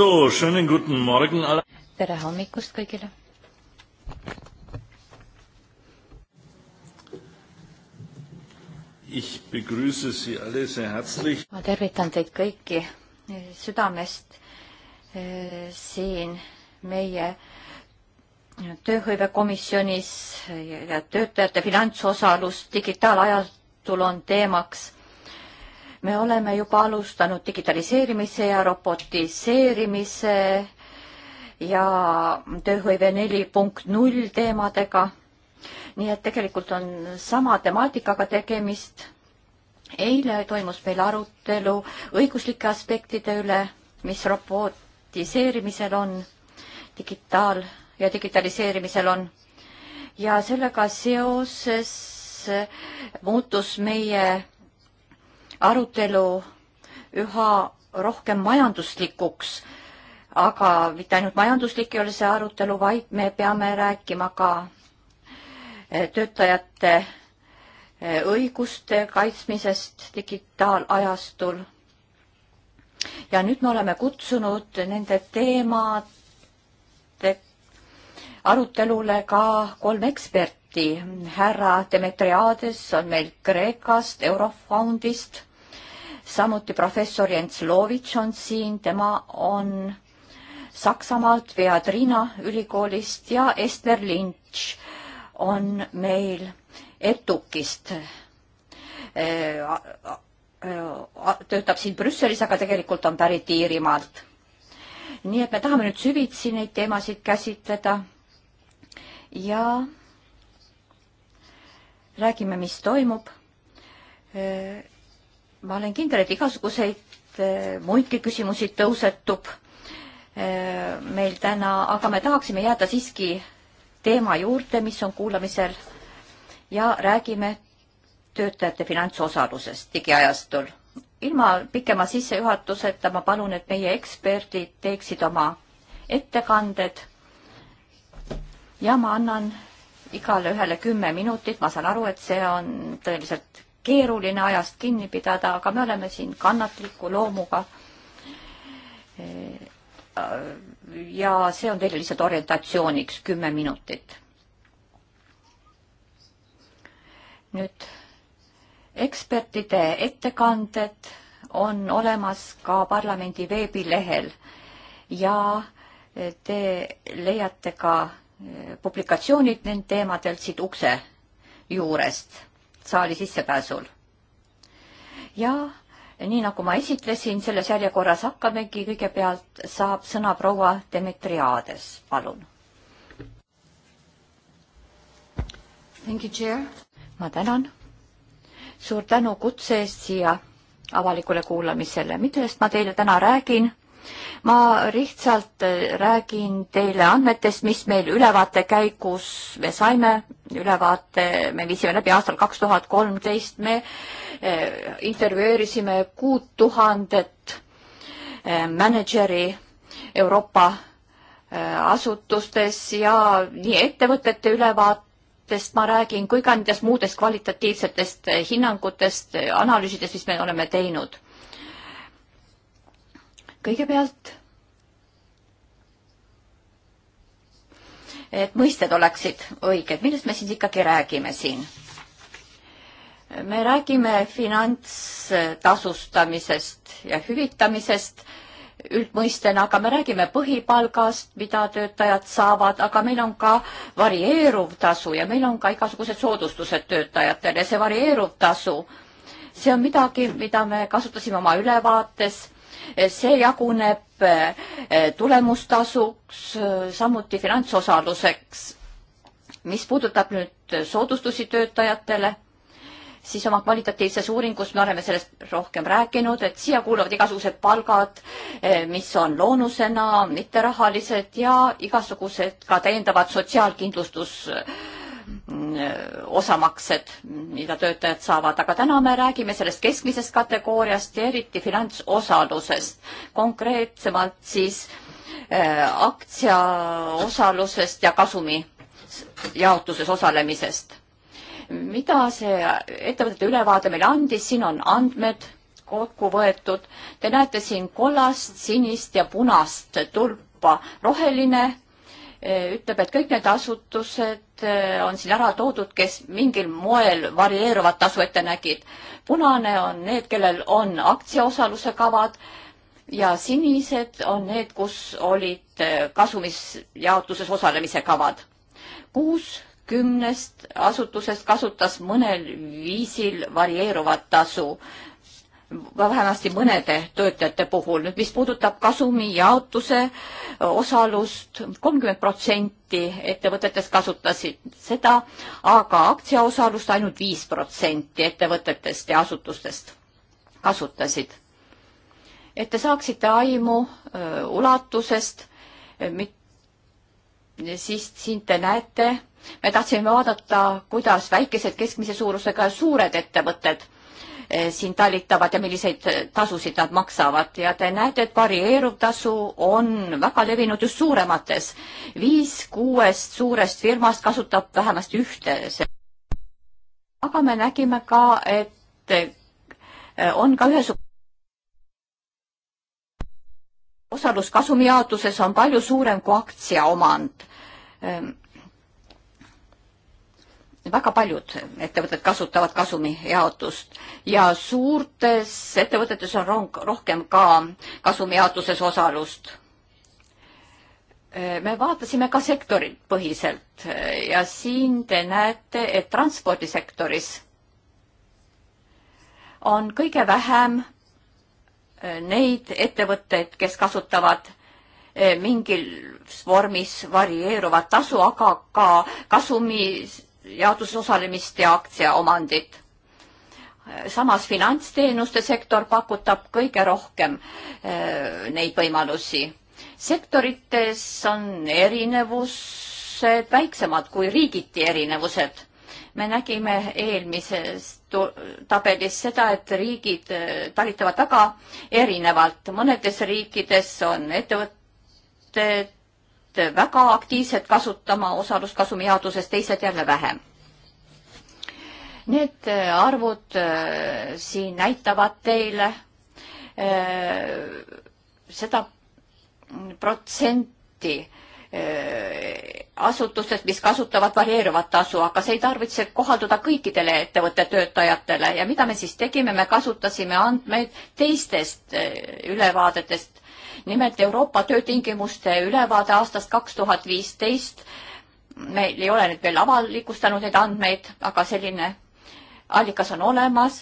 So, schönen guten Morgen alle. tere hommikust kõigile. Ich begrüße Sie alle sehr herzlich. ma tervitan teid kõiki südamest eh, siin meie tööhõivekomisjonis ja töötajate finantsosalus digitaalajastul on teemaks me oleme juba alustanud digitaliseerimise ja robotiseerimise ja tööhõive neli punkt null teemadega. nii et tegelikult on sama temaatikaga tegemist. eile toimus meil arutelu õiguslike aspektide üle, mis robotiseerimisel on, digitaal ja digitaliseerimisel on. ja sellega seoses muutus meie arutelu üha rohkem majanduslikuks, aga mitte ainult majanduslik ei ole see arutelu, vaid me peame rääkima ka eh, töötajate eh, õiguste kaitsmisest digitaalajastul. ja nüüd me oleme kutsunud nende teemade arutelule ka kolm eksperti. härra Demetriades on meil Kreekast, Eurofondist samuti professor Jens Lovitš on siin, tema on Saksamaalt Beadrina ülikoolist ja Ester Lynch on meil ETUK-ist äh, töötab siin Brüsselis, aga tegelikult on pärit Iirimaalt. nii et me tahame nüüd süvitsi neid teemasid käsitleda ja räägime, mis toimub. Äh, ma olen kindel, et igasuguseid äh, muidki küsimusi tõusetub äh, meil täna, aga me tahaksime jääda siiski teema juurde, mis on kuulamisel ja räägime töötajate finantsosalusest digiajastul. ilma pikema sissejuhatuseta ma palun, et meie eksperdid teeksid oma ettekanded ja ma annan igale ühele kümme minutit, ma saan aru, et see on tõeliselt keeruline ajast kinni pidada, aga me oleme siin kannatliku loomuga. ja see on teile lihtsalt orientatsiooniks kümme minutit. nüüd ekspertide ettekanded on olemas ka parlamendi veebilehel ja te leiate ka eh, publikatsioonid nendel teemadel siit ukse juurest saali sissepääsul. ja nii nagu ma esitlesin, selles järjekorras hakkamegi, kõigepealt saab sõna proua Demetriades, palun. ma tänan. suur tänu kutse eest siia avalikule kuulamisele, mille eest ma teile täna räägin ma lihtsalt äh, räägin teile andmetest, mis meil ülevaate käigus me saime, ülevaate me viisime läbi aastal kaks tuhat kolmteist, me äh, intervjueerisime kuut tuhandet äh, mänedžeri Euroopa asutustes ja nii ettevõtete ülevaatest ma räägin kui ka nendest muudest kvalitatiivsetest hinnangutest, analüüsidest, mis me oleme teinud kõigepealt, et mõisted oleksid õiged, millest me siis ikkagi räägime siin? me räägime finantstasustamisest ja hüvitamisest üldmõistena, aga me räägime põhipalgast, mida töötajad saavad, aga meil on ka varieeruv tasu ja meil on ka igasugused soodustused töötajatele. see varieeruv tasu, see on midagi, mida me kasutasime oma ülevaates see jaguneb eh, tulemustasuks, eh, samuti finantsosaluseks. mis puudutab nüüd soodustusi töötajatele, siis oma kvalitatiivses uuringus me oleme sellest rohkem rääkinud, et siia kuuluvad igasugused palgad, eh, mis on loonusena, mitterahalised ja igasugused ka täiendavad sotsiaalkindlustus mm, Äh, osamaksed, mida töötajad saavad, aga täna me räägime sellest keskmisest kategooriast ja eriti finantsosalusest. konkreetsemalt siis äh, aktsiaosalusest ja kasumi jaotuses osalemisest. mida see ettevõtete ülevaade meile andis, siin on andmed kokku võetud. Te näete siin kollast, sinist ja punast tulpa. roheline Äh, ütleb, et kõik need asutused äh, on siin ära toodud, kes mingil moel varieeruvat tasu ette nägid. punane on need, kellel on aktsiaosaluse kavad ja sinised on need, kus olid äh, kasumisjaotuses osalemise kavad. kuus kümnest asutusest kasutas mõnel viisil varieeruvat tasu vähemasti mõnede töötajate puhul. nüüd, mis puudutab kasumi jaotuse osalust, kolmkümmend protsenti ettevõtetest kasutasid seda, aga aktsiaosalust ainult viis protsenti ettevõtetest ja asutustest kasutasid. et te saaksite aimu öö, äh, ulatusest, äh, siis siin te näete, me tahtsime vaadata, kuidas väikesed, keskmise suurusega ja suured ettevõtted Eh, siin talitavad ja milliseid eh, tasusid nad maksavad ja te näete, et varieeruv tasu on väga levinud just suuremates. viis kuuest suurest firmast kasutab vähemasti ühte. aga me nägime ka, et eh, on ka ühesugune osalus kasumijaotuses on palju suurem kui aktsiaomand ehm, väga paljud ettevõtted kasutavad kasumijaotust ja suurtes ettevõtetes on rong, rohkem ka kasumijaotuses osalust. me vaatasime ka sektorit põhiselt ja siin te näete, et transpordisektoris on kõige vähem neid ettevõtteid, kes kasutavad eh, mingil vormis varieeruvat tasu, aga ka kasumi jaotuses osalemist ja aktsiaomandit. samas finantsteenuste sektor pakutab kõige rohkem eh, neid võimalusi. sektorites on erinevused väiksemad kui riigiti erinevused. me nägime eelmises tabelis seda, et riigid eh, talitavad väga erinevalt. mõnedes riikides on ettevõtted väga aktiivselt kasutama osaluskasumi jaotuses, teised jälle vähem. Need äh, arvud äh, siin näitavad teile äh, seda protsenti asutustest, mis kasutavad varieeruvat tasu, aga see ei tarvitse kohalduda kõikidele ettevõtte töötajatele ja mida me siis tegime, me kasutasime andmeid teistest ülevaadetest, nimelt Euroopa töötingimuste ülevaade aastast kaks tuhat viisteist. meil ei ole nüüd veel avalikustanud neid andmeid, aga selline allikas on olemas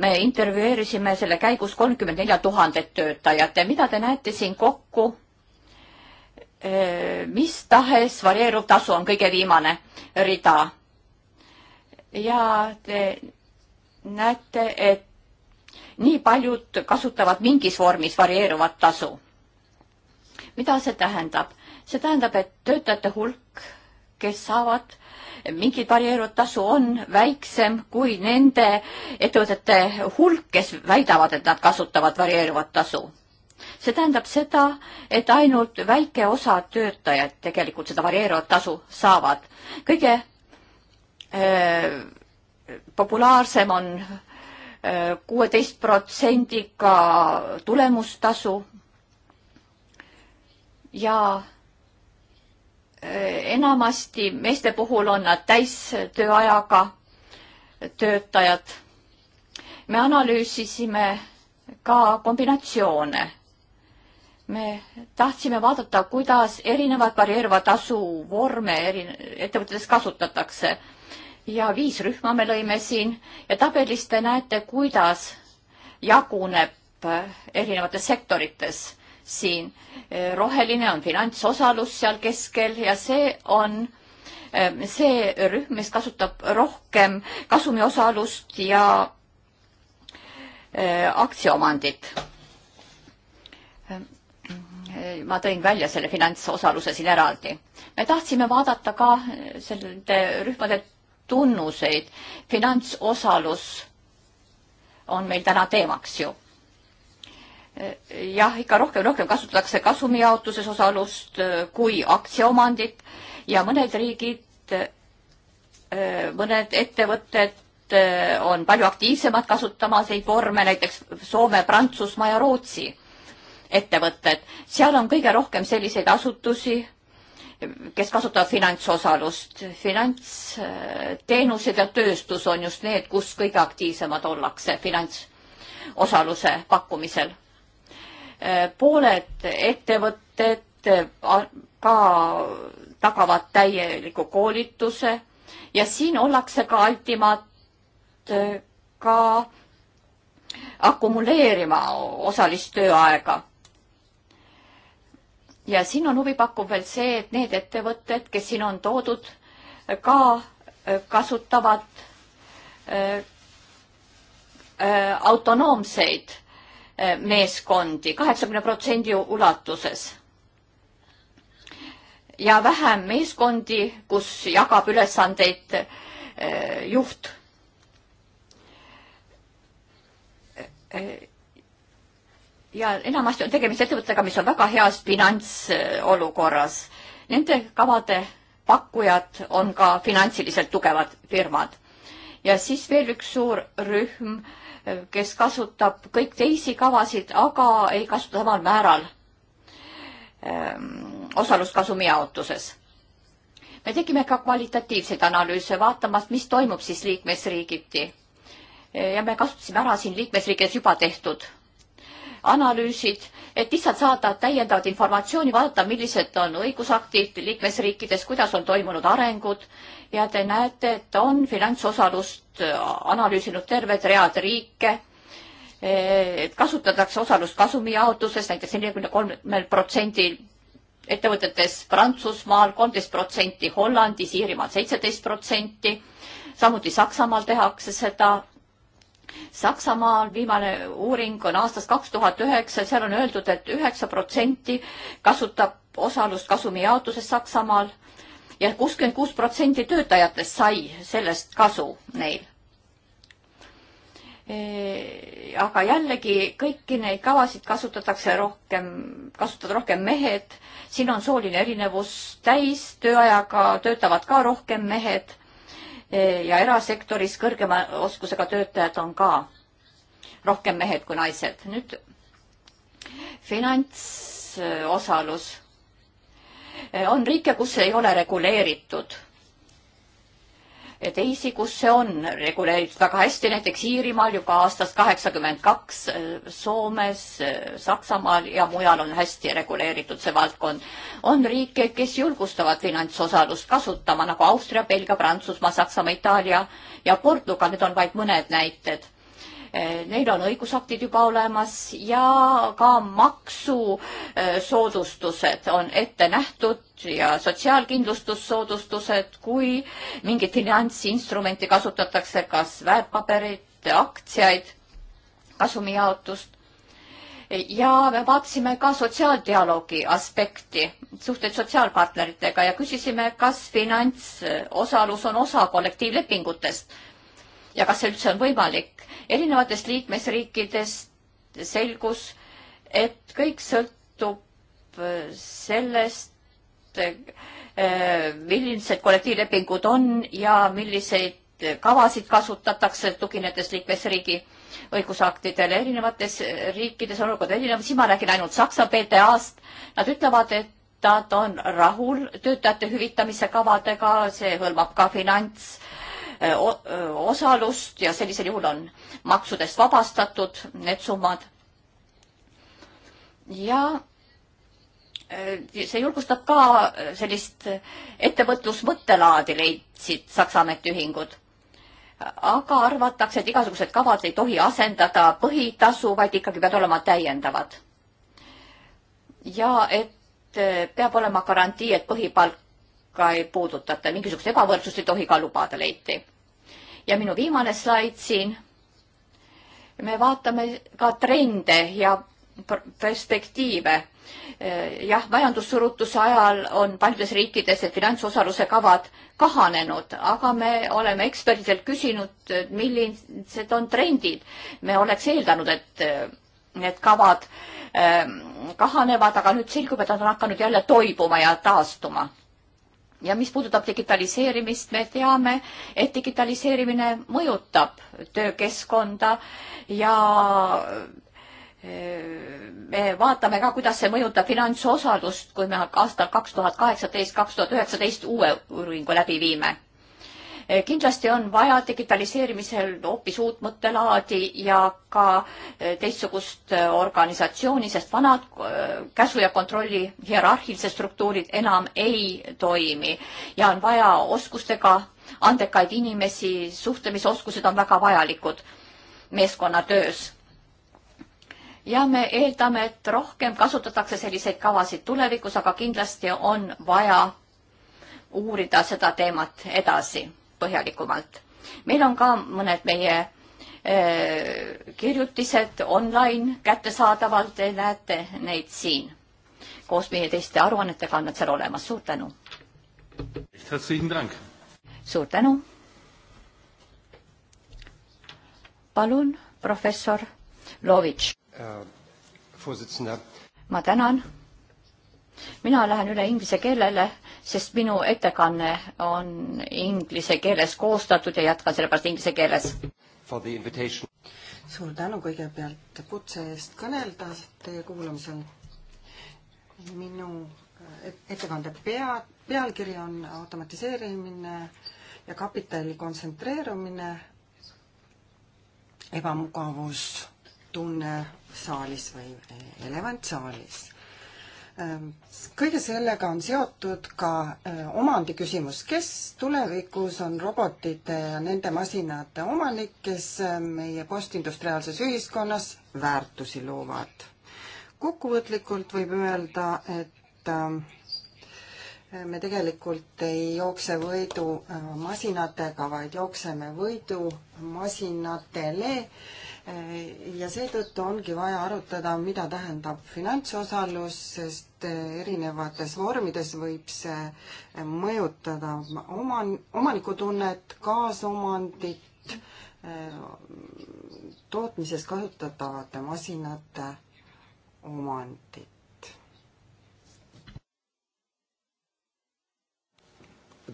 me intervjueerisime selle käigus kolmkümmend nelja tuhandet töötajat ja mida te näete siin kokku? Äh, mis tahes varieeruv tasu on kõige viimane rida. ja te näete, et nii paljud kasutavad mingis vormis varieeruvat tasu. mida see tähendab? see tähendab, et töötajate hulk, kes saavad mingit varieeruvat tasu, on väiksem kui nende ettevõtete hulk, kes väidavad, et nad kasutavad varieeruvat tasu see tähendab seda, et ainult väike osa töötajaid tegelikult seda varieeruvat tasu saavad. kõige öö, äh, populaarsem on kuueteist protsendiga tulemustasu ja äh, enamasti meeste puhul on nad täistööajaga töötajad. me analüüsisime ka kombinatsioone. me tahtsime vaadata, kuidas erinevaid varieeruva tasu vorme eri ettevõtetes kasutatakse ja viis rühma me lõime siin ja tabelis te näete, kuidas jaguneb eh, erinevates sektorites siin. Eh, roheline on finantsosalus seal keskel ja see on eh, see rühm, mis kasutab rohkem kasumiosalust ja aktsiaomandit. ma tõin välja selle finantsosaluse siin eraldi. me tahtsime vaadata ka nende rühmade tunnuseid. finantsosalus on meil täna teemaks ju. jah, ikka rohkem, rohkem kasutatakse kasumijaotuses osalust kui aktsiaomandit ja mõned riigid, mõned ettevõtted on palju aktiivsemad kasutama neid vorme, näiteks Soome, Prantsusmaa ja Rootsi ettevõtted. seal on kõige rohkem selliseid asutusi kes kasutavad finantsosalust. finantsteenused ja tööstus on just need, kus kõige aktiivsemad ollakse finantsosaluse pakkumisel. pooled ettevõtted ka tagavad täieliku koolituse ja siin ollakse ka altimad ka akumuleerima osalist tööaega ja siin on huvipakkuv veel see, et need ettevõtted, kes siin on toodud, ka äh, kasutavad äh, äh, autonoomseid äh, meeskondi kaheksakümne protsendi ulatuses. ja vähem meeskondi, kus jagab ülesandeid äh, juht äh, ja enamasti on tegemist ettevõttega, mis on väga heas finantsolukorras. Nende kavade pakkujad on ka finantsiliselt tugevad firmad. ja siis veel üks suur rühm, kes kasutab kõik teisi kavasid, aga ei kasuta samal määral öö, ähm, osalust kasumi jaotuses. me tegime ka kvalitatiivseid analüüse, vaatamas, mis toimub siis liikmesriigiti. ja me kasutasime ära siin liikmesriikides juba tehtud analüüsid, et lihtsalt saada täiendavat informatsiooni, vaadata, millised on õigusaktid liikmesriikides, kuidas on toimunud arengud ja te näete, et on finantsosalust äh, analüüsinud terved read riike, äh, et kasutatakse osalust kasumijaotuses näiteks neljakümne kolmel protsendil ettevõtetes Prantsusmaal, kolmteist protsenti Hollandis, Iirimaal seitseteist protsenti, samuti Saksamaal tehakse seda Saksamaal viimane uuring on aastast kaks tuhat üheksa, seal on öeldud et, et üheksa protsenti kasutab osalust kasumijaotuses Saksamaal ja kuuskümmend kuus protsenti töötajatest sai sellest kasu neil. E, aga jällegi kõiki neid kavasid kasutatakse rohkem, kasutavad rohkem mehed, siin on sooline erinevus täis, tööajaga töötavad ka rohkem mehed ja erasektoris kõrgema oskusega töötajad on ka rohkem mehed kui naised. nüüd finantsosalus. on riike, kus ei ole reguleeritud teisi, kus see on reguleeritud väga hästi, näiteks Iirimaal juba aastast kaheksakümmend kaks, äh, Soomes, äh, Saksamaal ja mujal on hästi reguleeritud see valdkond. on riike, kes julgustavad finantsosalust kasutama nagu Austria, Belgia, Prantsusmaa, Saksamaa, Itaalia ja Portugal, need on vaid mõned näited Eh, neil on õigusaktid juba olemas ja ka maksusoodustused on ette nähtud ja sotsiaalkindlustussoodustused, kui mingit finantsinstrumenti kasutatakse, kas väärtpaberit, aktsiaid, kasumijaotust ja me vaatasime ka sotsiaaldialoogi aspekti, suhteid sotsiaalpartneritega ja küsisime, kas finantsosalus on osa kollektiivlepingutest ja kas see üldse on võimalik. erinevatest liikmesriikidest selgus, et kõik sõltub äh, sellest, äh, millised kollektiivlepingud on ja milliseid kavasid kasutatakse, tuginedes liikmesriigi õigusaktidele. erinevates riikides on olukord erinev, siin ma räägin ainult Saksa BTA-st. Nad ütlevad, et nad on rahul töötajate hüvitamise kavadega, see hõlmab ka finants äh, Äh, äh, osalust ja sellisel juhul on maksudest vabastatud need summad. ja äh, see julgustab ka sellist ettevõtlusmõttelaadi, leidsid Saksa ametiühingud. aga arvatakse, et igasugused kavad ei tohi asendada põhitasu, vaid ikkagi peavad olema täiendavad. ja et peab olema garantii, et põhipalk ka ei puudutata, mingisugust ebavõrdsust ei tohi ka lubada, leiti. ja minu viimane slaid siin. me vaatame ka trende ja perspektiive. jah, majandussurutuse ajal on paljudes riikides need finantsosaluse kavad kahanenud, aga me oleme ekspertidelt küsinud, millised on trendid. me oleks eeldanud, et need kavad ehm, kahanevad, aga nüüd selgub, et nad on hakanud jälle toibuma ja taastuma ja mis puudutab digitaliseerimist, me teame, et digitaliseerimine mõjutab töökeskkonda ja e, me vaatame ka, kuidas see mõjutab finantsosalust, kui me aastal kaks tuhat kaheksateist, kaks tuhat üheksateist uue uuringu läbi viime Eh, kindlasti on vaja digitaliseerimisel hoopis uut mõttelaadi ja ka eh, teistsugust eh, organisatsiooni, sest vanad käsu ja kontrolli hierarhilised struktuurid enam ei toimi ja on vaja oskustega andekaid inimesi, suhtlemisoskused on väga vajalikud meeskonnatöös ja me eeldame, et rohkem kasutatakse selliseid kavasid tulevikus, aga kindlasti on vaja uurida seda teemat edasi põhjalikumalt. meil on ka mõned meie äh, kirjutised online kättesaadavalt, te näete neid siin. koos meie teiste aruannetega on nad seal olemas, suur tänu! suur tänu! palun, professor Lovitš. Äh, ma tänan mina lähen üle inglise keelele, sest minu ettekanne on inglise keeles koostatud ja jätkan sellepärast inglise keeles. suur tänu kõigepealt kutse eest kõnelda teie kuulamisel. minu äh, ettekande pea, pealkiri on automatiseerimine ja kapitali kontsentreerumine, ebamugavustunne saalis või e-, elevant saalis Ehm, kõige sellega on seotud ka ehm, omandiküsimus, kes tulevikus on robotite ja nende masinate omanik, kes ehm, meie postindustriaalses ühiskonnas väärtusi loovad. kokkuvõtlikult võib öelda, et me tegelikult ei jookse võidu masinatega, vaid jookseme võidu masinatele ja seetõttu ongi vaja arutada, mida tähendab finantsosalus, sest eh, erinevates vormides võib see eh, mõjutada oman-, omanikutunnet, kaasomandit, eh, tootmises kasutatavate masinate omandit.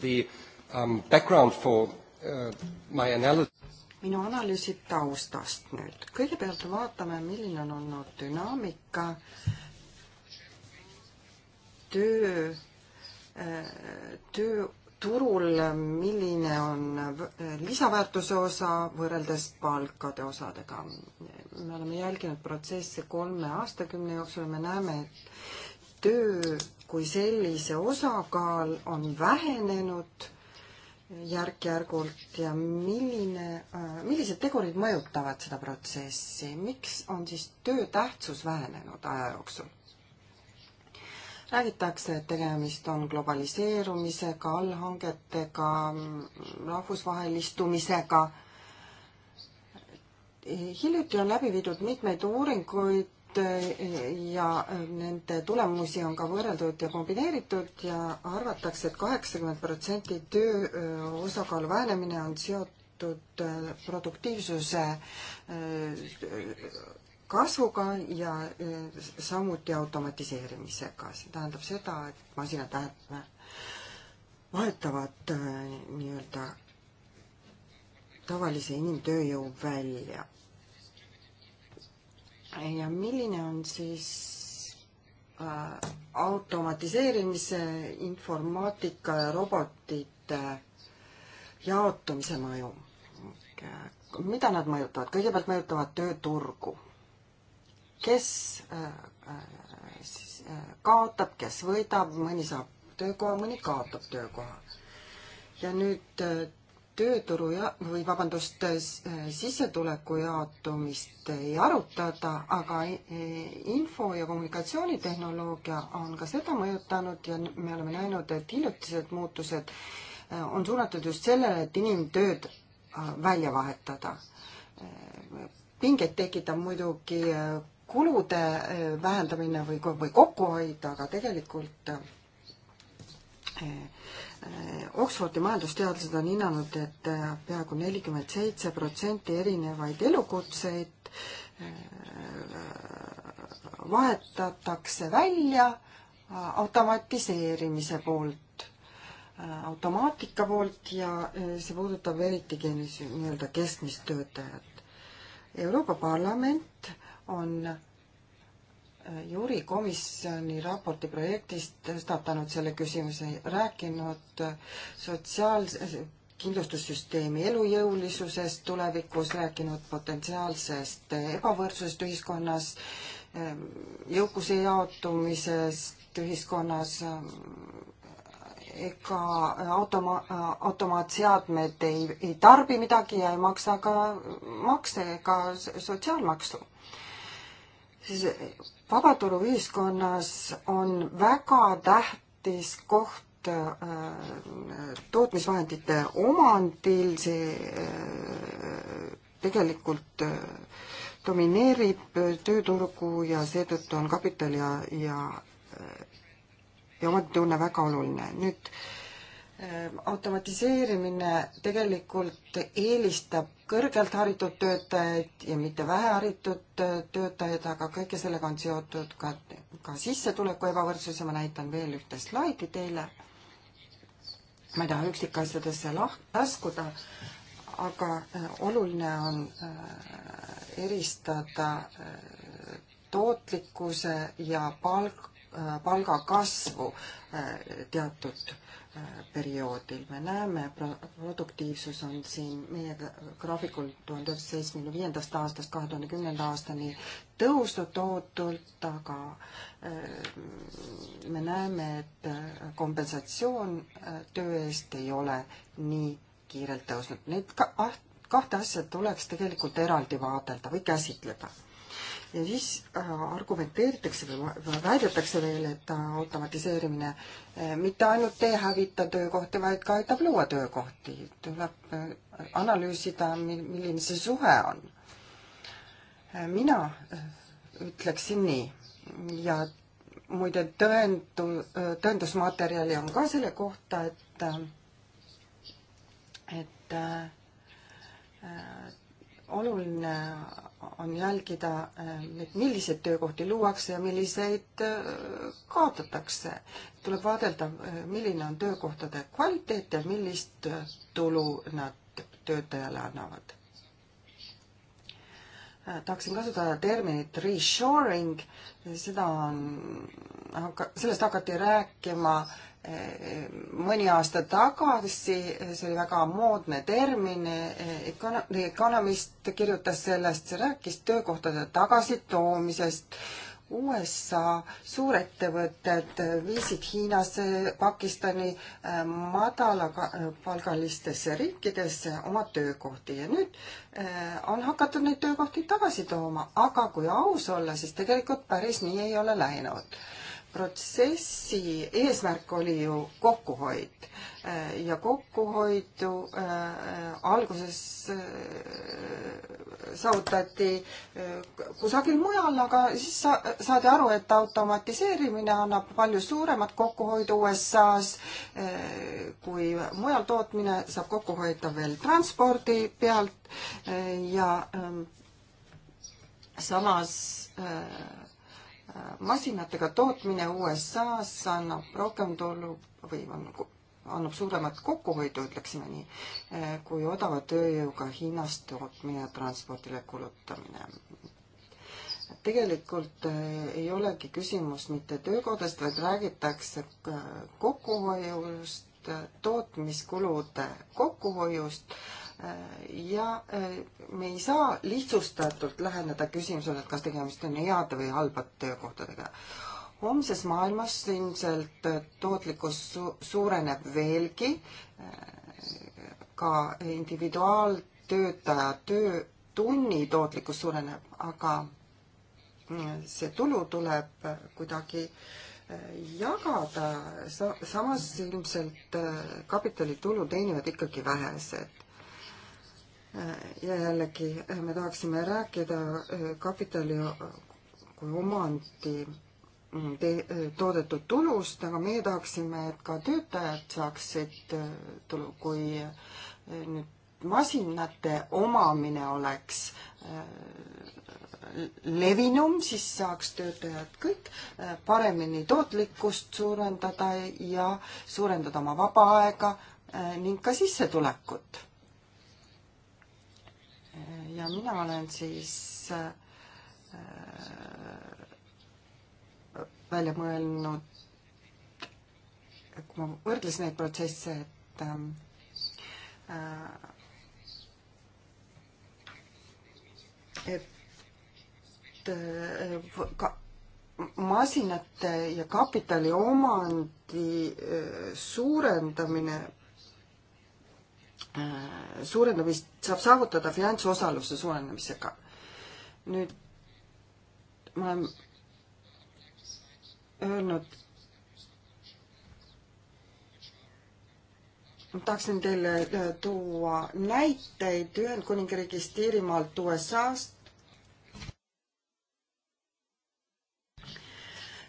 The um, background for uh, my analysis minu analüüsi taustast nüüd. kõigepealt vaatame, milline on olnud dünaamika töö, töö turul, milline on äh, lisaväärtuse osa võrreldes palkade osadega. me oleme jälginud protsessi kolme aastakümne jooksul, me näeme, et töö kui sellise osakaal on vähenenud järk-järgult ja milline, äh, millised tegurid mõjutavad seda protsessi, miks on siis töö tähtsus vähenenud aja jooksul? räägitakse, et tegemist on globaliseerumisega, allhangetega, rahvusvahelistumisega. hiljuti on läbi viidud mitmeid uuringuid Eh, ja eh, nende tulemusi on ka võrreldud ja kombineeritud ja arvatakse et, et kaheksakümmend protsenti töö eh, osakaalu vähenemine on seotud produktiivsuse kasvuga ja samuti automatiseerimisega. see tähendab seda, et masinad vahetavad nii-öelda tavalise inimtööjõu välja ja milline on siis äh, automatiseerimise, informaatika ja robotite jaotumise mõju? mida nad mõjutavad? kõigepealt mõjutavad tööturgu. kes äh, äh siis, äh, kaotab, kes võidab, mõni saab töökoha, mõni kaotab töökoha. ja nüüd äh, tööturu ja, või vabandust, sissetuleku jaotumist ei arutata, aga info- ja kommunikatsioonitehnoloogia on ka seda mõjutanud ja me oleme näinud, et hiljutised muutused äh, on suunatud just sellele, et inimtööd äh, välja vahetada. Äh, pinget tekitab muidugi kulude vähendamine või, või kokkuhoid, aga tegelikult Äh, Oxfordi majandusteadlased on hinnanud, et äh, peaaegu nelikümmend seitse protsenti erinevaid elukutseid äh, vahetatakse välja automatiseerimise poolt, automaatika poolt ja see puudutab eriti nii-öelda keskmist töötajat. Euroopa Parlament on juurikomisjoni raporti projektist tõstatanud selle küsimuse, rääkinud sotsiaalse kindlustussüsteemi elujõulisusest tulevikus, rääkinud potentsiaalsest ebavõrdsusest ühiskonnas, jõukuse jaotumisest ühiskonnas, ega automa-, automaatseadmed ei, ei tarbi midagi ja ei maksa ka makse ega sotsiaalmaksu siis vabaturuühiskonnas on väga tähtis koht äh, tootmisvahendite omandil, see äh, tegelikult äh, domineerib tööturgu ja seetõttu on kapital ja, ja ja omanditunne väga oluline. nüüd äh, Ehm, automatiseerimine tegelikult eelistab kõrgelt haritud töötajaid ja mitte väheharitud äh, töötajaid, aga kõige sellega on seotud ka, ka sissetuleku ebavõrdsus ja ma näitan veel ühte slaidi teile. ma ei taha üksikasjadesse lah-, laskuda, aga äh, oluline on äh, eristada tootlikkuse ja palk, palga kasvu teatud perioodil. me näeme, produktiivsus on siin meie graafikul tuhande üheksasaja seitsmekümne viiendast aastast kahe tuhande kümnenda aastani tõusnud tohutult, aga äh, me näeme, et äh, kompensatsioon äh, töö eest ei ole nii kiirelt tõusnud. Neid ah, kahte asja tuleks tegelikult eraldi vaadelda või käsitleda ja siis äh, argumenteeritakse või väidetakse veel, et automatiseerimine äh, mitte ainult ei hävita töökohti, vaid ka aitab luua töökohti. tuleb äh, analüüsida, milline see suhe on. mina ütleksin nii ja muide tõendu, tõendusmaterjali on ka selle kohta, et et oluline on jälgida, et milliseid töökohti luuakse ja milliseid äh, kaotatakse. tuleb vaadelda, äh, milline on töökohtade kvaliteet ja millist äh, tulu nad töötajale annavad. tahaksin kasutada terminit reshoring, seda on, sellest hakati rääkima mõni aasta tagasi, see oli väga moodne termin, ekono-, Economist kirjutas sellest, see rääkis töökohtade tagasitoomisest, USA suurettevõtted viisid Hiinasse, Pakistani äh, madalapalgalistesse riikidesse oma töökohti ja nüüd äh, on hakatud neid töökohti tagasi tooma, aga kui aus olla, siis tegelikult päris nii ei ole läinud protsessi eesmärk oli ju kokkuhoid äh, ja kokkuhoidu äh, alguses äh, saavutati kusagil mujal, aga siis sa, saadi aru, et automatiseerimine annab palju suuremat kokkuhoidu USA-s kui mujal tootmine, saab kokku hoida veel transpordi pealt ja ähm, samas äh, masinatega tootmine USA-s annab rohkem tulu või on, annab suuremat kokkuhoidu, ütleksime nii, eh, kui odava tööjõuga Hiinast tootmine ja transpordile kulutamine. tegelikult eh, ei olegi küsimus mitte töökodest, vaid räägitakse kokkuhoiust, tootmiskulude kokkuhoiust ja eh, me ei saa lihtsustatult läheneda küsimusele, et kas tegemist on heade või halbade töökohtadega. homses maailmas ilmselt eh, tootlikkus su-, suureneb veelgi, eh, ka individuaaltöötaja töötunni tootlikkus suureneb, aga see tulu tuleb kuidagi jagada, sa-, samas ilmselt kapitalitulu teenivad ikkagi vähesed ja jällegi eh, me tahaksime rääkida eh, kapitali eh, kui omandi mm, te-, toodetud tulust, aga meie tahaksime, et ka töötajad saaksid tulu, kui nüüd masinate omamine oleks levinum, siis saaks töötajad kõik paremini tootlikkust suurendada ja suurendada oma vaba aega ning ka sissetulekut ja mina olen siis äh, välja mõelnud, kui ma võrdlesin neid protsesse, et äh, et äh, ka masinate ja kapitali omandi suurendamine Äh, suurendamist saab saavutada finantsosaluse suurendamisega. nüüd ma olen öelnud, ma tahaksin teile äh, tuua näiteid Ühendkuningriigist, Iirimaalt, USA-st,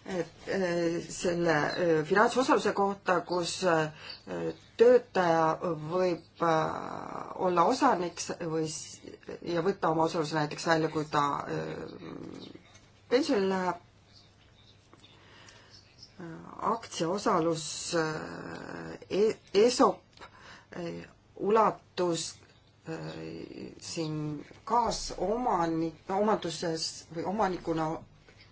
Äh, selle äh, finantsosaluse kohta, kus äh, töötaja võib olla osanik või ja võtta oma osaluse näiteks välja, kui ta pensionile läheb. aktsiaosalus ESOP e ulatus siin kaasomanik, omanduses või omanikuna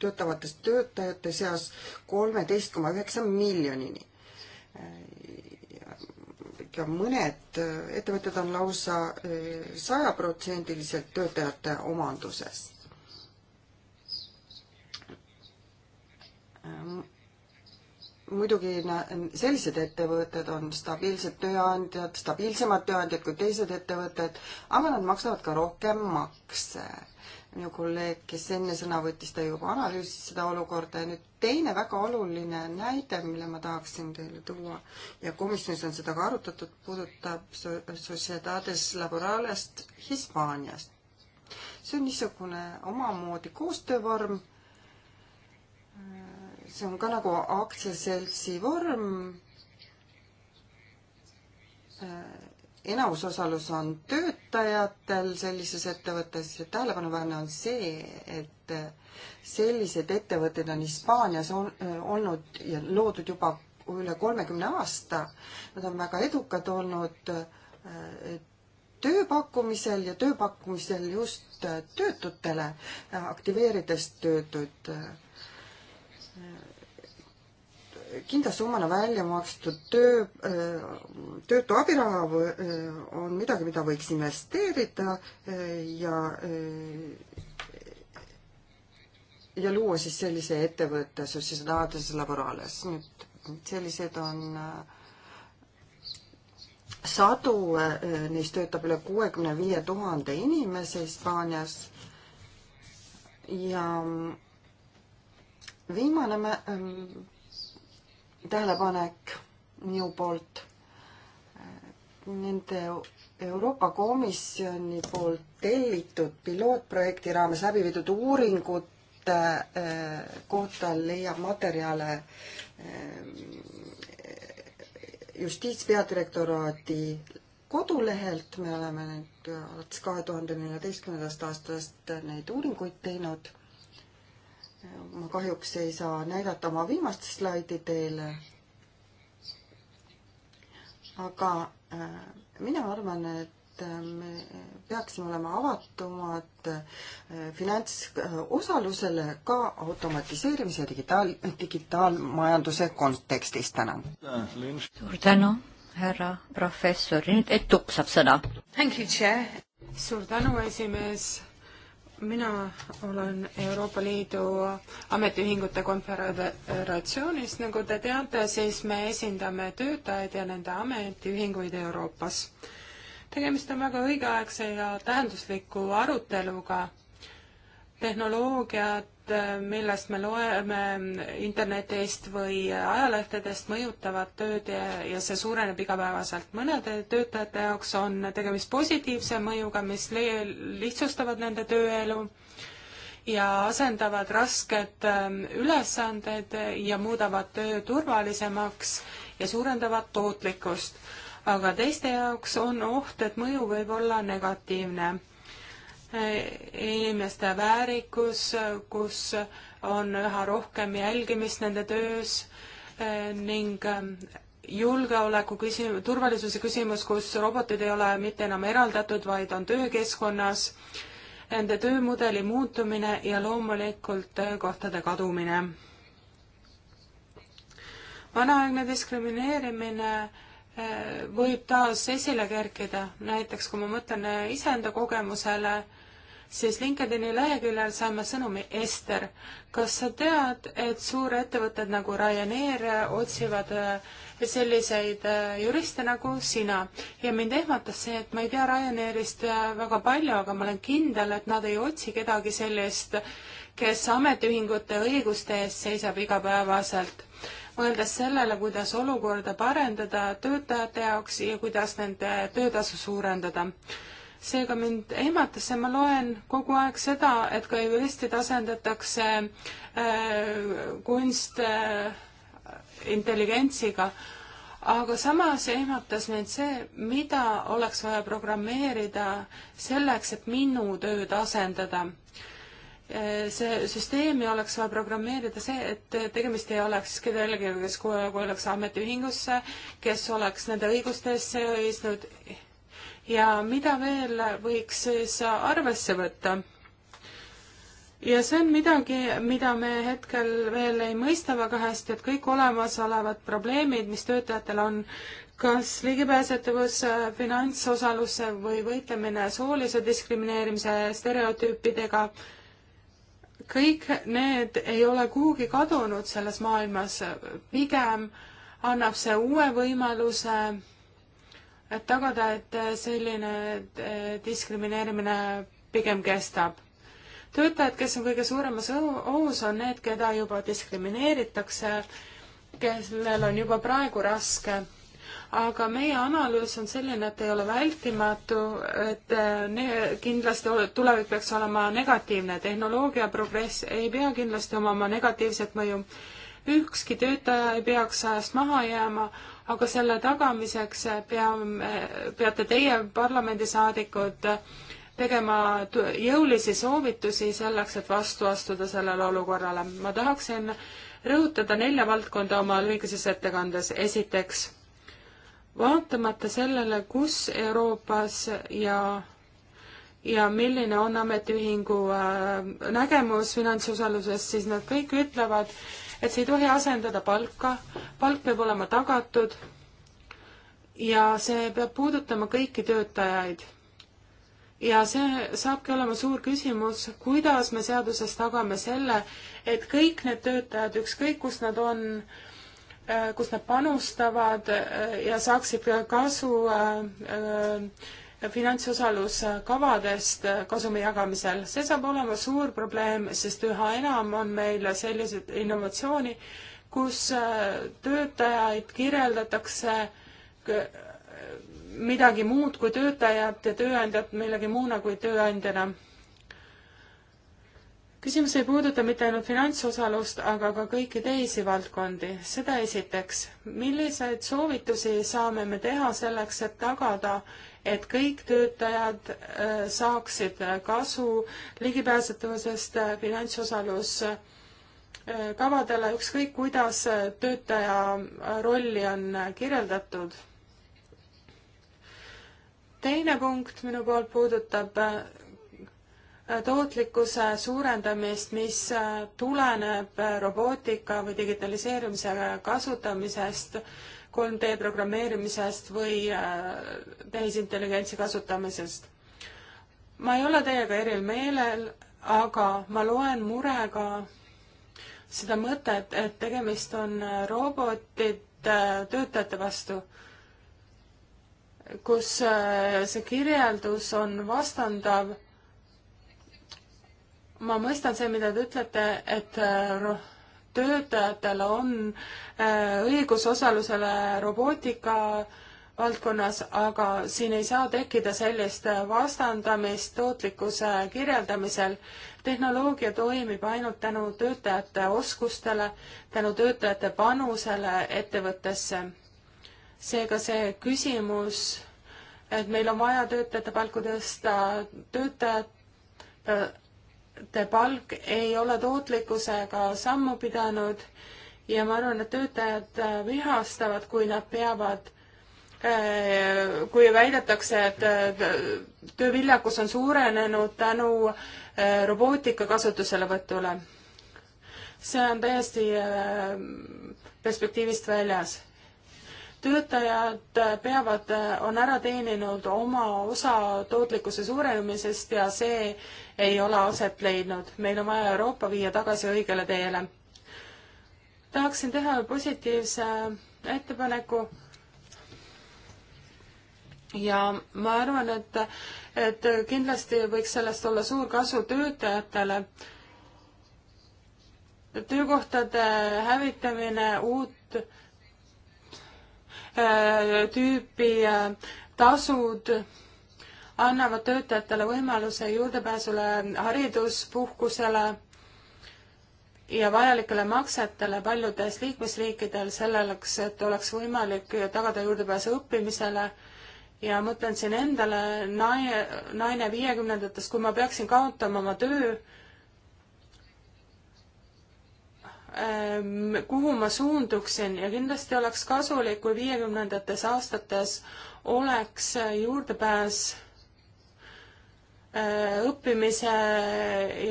töötavatest töötajate seas kolmeteist koma üheksa miljonini. ja mõned ettevõtted on lausa eh, sajaprotsendiliselt töötajate omanduses muidugi sellised ettevõtted on stabiilsed tööandjad, stabiilsemad tööandjad kui teised ettevõtted, aga nad maksavad ka rohkem makse minu kolleeg, kes enne sõna võttis, ta juba analüüsis seda olukorda ja nüüd teine väga oluline näide, mille ma tahaksin teile tuua ja komisjonis on seda ka arutatud, puudutab Sociedades Laboralest Hispaaniast. see on niisugune omamoodi koostöövorm. see on ka nagu aktsiaseltsi vorm enamusosalus on töötajatel sellises ettevõttes ja tähelepanuväärne on see, et sellised ettevõtted on Hispaanias on, olnud ja loodud juba üle kolmekümne aasta. Nad on väga edukad olnud eh, tööpakkumisel ja tööpakkumisel just eh, töötutele, aktiveerides töötuid eh, kindla summana välja makstud töö, töötu abiraha on midagi, mida võiks investeerida ja ja luua siis sellise ettevõtte Sociedades Laborales. nüüd sellised on sadu, neis töötab üle kuuekümne viie tuhande inimese Hispaanias ja viimane tähelepanek minu poolt. Nende Euroopa Komisjoni poolt tellitud pilootprojekti raames läbi viidud uuringute eh, kohta leiab materjale eh, justiitspeadirektoraadi kodulehelt, me oleme nüüd alates kahe tuhande neljateistkümnendast aastast neid uuringuid teinud ma kahjuks ei saa näidata oma viimast slaidi teile. aga äh, mina arvan, et äh, me peaksime olema avatumad äh, finantsosalusele ka automatiseerimise digitaal, digitaalmajanduse kontekstis. tänan. suur tänu, härra professor. nüüd Etup saab sõna. suur tänu, esimees mina olen Euroopa Liidu Ametiühingute Konföderatsioonis, nagu te teate, siis me esindame töötajaid ja nende ametiühinguid Euroopas. tegemist on väga õigeaegse ja tähendusliku aruteluga tehnoloogiad, millest me loeme internetist või ajalehtedest, mõjutavad tööd ja, ja see suureneb igapäevaselt. mõnede töötajate jaoks on tegemist positiivse mõjuga, mis lihtsustavad nende tööelu ja asendavad rasked ähm, ülesanded ja muudavad töö turvalisemaks ja suurendavad tootlikkust. aga teiste jaoks on oht, et mõju võib olla negatiivne inimeste väärikus, kus on üha rohkem jälgimist nende töös eh, ning ehm, julgeoleku küsimus, turvalisuse küsimus, kus robotid ei ole mitte enam eraldatud, vaid on töökeskkonnas, nende töömudeli muutumine ja loomulikult töökohtade eh, kadumine vanaaegne diskrimineerimine eh, võib taas esile kerkida, näiteks kui ma mõtlen iseenda kogemusele, siis LinkedIni leheküljel saime sõnumi Ester, kas sa tead, et suurettevõtted nagu Ryanair otsivad äh, selliseid äh, juriste nagu sina ja mind ehmatas see, et ma ei tea Ryanairist äh, väga palju, aga ma olen kindel, et nad ei otsi kedagi sellist, kes ametiühingute õiguste eest seisab igapäevaselt mõeldes sellele, kuidas olukorda parendada töötajate jaoks ja kuidas nende töötasu suurendada seega mind ehmatas see, ma loen kogu aeg seda, et ka juristid asendatakse äh, kunst äh, intelligentsiga, aga samas ehmatas mind see, mida oleks vaja programmeerida selleks, et minu tööd asendada äh, see süsteemi oleks vaja programmeerida see, et tegemist ei oleks kellelegi, kes kuuluks ametiühingusse, kes oleks nende õiguste eest seisnud ja mida veel võiks siis arvesse võtta. ja see on midagi, mida me hetkel veel ei mõista väga hästi, et kõik olemasolevad probleemid, mis töötajatel on, kas ligipääsetavus finantsosaluse või võitlemine soolise diskrimineerimise stereotüüpidega, kõik need ei ole kuhugi kadunud selles maailmas, pigem annab see uue võimaluse et tagada, et äh, selline äh, diskrimineerimine pigem kestab. töötajad, kes on kõige suuremas ohus, on need, keda juba diskrimineeritakse, kellel on juba praegu raske. aga meie analüüs on selline, et ei ole vältimatu, et äh, ne-, kindlasti tulevik peaks olema negatiivne, tehnoloogia progress ei pea kindlasti omama negatiivset mõju ükski töötaja ei peaks ajast maha jääma, aga selle tagamiseks peame, peate teie parlamendisaadikud tegema jõulisi soovitusi selleks, et vastu astuda sellele olukorrale. ma tahaksin rõhutada nelja valdkonda oma lühikeses ettekandes. esiteks, vaatamata sellele, kus Euroopas ja ja milline on ametiühingu äh, nägemus finantsosaluses, siis nad kõik ütlevad, et see ei tohi asendada palka, palk peab olema tagatud ja see peab puudutama kõiki töötajaid. ja see saabki olema suur küsimus, kuidas me seaduses tagame selle, et kõik need töötajad, ükskõik kus nad on, äh, kus nad panustavad äh, ja saaksid kasu äh, finantsosaluskavadest äh, kasumi jagamisel. see saab olema suur probleem, sest üha enam on meil selliseid innovatsiooni, kus äh, töötajaid kirjeldatakse äh, midagi muud kui töötajat ja tööandjat millegi muuna kui tööandjana. küsimus ei puuduta mitte ainult finantsosalust, aga ka kõiki teisi valdkondi. seda esiteks. milliseid soovitusi saame me teha selleks, et tagada et kõik töötajad äh, saaksid äh, kasu ligipääsetavusest äh, finantsosalus kavadele, ükskõik kuidas töötaja rolli on kirjeldatud. teine punkt minu poolt puudutab tootlikkuse suurendamist, mis tuleneb robootika või digitaliseerimise kasutamisest 3D programmeerimisest või äh, tehisintelligentsi kasutamisest. ma ei ole teiega eril meelel, aga ma loen murega seda mõtet, et tegemist on äh, robotite äh, töötajate vastu, kus see kirjeldus on vastandav. ma mõistan see, mida te ütlete, et töötajatel on äh, õigus osalusele robootika valdkonnas, aga siin ei saa tekkida sellist vastandamist tootlikkuse kirjeldamisel. tehnoloogia toimib ainult tänu töötajate oskustele, tänu töötajate panusele ettevõttesse. seega see küsimus, et meil on vaja töötajate palku tõsta, töötajad töötajate palk ei ole tootlikkusega sammu pidanud ja ma arvan, et töötajad äh, vihastavad, kui nad peavad, äh, kui väidetakse, et äh, tööviljakus on suurenenud tänu robootika kasutuselevõtule. see on täiesti perspektiivist väljas. töötajad peavad, on ära teeninud oma osa tootlikkuse suurenemisest ja see ei ole aset leidnud. meil on vaja Euroopa viia tagasi õigele teele. tahaksin teha positiivse ettepaneku ja ma arvan, et, et kindlasti võiks sellest olla suur kasu töötajatele. töökohtade hävitamine, uut äh, tüüpi äh, tasud annavad töötajatele võimaluse juurdepääsule hariduspuhkusele ja vajalikele maksetele paljudes liikmesriikidel selleks, et oleks võimalik tagada juurdepääs õppimisele ja mõtlen siin endale, naine, naine viiekümnendates, kui ma peaksin kaotama oma töö, ehm, kuhu ma suunduksin ja kindlasti oleks kasulik, kui viiekümnendates aastates oleks juurdepääs Äh, õppimise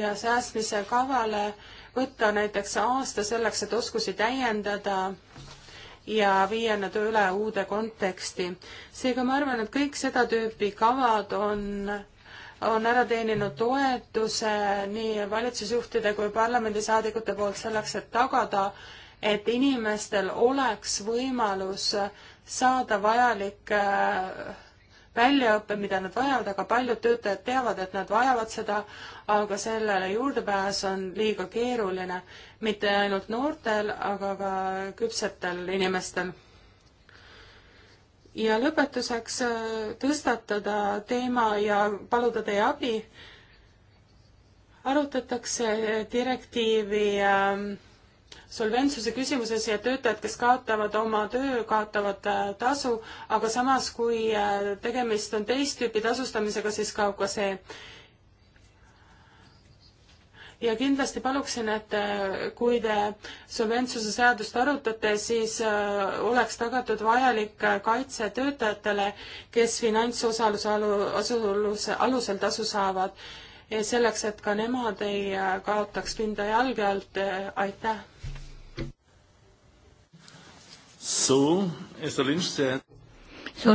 ja säästmise kavale võtta näiteks aasta selleks, et oskusi täiendada ja viia nad üle uude konteksti. seega ma arvan, et kõik seda tüüpi kavad on, on ära teeninud toetuse nii valitsusjuhtide kui parlamendisaadikute poolt selleks, et tagada, et inimestel oleks võimalus saada vajalik äh, väljaõppe, mida nad vajavad, aga paljud töötajad teavad, et nad vajavad seda, aga sellele juurdepääs on liiga keeruline. mitte ainult noortel, aga ka küpsetel inimestel. ja lõpetuseks äh, tõstatada teema ja paluda teie abi. arutatakse direktiivi äh, solventsuse küsimuses ja töötajad, kes kaotavad oma töö, kaotavad äh, tasu, aga samas, kui äh, tegemist on teist tüüpi tasustamisega, siis kaob ka see. ja kindlasti paluksin, et äh, kui te solventsuse seadust arutate, siis oleks tagatud vajalik kaitse töötajatele, kes finantsosaluse alu, asuluse, alusel tasu saavad. selleks, et ka nemad ei kaotaks pinda jalge alt, aitäh! suur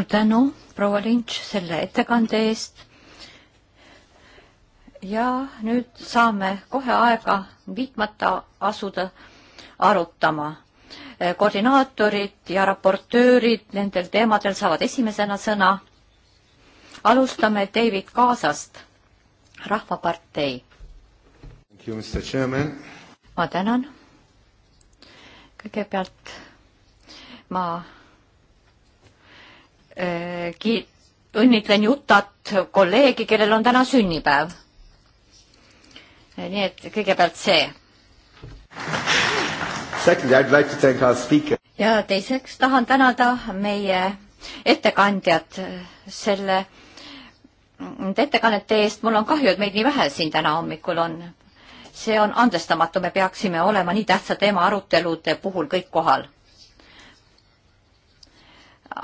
tänu, proua Lynch, selle ettekande eest. ja nüüd saame kohe aega viitmata asuda arutama. koordinaatorid ja raportöörid nendel teemadel saavad esimesena sõna. alustame David Kaasast, Rahvapartei. ma tänan. kõigepealt ma eh, kiit-, õnnitlen Jutat kolleegi, kellel on täna sünnipäev. nii et kõigepealt see. ja teiseks tahan tänada meie ettekandjat selle, nende ettekannete eest. mul on kahju, et meid nii vähe siin täna hommikul on. see on andestamatu, me peaksime olema nii tähtsa teema arutelude puhul kõik kohal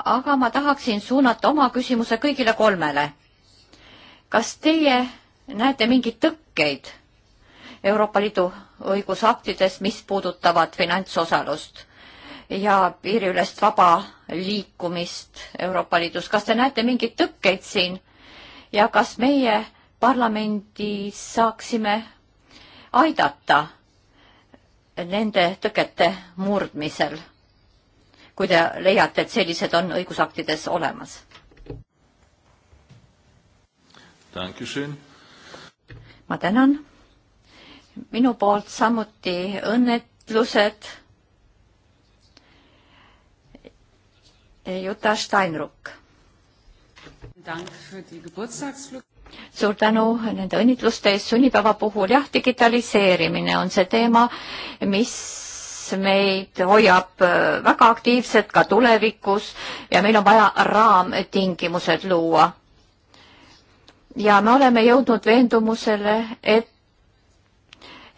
aga ma tahaksin suunata oma küsimuse kõigile kolmele. kas teie näete mingeid tõkkeid Euroopa Liidu õigusaktides, mis puudutavad finantsosalust ja piiriülest vaba liikumist Euroopa Liidus, kas te näete mingeid tõkkeid siin ja kas meie parlamendis saaksime aidata nende tõkete murdmisel? kui te leiate, et sellised on õigusaktides olemas. ma tänan. minu poolt samuti õnnetlused. Juta Steinruck. suur tänu nende õnnitluste eest sunnipäeva puhul. jah, digitaliseerimine on see teema, mis meid hoiab äh, väga aktiivselt ka tulevikus ja meil on vaja raamtingimused luua. ja me oleme jõudnud veendumusele, et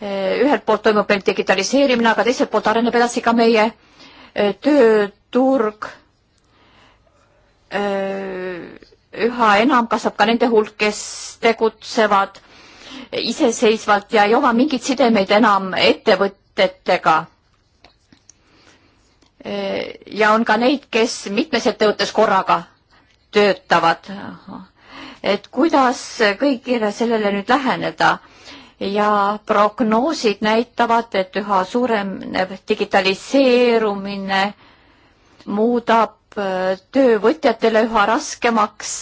äh, ühelt poolt toimub meil digitaliseerimine, aga teiselt poolt areneb edasi ka meie äh, tööturg. üha enam kasvab ka nende hulk, kes tegutsevad iseseisvalt ja ei oma mingeid sidemeid enam ettevõtetega. Äh, ja on ka neid, kes mitmes ettevõttes korraga töötavad. et kuidas kõigile sellele nüüd läheneda ja prognoosid näitavad, et üha suurenev digitaliseerumine muudab äh, töövõtjatele üha raskemaks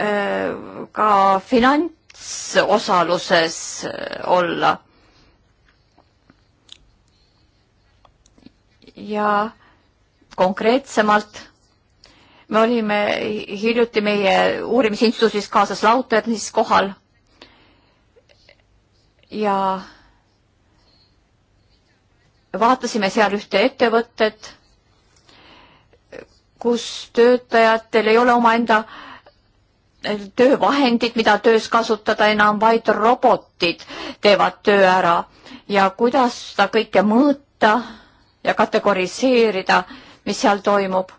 äh, ka finantsosaluses olla ja konkreetsemalt me olime hiljuti meie uurimisinstituudis kaasas Lauternis kohal ja vaatasime seal ühte ettevõtet, kus töötajatel ei ole omaenda töövahendid, mida töös kasutada enam, vaid robotid teevad töö ära ja kuidas seda kõike mõõta ja kategoriseerida, mis seal toimub.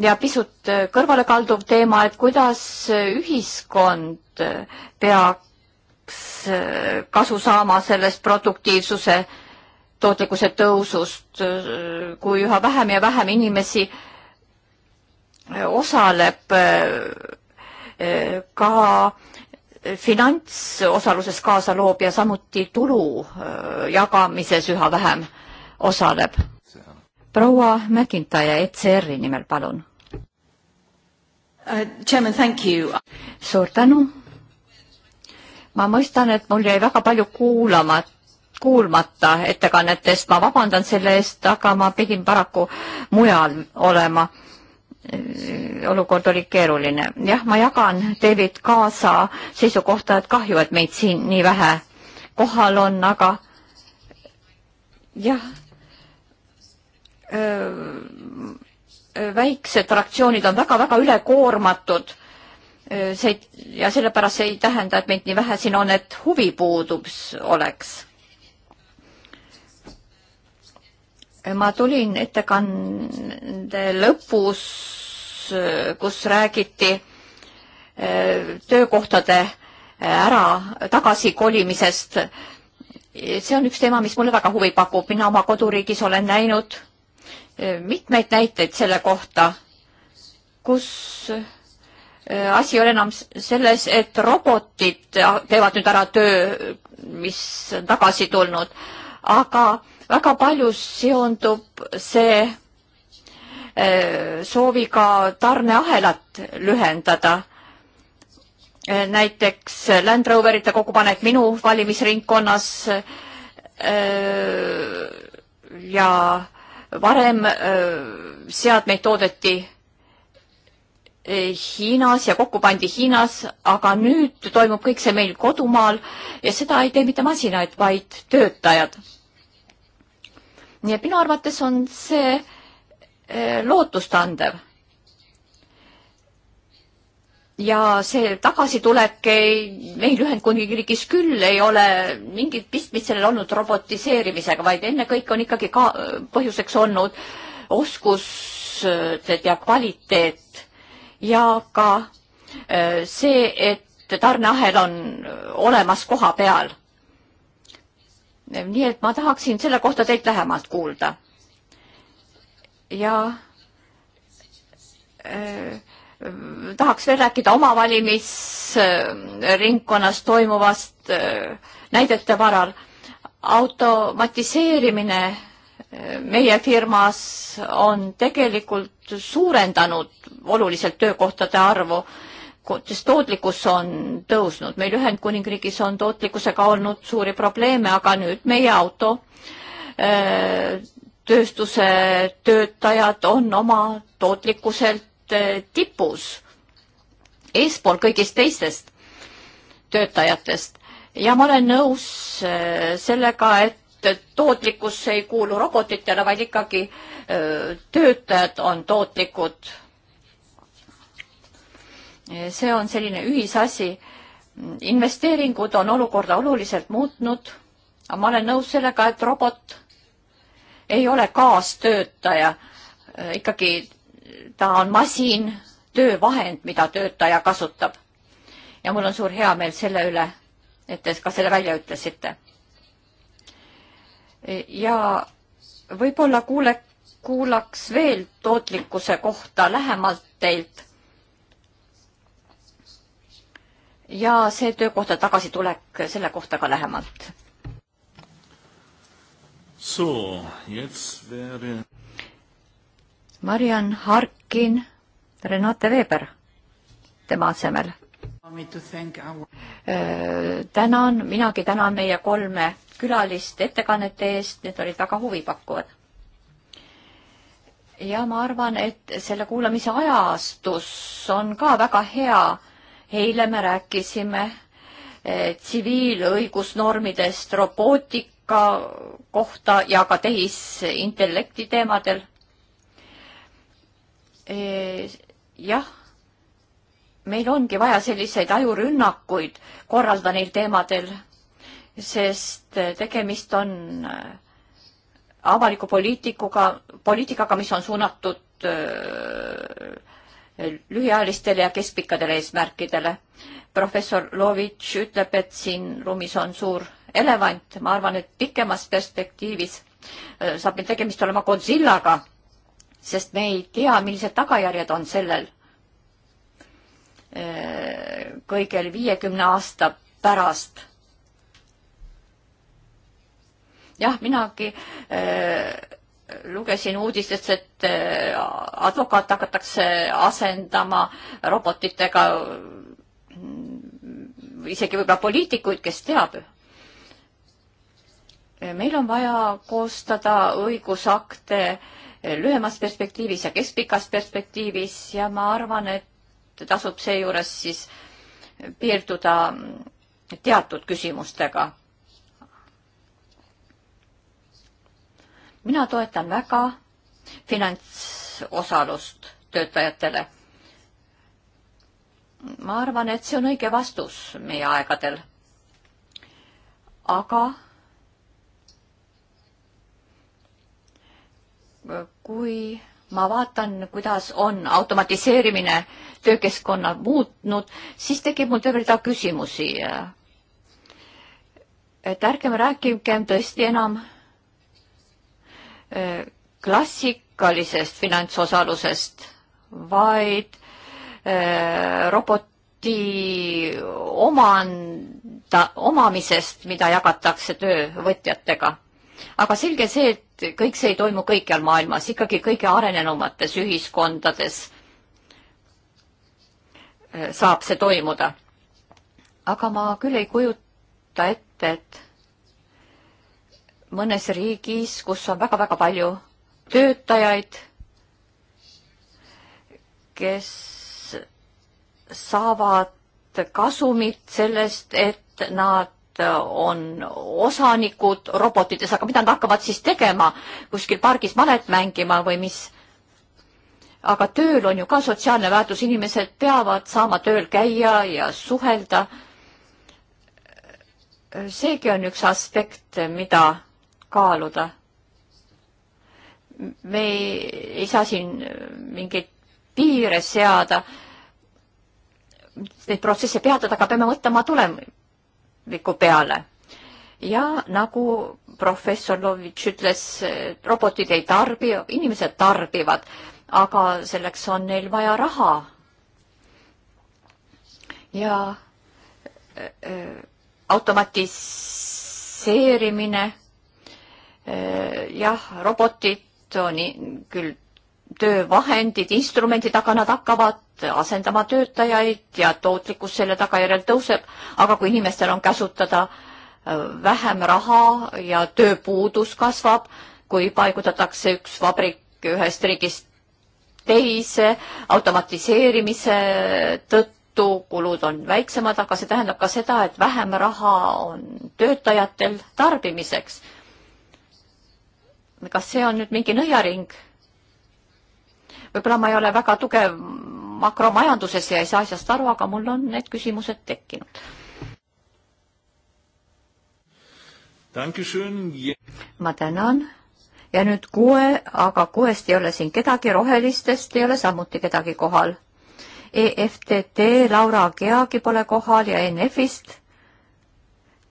ja pisut kõrvalekalduv teema, et kuidas ühiskond peaks kasu saama sellest produktiivsuse tootlikkuse tõusust, kui üha vähem ja vähem inimesi osaleb eh, ka finantsosaluses kaasa loob ja samuti tulu eh, jagamises üha vähem osaleb. proua McIntyre ECR-i nimel, palun uh,. Chairman, thank you. suur tänu. ma mõistan, et mul jäi väga palju kuulamata kuulmata ettekannetest, ma vabandan selle eest, aga ma pidin paraku mujal olema. olukord oli keeruline. jah, ma jagan David Kaasa seisukohta, et kahju, et meid siin nii vähe kohal on, aga jah, väiksed fraktsioonid on väga-väga ülekoormatud. see ja sellepärast see ei tähenda, et meid nii vähe siin on, et huvi puudub oleks. ma tulin ettekande lõpus, kus räägiti töökohtade ära tagasikolimisest. see on üks teema, mis mulle väga huvi pakub, mina oma koduriigis olen näinud mitmeid näiteid selle kohta, kus äh, asi ei ole enam selles, et robotid teevad nüüd ära töö, mis on tagasi tulnud, aga väga palju seondub see äh, sooviga tarneahelat lühendada. Äh, näiteks Land Roverite kogupanek minu valimisringkonnas ja äh, varem äh, seadmeid toodeti äh, Hiinas ja kokku pandi Hiinas, aga nüüd toimub kõik see meil kodumaal ja seda ei tee mitte masinaid, vaid töötajad. nii et minu arvates on see äh, lootustandev ja see tagasitulek ei, meil Ühendkuningriigis küll ei ole mingit pistmist sellel olnud robotiseerimisega, vaid ennekõike on ikkagi ka põhjuseks olnud oskused ja kvaliteet ja ka äh, see, et tarneahel on olemas koha peal. nii et ma tahaksin selle kohta teilt lähemalt kuulda. ja öö, äh, tahaks veel rääkida oma valimisringkonnas toimuvast äh, näidete varal. automatiseerimine äh, meie firmas on tegelikult suurendanud oluliselt töökohtade arvu, sest tootlikkus on tõusnud. meil Ühendkuningriigis on tootlikkusega olnud suuri probleeme, aga nüüd meie auto äh, tööstuse töötajad on oma tootlikkuselt Äh, tipus, eespool kõigist teistest töötajatest ja ma olen nõus äh, sellega, et tootlikkus ei kuulu robotitele, vaid ikkagi äh, töötajad on tootlikud. see on selline ühisasi. investeeringud on olukorda oluliselt muutnud, aga ma olen nõus sellega, et robot ei ole kaastöötaja, ikkagi ta on masin, töövahend, mida töötaja kasutab. ja mul on suur heameel selle üle, et te ka selle välja ütlesite. ja võib-olla kuule, kuulaks veel tootlikkuse kohta lähemalt teilt. ja see töökohta tagasitulek, selle kohta ka lähemalt. So, jetzt wäre Mariann Harkin, Renate Veber tema asemel. Äh, tänan, minagi tänan meie kolme külalist ettekannete eest, need olid väga huvipakkuvad. ja ma arvan, et selle kuulamise ajastus on ka väga hea. eile me rääkisime äh, tsiviilõigusnormidest robootika kohta ja ka tehisintellekti teemadel Eh, jah, meil ongi vaja selliseid ajurünnakuid korralda neil teemadel, sest eh, tegemist on eh, avaliku poliitikuga, poliitikaga, mis on suunatud lühiajalistele ja keskpikkadele eesmärkidele. professor Lovitš ütleb, et siin ruumis on suur elevant, ma arvan, et pikemas perspektiivis saab meil tegemist olema Godzillaga sest me ei tea, millised tagajärjed on sellel eh, kõigel viiekümne aasta pärast. jah, minagi eh, lugesin uudistest, et eh, advokaat hakatakse asendama robotitega, mm, isegi võib-olla poliitikuid, kes teab. meil on vaja koostada õigusakte äh, lühemas perspektiivis ja keskpikas perspektiivis ja ma arvan, et tasub seejuures siis piirduda teatud küsimustega. mina toetan väga finantsosalust töötajatele. ma arvan, et see on õige vastus meie aegadel. aga kui ma vaatan, kuidas on automatiseerimine töökeskkonna muutnud, siis tekib mul terve rida küsimusi. et ärgem rääkigem tõesti enam eh, klassikalisest finantsosalusest, vaid eh, roboti omanda, omamisest, mida jagatakse töövõtjatega aga selge see, et kõik see ei toimu kõikjal maailmas, ikkagi kõige arenenumates ühiskondades äh, saab see toimuda. aga ma küll ei kujuta ette, et mõnes riigis, kus on väga-väga palju töötajaid, kes saavad kasumit sellest, et nad Äh, on osanikud robotites, aga mida nad hakkavad siis tegema, kuskil pargis malet mängima või mis? aga tööl on ju ka sotsiaalne väärtus, inimesed peavad saama tööl käia ja suhelda. seegi on üks aspekt, mida kaaluda. me ei saa siin mingeid piire seada, neid protsesse peatada, aga peame mõtlema tulem-, tuleviku peale. ja nagu professor Lovitš ütles, robotid ei tarbi, inimesed tarbivad, aga selleks on neil vaja raha. ja äh, automatiseerimine äh,, jah, robotid on küll töövahendid, instrumendid, aga nad hakkavad asendama töötajaid ja tootlikkus selle tagajärjel tõuseb, aga kui inimestel on käsutada äh, vähem raha ja tööpuudus kasvab, kui paigutatakse üks vabrik ühest riigist teise automatiseerimise tõttu, kulud on väiksemad, aga see tähendab ka seda, et vähem raha on töötajatel tarbimiseks. kas see on nüüd mingi nõiaring? võib-olla ma ei ole väga tugev makromajanduses ja ei saa asjast aru, aga mul on need küsimused tekkinud. ma tänan ja nüüd kuue, aga kuuest ei ole siin kedagi, rohelistest ei ole samuti kedagi kohal. EFTT Laura Geagi pole kohal ja NF-ist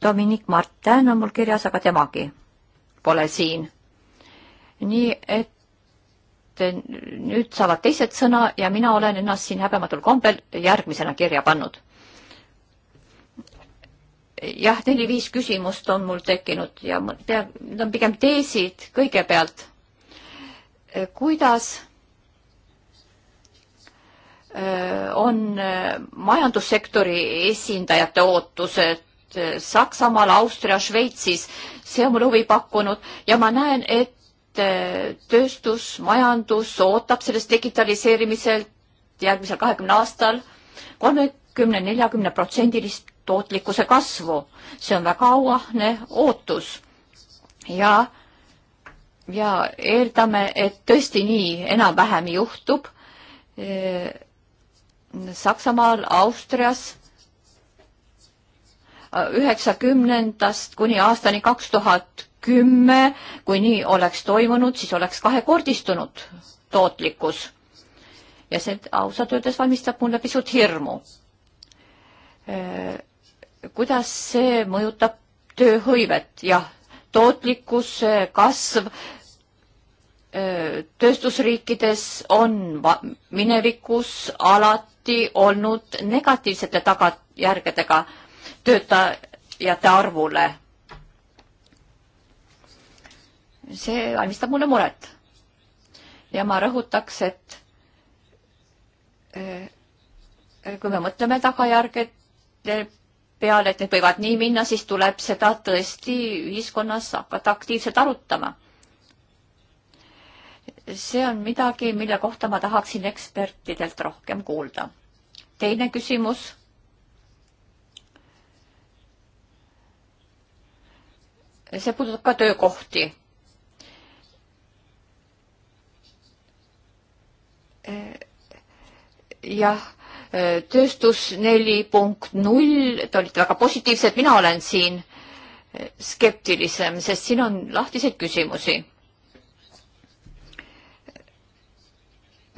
Dominic Martin on mul kirjas, aga temagi pole siin. nii et et nüüd saavad teised sõna ja mina olen ennast siin häbematul kombel järgmisena kirja pannud. jah, neli-viis küsimust on mul tekkinud ja pea, need on pigem teesid kõigepealt. kuidas on majandussektori esindajate ootused Saksamaal, Austria, Šveitsis, see on mulle huvi pakkunud ja ma näen, et Eh, tööstus, majandus ootab sellest digitaliseerimiselt järgmisel kahekümne aastal kolmekümne, neljakümne protsendilist tootlikkuse kasvu. see on väga auahne ootus. ja, ja eeldame, et tõesti nii enam-vähem juhtub. Eh, Saksamaal, Austrias üheksakümnendast kuni aastani kaks tuhat kümme, kui nii oleks toimunud, siis oleks kahekordistunud tootlikkus. ja see ausalt öeldes valmistab mulle pisut hirmu. Äh, kuidas see mõjutab tööhõivet? jah, tootlikkuse kasv äh, tööstusriikides on minevikus alati olnud negatiivsete tagajärgedega töötajate arvule see valmistab mulle muret. ja ma rõhutaks, et äh, kui me mõtleme tagajärgede peale, et need võivad nii minna, siis tuleb seda tõesti ühiskonnas hakata aktiivselt arutama. see on midagi, mille kohta ma tahaksin ekspertidelt rohkem kuulda. teine küsimus see puudutab ka töökohti. Äh, jah, äh, tööstus neli punkt null, te olite väga positiivsed, mina olen siin äh, skeptilisem, sest siin on lahtiseid küsimusi.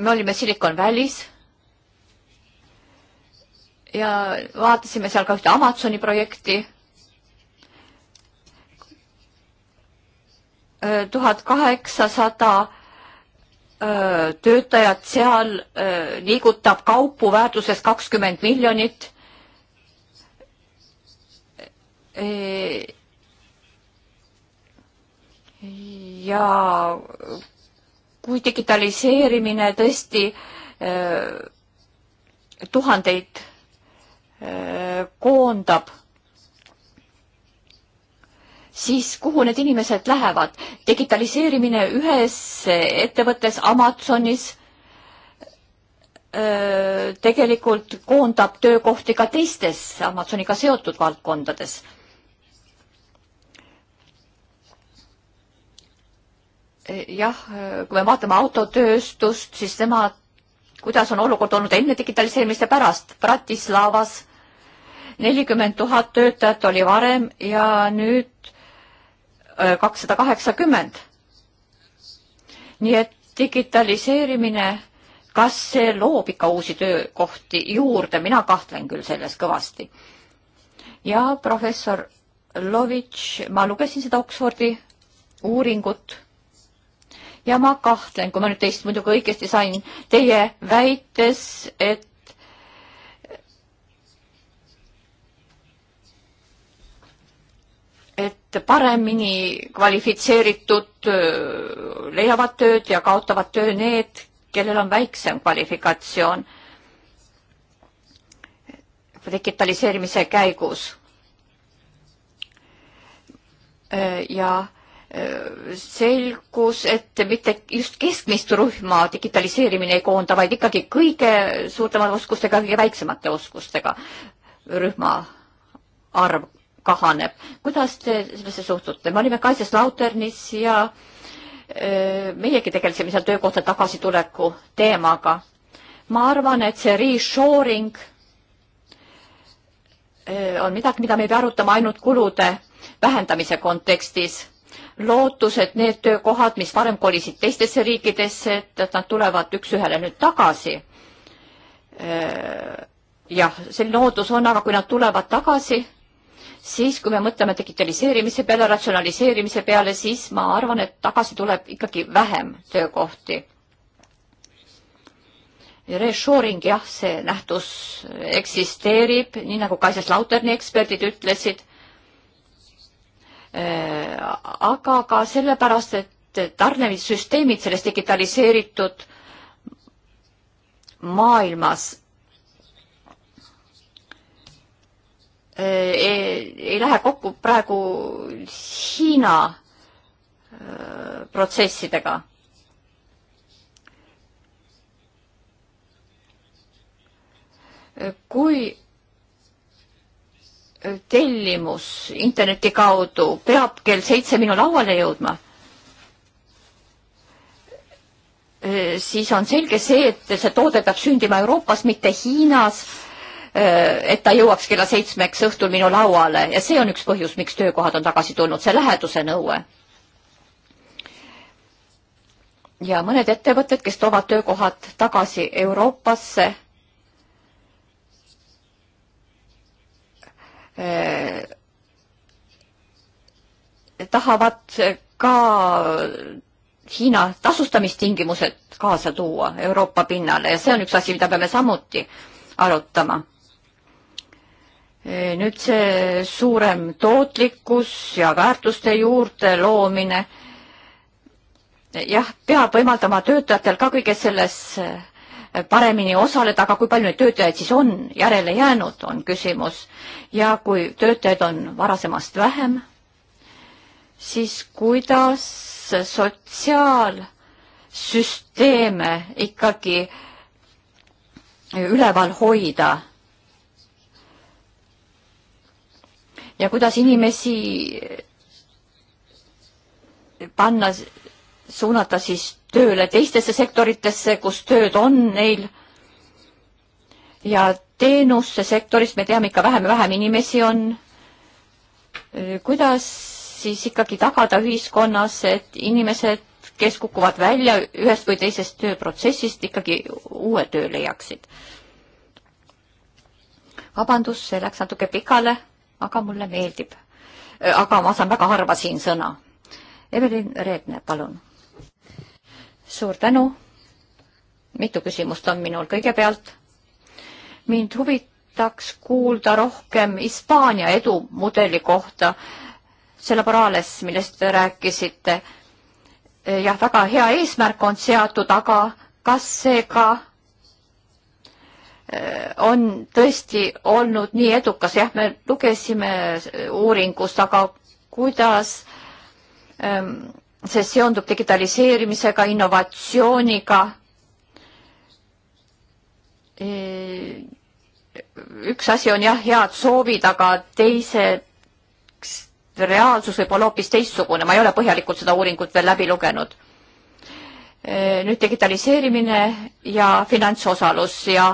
me olime Silicon Valley's ja vaatasime seal ka ühte Amazoni projekti tuhat kaheksasada töötajat seal liigutab kaupu väärtuses kakskümmend miljonit. E, ja kui digitaliseerimine tõesti tuhandeid koondab siis kuhu need inimesed lähevad? digitaliseerimine ühes ettevõttes Amazonis öö, tegelikult koondab töökohti ka teistes Amazoniga seotud valdkondades. jah, kui me vaatame autotööstust, siis nemad, kuidas on olukord olnud enne digitaliseerimist ja pärast Bratislavas nelikümmend tuhat töötajat oli varem ja nüüd kakssada kaheksakümmend. nii et digitaliseerimine, kas see loob ikka uusi töökohti juurde, mina kahtlen küll selles kõvasti. ja professor Lovitš, ma lugesin seda Oxfordi uuringut ja ma kahtlen, kui ma nüüd teist muidugi õigesti sain, teie väites, et et paremini kvalifitseeritud leiavad tööd ja kaotavad töö need, kellel on väiksem kvalifikatsioon digitaliseerimise käigus. ja selgus, et mitte just keskmist rühma digitaliseerimine ei koonda, vaid ikkagi kõige suurtemate oskustega, kõige väiksemate oskustega rühma arv kahaneb. kuidas te sellesse suhtute? me olime Kaiserslauternis ja öö, meiegi tegelesime seal töökohta tagasituleku teemaga. ma arvan, et see reshoring on midagi, mida me ei pea arutama ainult kulude vähendamise kontekstis. lootus, et need töökohad, mis varem kolisid teistesse riikidesse, et nad tulevad üks-ühele nüüd tagasi. jah, selline ootus on, aga kui nad tulevad tagasi siis kui me mõtleme digitaliseerimise peale, ratsionaliseerimise peale, siis ma arvan, et tagasi tuleb ikkagi vähem töökohti. Reshoring, jah, see nähtus eksisteerib, nii nagu Kaisas Lauterni eksperdid ütlesid. Äh, aga ka sellepärast, et tarnemissüsteemid selles digitaliseeritud maailmas ei, ei lähe kokku praegu Hiina äh, protsessidega. kui tellimus interneti kaudu peab kell seitse minu lauale jõudma, äh, siis on selge see, et see toode peab sündima Euroopas, mitte Hiinas et ta jõuaks kella seitsmeks õhtul minu lauale ja see on üks põhjus, miks töökohad on tagasi tulnud, see läheduse nõue. ja mõned ettevõtted, kes toovad töökohad tagasi Euroopasse, eh, tahavad ka Hiina tasustamistingimused kaasa tuua Euroopa pinnale ja see on üks asi, mida peame samuti arutama Eh, nüüd see suurem tootlikkus ja väärtuste juurde loomine, eh, jah, peab võimaldama töötajatel ka kõiges selles eh, paremini osaleda, aga kui palju neid töötajaid siis on järele jäänud, on küsimus. ja kui töötajaid on varasemast vähem, siis kuidas sotsiaalsüsteeme ikkagi üleval hoida ja kuidas inimesi panna, suunata siis tööle teistesse sektoritesse, kus tööd on neil. ja teenuste sektoris me teame ikka vähem ja vähem inimesi on. kuidas siis ikkagi tagada ühiskonnas, et inimesed, kes kukuvad välja ühest või teisest tööprotsessist, ikkagi uue töö leiaksid? vabandust, see läks natuke pikale aga mulle meeldib. Äh, aga ma saan väga harva siin sõna. Evelin Reetne, palun. suur tänu. mitu küsimust on minul kõigepealt. mind huvitaks kuulda rohkem Hispaania edumudeli kohta, selle Parales, millest te rääkisite. Äh, jah, väga hea eesmärk on seatud, aga kas see ka Äh, on tõesti olnud nii edukas, jah, me lugesime uuringust, aga kuidas ähm, see seondub digitaliseerimisega, innovatsiooniga? Äh, üks asi on jah, head soovid, aga teiseks reaalsus võib olla hoopis teistsugune, ma ei ole põhjalikult seda uuringut veel läbi lugenud Eh, nüüd digitaliseerimine ja finantsosalus ja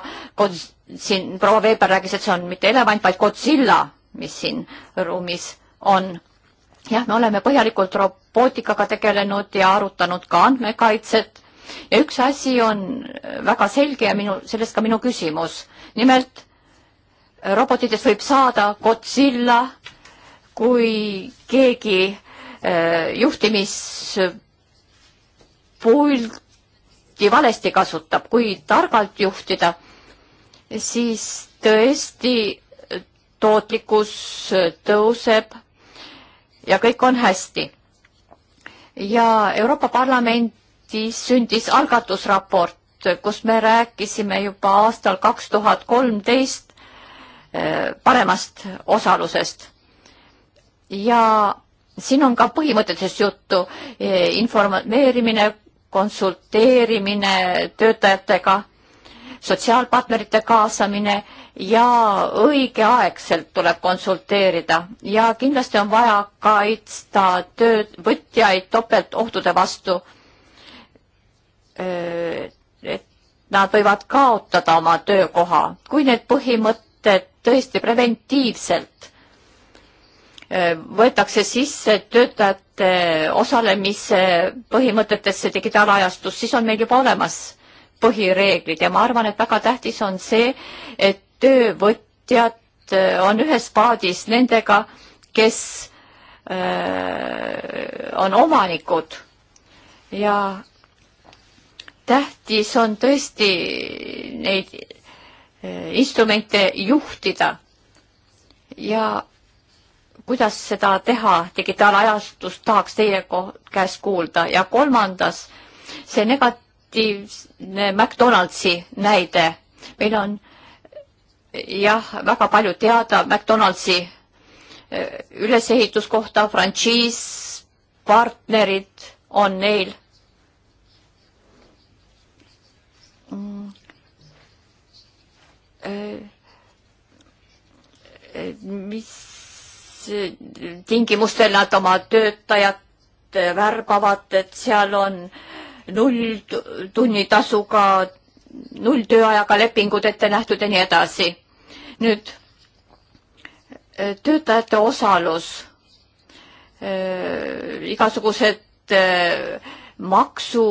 siin proua Veeber rääkis, et see on mitte elevant, vaid Godzilla, mis siin ruumis on. jah, me oleme põhjalikult robootikaga tegelenud ja arutanud ka andmekaitset ja üks asi on väga selge ja minu, sellest ka minu küsimus. nimelt robotitest võib saada Godzilla, kui keegi äh, juhtimis pulti valesti kasutab, kui targalt juhtida, siis tõesti tootlikkus tõuseb ja kõik on hästi. ja Euroopa Parlamendis sündis algatusraport, kus me rääkisime juba aastal kaks tuhat kolmteist eh, paremast osalusest. ja siin on ka põhimõtteliselt juttu eh, informeerimine, konsulteerimine töötajatega, sotsiaalpartnerite kaasamine ja õigeaegselt tuleb konsulteerida ja kindlasti on vaja kaitsta töövõtjaid topeltohtude vastu. et nad võivad kaotada oma töökoha, kui need põhimõtted tõesti preventiivselt Äh, võetakse sisse töötajate osalemise põhimõtetesse digitaalajastus, siis on meil juba olemas põhireeglid ja ma arvan, et väga tähtis on see, et töövõtjad äh, on ühes paadis nendega, kes öö, äh, on omanikud ja tähtis on tõesti neid instrumente juhtida ja kuidas seda teha, digitaalajastust tahaks teie käest kuulda ja kolmandas, see negatiivne McDonaldsi näide, meil on jah, väga palju teada McDonaldsi eh, ülesehituskohta, frantsiis, partnerid on neil mm. eh, eh, mis tingimustel nad oma töötajat eh, värbavad, et seal on null tunnitasuga, null tööajaga lepingud ette nähtud ja nii edasi. nüüd eh, töötajate osalus, eh, igasugused öö, maksu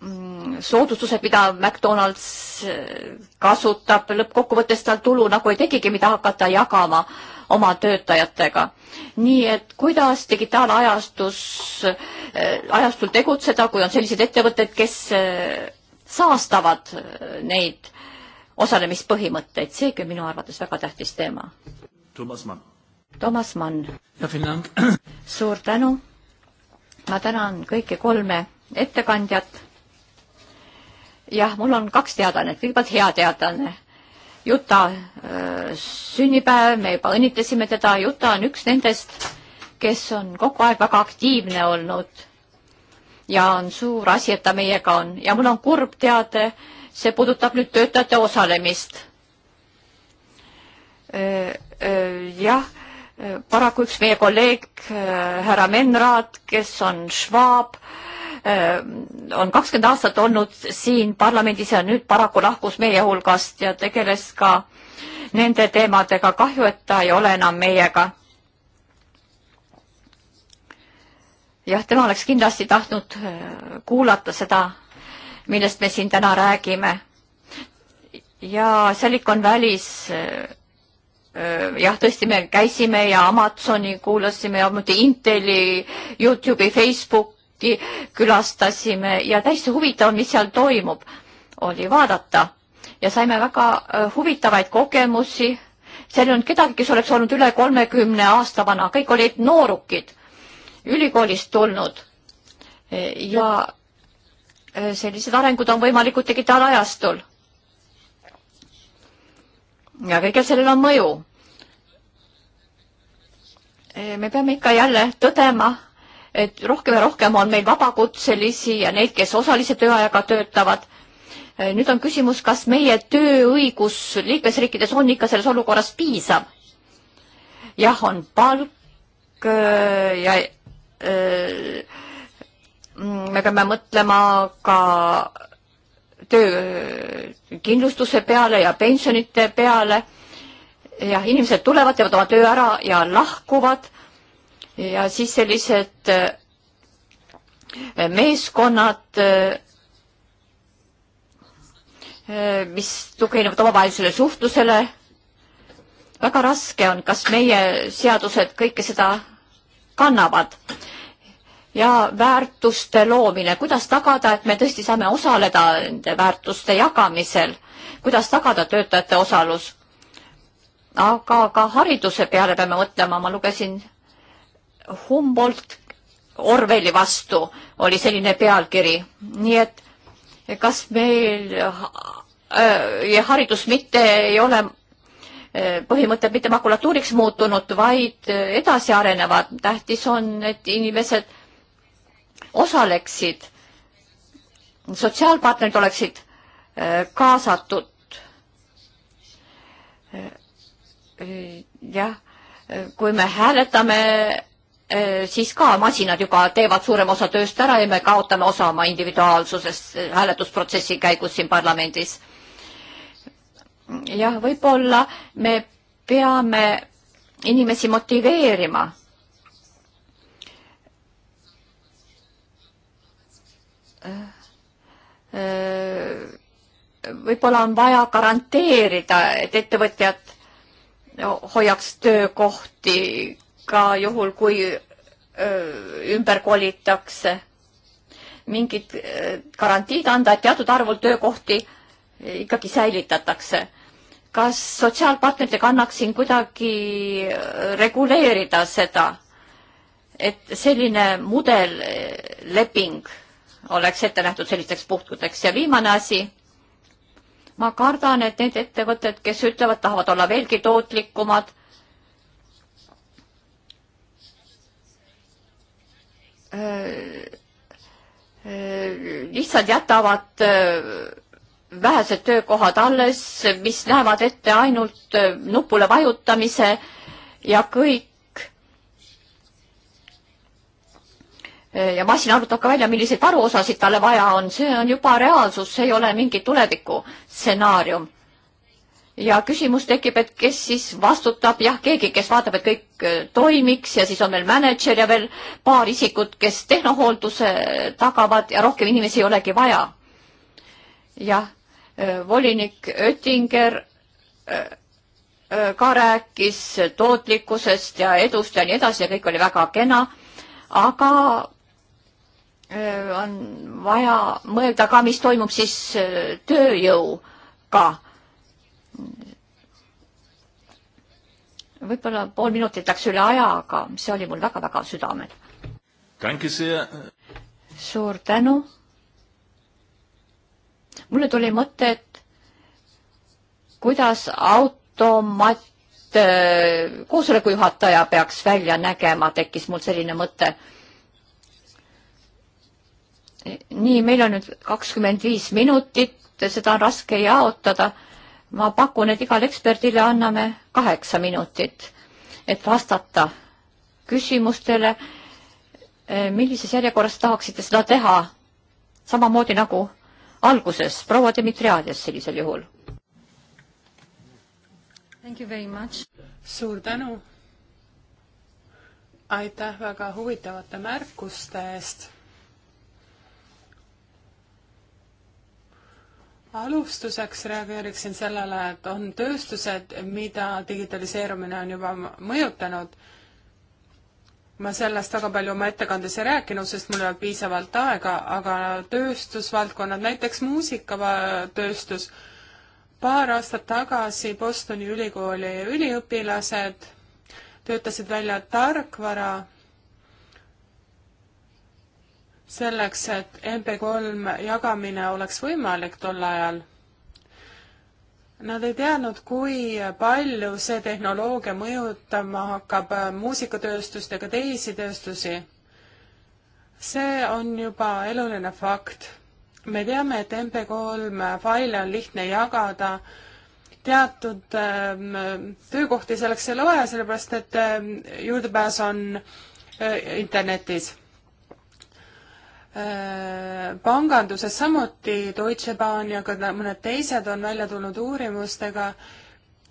Mm, soodustused, mida McDonalds eh, kasutab, lõppkokkuvõttes tal tulu nagu ei tekigi, mida hakata jagama oma töötajatega. nii et kuidas digitaalajastus, eh, ajastul tegutseda, kui on sellised ettevõtted, kes eh, saastavad neid osalemispõhimõtteid, seegi on minu arvates väga tähtis teema. Toomas Mann. Toomas Mann. suur tänu. ma tänan kõiki kolme ettekandjat jah, mul on kaks teadaannet, kõigepealt hea teadaanne. Juta äh, sünnipäev, me juba õnnitlesime teda, Juta on üks nendest, kes on kogu aeg väga aktiivne olnud ja on suur asi, et ta meiega on ja mul on kurb teade, see puudutab nüüd töötajate osalemist. Äh, äh, jah, paraku üks meie kolleeg härra Menraat, kes on švaab, on kakskümmend aastat olnud siin parlamendis ja nüüd paraku lahkus meie hulgast ja tegeles ka nende teemadega. kahju, et ta ei ole enam meiega. jah, tema oleks kindlasti tahtnud äh, kuulata seda, millest me siin täna räägime. ja Silicon Valley's äh, äh, jah, tõesti, me käisime ja Amazoni kuulasime ja muidugi Inteli, Youtube'i, Facebooki kohti külastasime ja täiesti huvitav, mis seal toimub, oli vaadata ja saime väga äh, huvitavaid kogemusi. seal ei olnud kedagi, kes oleks olnud üle kolmekümne aasta vana, kõik olid noorukid, ülikoolist tulnud ja äh, sellised arengud on võimalikud digitaalajastul. ja kõigel sellel on mõju äh, me peame ikka jälle tõdema, et rohkem ja rohkem on meil vabakutselisi ja neid, kes osalise tööajaga töötavad. nüüd on küsimus, kas meie tööõigus liikmesriikides on ikka selles olukorras piisav? jah, on palk äh, ja öö, äh, me peame mõtlema ka töökindlustuse peale ja pensionite peale. jah, inimesed tulevad, teevad oma töö ära ja lahkuvad ja siis sellised äh, meeskonnad, äh, äh, mis tuginevad omavahelisele suhtlusele. väga raske on, kas meie seadused kõike seda kannavad ja väärtuste loomine, kuidas tagada, et me tõesti saame osaleda nende väärtuste jagamisel, kuidas tagada töötajate osalus? aga ka hariduse peale peame mõtlema, ma lugesin Humboldt Orwelli vastu oli selline pealkiri, nii et kas meil äh, ja haridus mitte ei ole äh, põhimõtted mitte makulatuuriks muutunud, vaid äh, edasi arenevad. tähtis on, et inimesed osaleksid, sotsiaalpartnerid oleksid kaasatud. jah, kui me hääletame Äh, siis ka masinad juba teevad suurema osa tööst ära ja me kaotame osa oma individuaalsusest äh, hääletusprotsessi käigus siin parlamendis. jah, võib-olla me peame inimesi motiveerima. Äh, võib-olla on vaja garanteerida, et ettevõtjad hoiaks töökohti ka juhul, kui ümber kolitakse. mingid garantiid anda, et teatud arvul töökohti ikkagi säilitatakse. kas sotsiaalpartneritega annaks siin kuidagi reguleerida seda, et selline mudelleping oleks ette nähtud sellisteks puhkudeks ja viimane asi, ma kardan, et need ettevõtted, kes ütlevad, tahavad olla veelgi tootlikumad Äh, äh, lihtsalt jätavad äh, vähesed töökohad alles, mis näevad ette ainult nupule vajutamise ja kõik. ja masin arvutab ka välja, milliseid varuosasid talle vaja on, see on juba reaalsus, see ei ole mingi tuleviku stsenaarium ja küsimus tekib, et kes siis vastutab, jah, keegi, kes vaatab, et kõik äh, toimiks ja siis on meil mänedžer ja veel paar isikut, kes tehnohoolduse tagavad ja rohkem inimesi ei olegi vaja. jah, äh, volinik Oettinger äh, ka rääkis tootlikkusest ja edust ja nii edasi ja kõik oli väga kena, aga on vaja mõelda ka, mis toimub siis tööjõuga võib-olla pool minutit läks üle aja, aga see oli mul väga-väga südamel. suur tänu. mulle tuli mõte, et kuidas automat äh, koosoleku juhataja peaks välja nägema, tekkis mul selline mõte. nii, meil on nüüd kakskümmend viis minutit, seda on raske jaotada ma pakun, et igale eksperdile anname kaheksa minutit, et vastata küsimustele, eh, millises järjekorras tahaksite seda teha, samamoodi nagu alguses, proua Dmitriades sellisel juhul. suur tänu. aitäh väga huvitavate märkuste eest alustuseks reageeriksin sellele, et on tööstused, mida digitaliseerumine on juba mõjutanud. ma sellest väga palju oma ettekandes ei rääkinud, sest mul ei olnud piisavalt aega, aga tööstusvaldkonnad, näiteks muusikatööstus, paar aastat tagasi Bostoni ülikooli üliõpilased töötasid välja tarkvara, selleks, et MP3 jagamine oleks võimalik tol ajal. Nad ei teadnud, kui palju see tehnoloogia mõjutama hakkab muusikatööstust ega teisi tööstusi. see on juba eluline fakt. me teame, et MP3 faile on lihtne jagada teatud ähm, töökohti selleks ei loe, sellepärast et ähm, juurdepääs on äh, internetis Äh, panganduses samuti Deutsche Bahn ja ka mõned teised on välja tulnud uurimustega,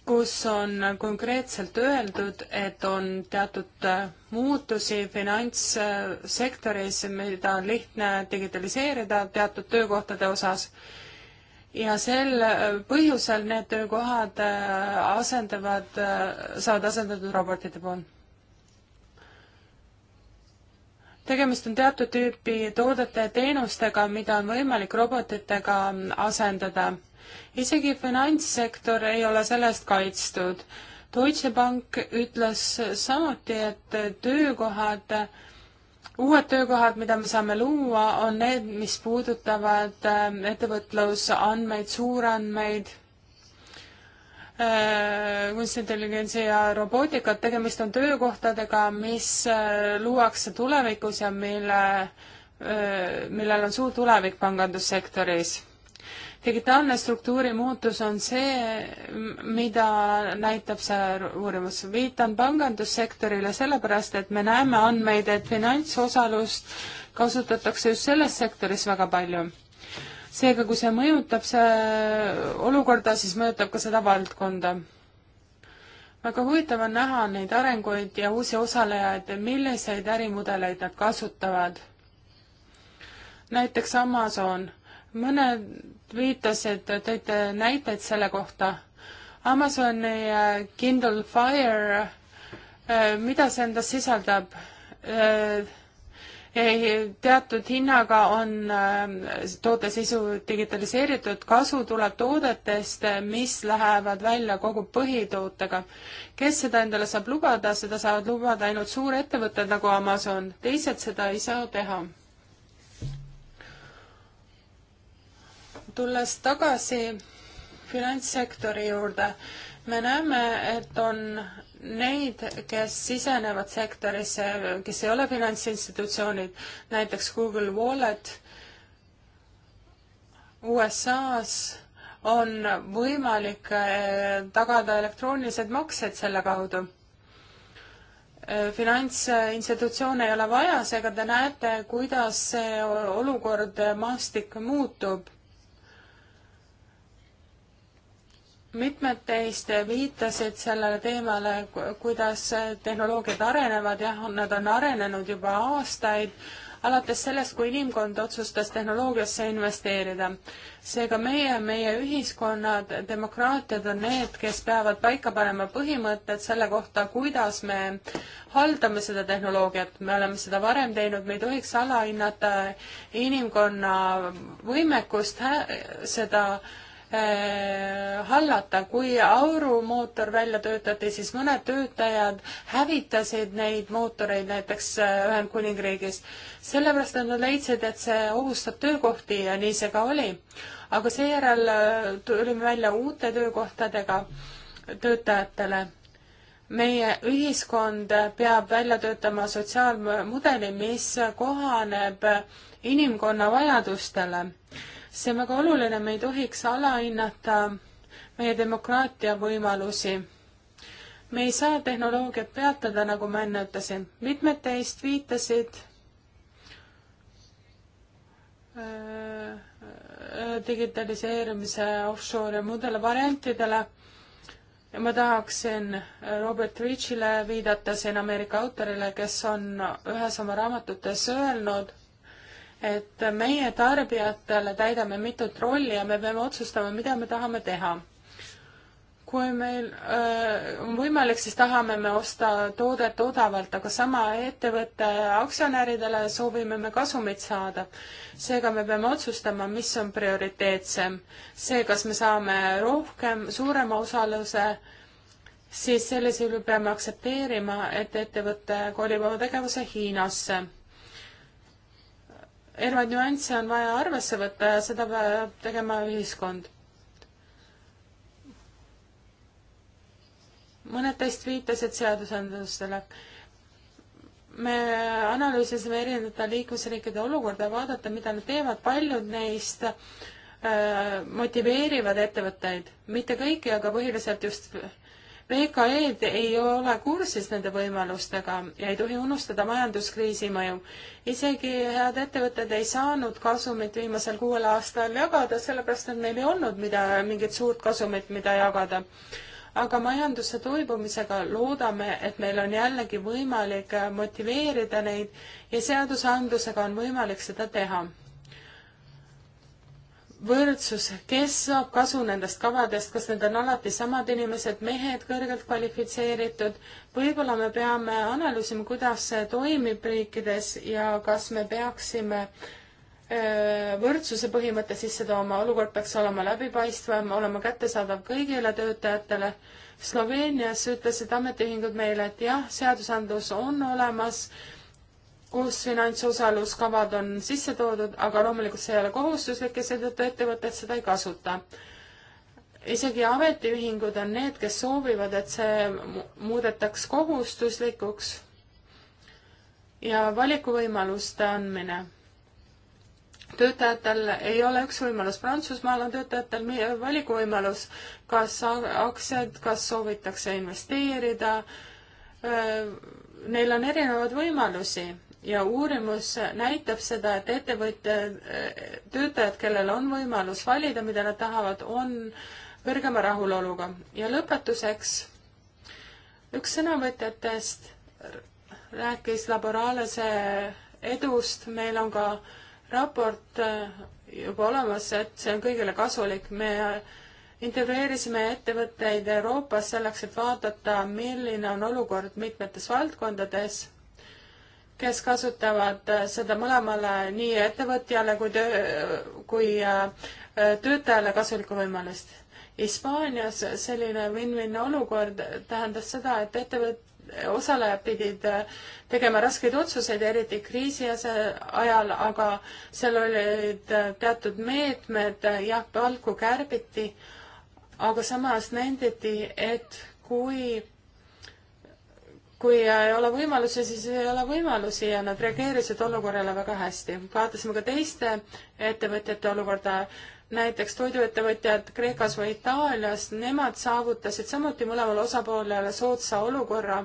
kus on konkreetselt öeldud, et on teatud äh, muutusi finantssektoris, mida on lihtne digitaliseerida teatud töökohtade osas. ja sel äh, põhjusel need töökohad asendavad, saavad asendatud robotite poolt tegemist on teatud tüüpi toodete ja teenustega, mida on võimalik robotitega asendada. isegi finantssektor ei ole sellest kaitstud. Deutsche Bank ütles samuti, et töökohad, uued töökohad, mida me saame luua, on need, mis puudutavad äh, ettevõtlusandmeid, suurandmeid Äh, kunstintelligentsi ja robootikat, tegemist on töökohtadega, mis äh, luuakse tulevikus ja mille, äh, millel on suur tulevik pangandussektoris digitaalne struktuuri muutus on see, mida näitab see uurimus. viitan pangandussektorile sellepärast, et me näeme andmeid, et finantsosalust kasutatakse just selles sektoris väga palju seega, kui see mõjutab see olukorda, siis mõjutab ka seda valdkonda. väga huvitav on näha neid arenguid ja uusi osalejaid, milliseid ärimudeleid nad kasutavad. näiteks Amazon, mõned viitasid, tõite näiteid selle kohta. Amazoni äh, Kindle Fire, äh, mida see endas sisaldab? Äh, Eh, teatud hinnaga on eh, toote sisu digitaliseeritud, kasu tuleb toodetest, eh, mis lähevad välja kogu põhitootega. kes seda endale saab lubada, seda saavad lubada ainult suurettevõtted nagu Amazon, teised seda ei saa teha. tulles tagasi finantssektori juurde, me näeme, et on neid, kes sisenevad sektorisse, kes ei ole finantsinstitutsioonid, näiteks Google Wallet USA-s on võimalik eh, tagada elektroonilised maksed selle kaudu. Eh, finantsinstitutsioone ei ole vaja, seega te näete, kuidas see olukord eh, maastik muutub mitmed teist viitasid sellele teemale, kuidas tehnoloogiad arenevad, jah, nad on arenenud juba aastaid, alates sellest, kui inimkond otsustas tehnoloogiasse investeerida. seega meie, meie ühiskonnad, demokraatiad on need, kes peavad paika panema põhimõtted selle kohta, kuidas me haldame seda tehnoloogiat, me oleme seda varem teinud, me ei tohiks alahinnata inimkonna võimekust seda Äh, hallata. kui aurumootor välja töötati, siis mõned töötajad hävitasid neid mootoreid näiteks äh, Ühendkuningriigis, sellepärast et nad leidsid, et see ohustab töökohti ja nii see ka oli. aga seejärel äh, tulime välja uute töökohtadega töötajatele meie ühiskond peab välja töötama sotsiaalmudeli, mis kohaneb inimkonna vajadustele see on väga oluline, me ei tohiks alahinnata meie demokraatia võimalusi. me ei saa tehnoloogiat peatada, nagu ma enne ütlesin. mitmed teist viitasid äh, äh, digitaliseerimise offshore muudele variantidele ja ma tahaksin Robert Richile viidata siin Ameerika autorile, kes on ühes oma raamatutes öelnud, et meie tarbijatele täidame mitut rolli ja me peame otsustama, mida me tahame teha. kui meil öö, äh, on võimalik, siis tahame me osta toodet odavalt, aga sama ettevõtte aktsionäridele soovime me kasumit saada. seega me peame otsustama, mis on prioriteetsem. see, kas me saame rohkem, suurema osaluse, siis sellisel juhul peame aktsepteerima, et ettevõte kolib oma tegevuse Hiinasse erinevaid nüansse on vaja arvesse võtta ja seda peab tegema ühiskond. mõned teist viitasid seadusandlustele. me analüüsisime erinevate liikmesriikide olukorda ja vaadata, mida nad teevad, paljud neist äh, motiveerivad ettevõtteid, mitte kõiki, aga põhiliselt just VKE-d ei ole kursis nende võimalustega ja ei tohi unustada majanduskriisi mõju. isegi head ettevõtted ei saanud kasumit viimasel kuuel aastal jagada, sellepärast et neil ei olnud mida, mingit suurt kasumit, mida jagada. aga majanduse toibumisega loodame, et meil on jällegi võimalik motiveerida neid ja seadusandlusega on võimalik seda teha võrdsus, kes saab kasu nendest kavadest, kas need on alati samad inimesed, mehed, kõrgelt kvalifitseeritud, võib-olla me peame analüüsima, kuidas see toimib riikides ja kas me peaksime äh, võrdsuse põhimõtte sisse tooma, olukord peaks olema läbipaistvam, olema kättesaadav kõigile töötajatele. Sloveenias ütlesid ametiühingud meile, et jah, seadusandlus on olemas kus finantsosaluskavad on sisse toodud, aga loomulikult see ei ole kohustuslik ja seetõttu ettevõtted seda ei kasuta. isegi ametiühingud on need, kes soovivad, et see muudetaks kohustuslikuks ja valikuvõimaluste andmine. töötajatel ei ole üks võimalus, Prantsusmaal on töötajatel valikuvõimalus, kas aktsiaid, kas soovitakse investeerida, neil on erinevaid võimalusi ja uurimus näitab seda, et ettevõtjad, töötajad, kellel on võimalus valida, mida nad tahavad, on kõrgema rahuloluga. ja lõpetuseks üks sõnavõtjatest rääkis laboraalse edust, meil on ka raport juba olemas, et see on kõigile kasulik. me integreerisime ettevõtteid Euroopas selleks, et vaadata, milline on olukord mitmetes valdkondades kes kasutavad äh, seda mõlemale, nii ettevõtjale kui töö, kui äh, töötajale kasulikku võimalust. Hispaanias selline win-win olukord tähendas seda, et ettevõt-, osalejad pidid äh, tegema raskeid otsuseid, eriti kriisi ajal, aga seal olid teatud meetmed, jah, palku kärbiti, aga samas nenditi, et kui kui ei ole võimalusi, siis ei ole võimalusi ja nad reageerisid olukorrale väga hästi. vaatasime ka teiste ettevõtjate olukorda, näiteks toiduettevõtjad Kreekas või Itaalias, nemad saavutasid samuti mõlemale osapoolele soodsa olukorra,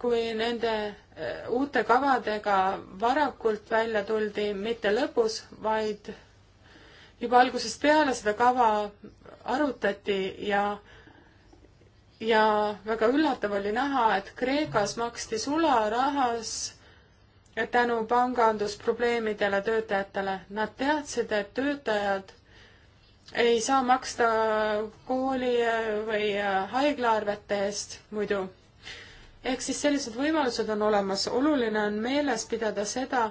kui nende eh, uute kavadega varakult välja tuldi, mitte lõpus, vaid juba algusest peale seda kava arutati ja ja väga üllatav oli näha, et Kreekas maksti sularahas tänu pangandusprobleemidele töötajatele. Nad teadsid, et töötajad ei saa maksta kooli või haiglaarvete eest muidu. ehk siis sellised võimalused on olemas. oluline on meeles pidada seda,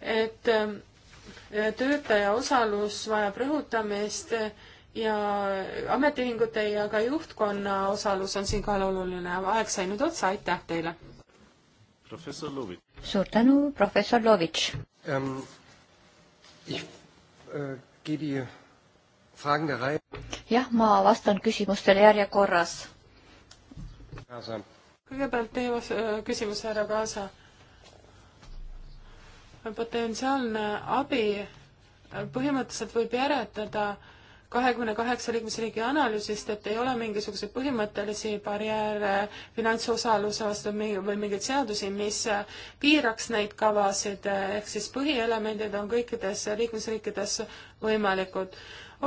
et eh, töötaja osalus vajab rõhutamist ja ametiühingute ja ka juhtkonna osalus on siinkohal oluline. aeg sai nüüd otsa, aitäh teile! professor Lovitš. suur tänu, professor Lovitš ähm,! Äh, jah, ma vastan küsimustele järjekorras. kõigepealt teie äh, küsimus, härra Kaasa. potentsiaalne abi põhimõtteliselt võib järeldada, kahekümne kaheksa liikmesriigi analüüsist, et ei ole mingisuguseid põhimõttelisi barjääre finantsosaluse vastu või mingeid seadusi, mis piiraks neid kavasid, ehk siis põhielemendid on kõikides liikmesriikides võimalikud.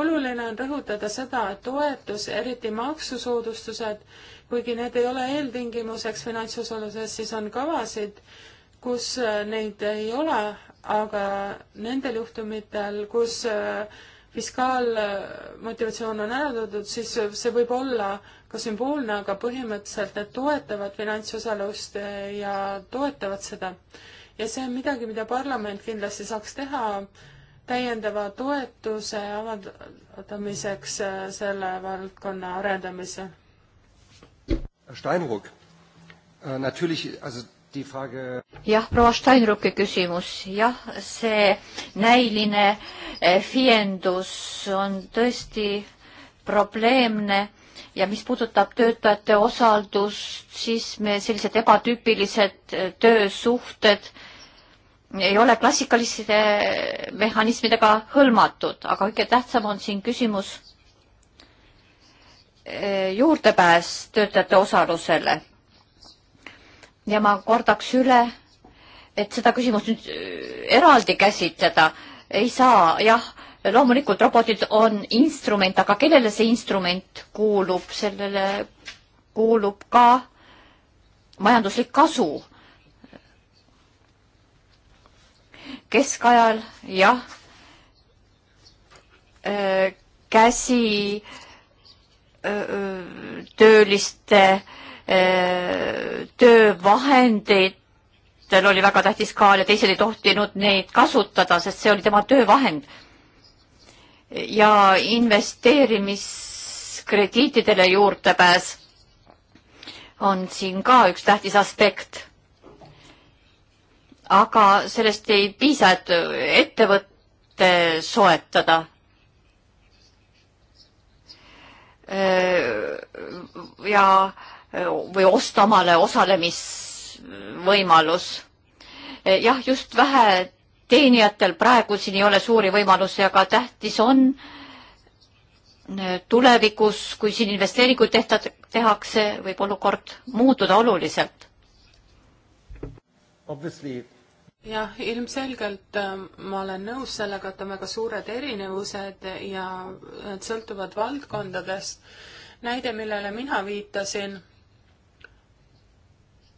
oluline on rõhutada seda, et toetus, eriti maksusoodustused, kuigi need ei ole eeltingimuseks finantsosaluses, siis on kavasid, kus neid ei ole, aga nendel juhtumitel, kus äh, fiskaalmotivatsioon on ära toodud, siis see võib olla ka sümboolne, aga põhimõtteliselt need toetavad finantsosalust ja toetavad seda. ja see on midagi, mida parlament kindlasti saaks teha täiendava toetuse avaldamiseks äh, selle valdkonna arendamisel. Steinruck, äh, natürlich, also jah, proua Steinrucki küsimus, jah, see näiline fiendus eh, on tõesti probleemne ja mis puudutab töötajate osaldust, siis me sellised ebatüüpilised eh, töösuhted ei ole klassikaliste mehhanismidega hõlmatud, aga kõige tähtsam on siin küsimus eh, juurdepääs töötajate osalusele ja ma kordaks üle, et seda küsimust nüüd äh, eraldi käsitleda ei saa, jah, loomulikult robotid on instrument, aga kellele see instrument kuulub, sellele kuulub ka majanduslik kasu. keskajal, jah, äh, käsi öö, äh, tööliste öö, töövahenditel oli väga tähtis kaal ja teised ei tohtinud neid kasutada, sest see oli tema töövahend. ja investeerimiskrediitidele juurdepääs on siin ka üks tähtis aspekt. aga sellest ei piisa, et ettevõtte soetada ja või osta omale osalemisvõimalus. jah, just vähe teenijatel praegu siin ei ole suuri võimalusi, aga tähtis on tulevikus, kui siin investeeringuid tehta, tehakse, võib olukord muutuda oluliselt. jah, ilmselgelt ähm, ma olen nõus sellega, et on väga suured erinevused ja need äh, sõltuvad valdkondadest. näide, millele mina viitasin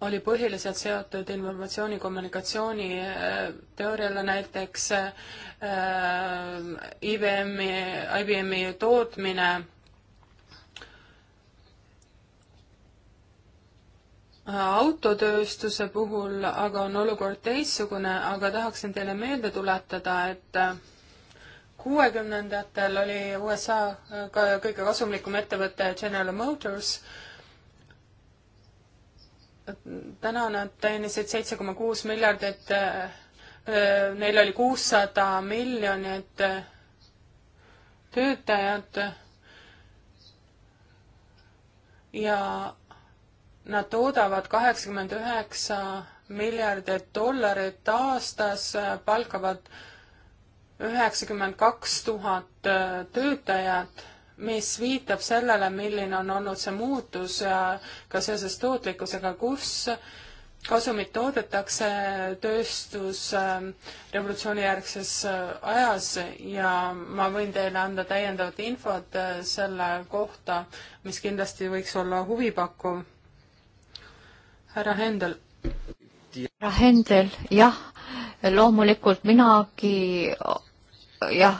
oli põhiliselt seotud informatsiooni kommunikatsiooni äh, teooriale, näiteks äh, IBM-i, IBM-i tootmine autotööstuse puhul aga on olukord teistsugune, aga tahaksin teile meelde tuletada, et äh, kuuekümnendatel oli USA ka kõige kasumlikum ettevõte General Motors täna nad teenisid seitse koma kuus miljardit, äh, äh, neil oli kuussada miljonit äh, töötajat ja nad toodavad kaheksakümmend üheksa miljardit dollarit aastas, palkavad üheksakümmend kaks tuhat töötajat mis viitab sellele, milline on olnud see muutus ka seoses tootlikkusega, kus kasumit toodetakse tööstusrevolutsioonijärgses ähm, äh, ajas ja ma võin teile anda täiendavat infot äh, selle kohta, mis kindlasti võiks olla huvipakkuv. härra Hendel. härra Hendel, jah, loomulikult minagi jah,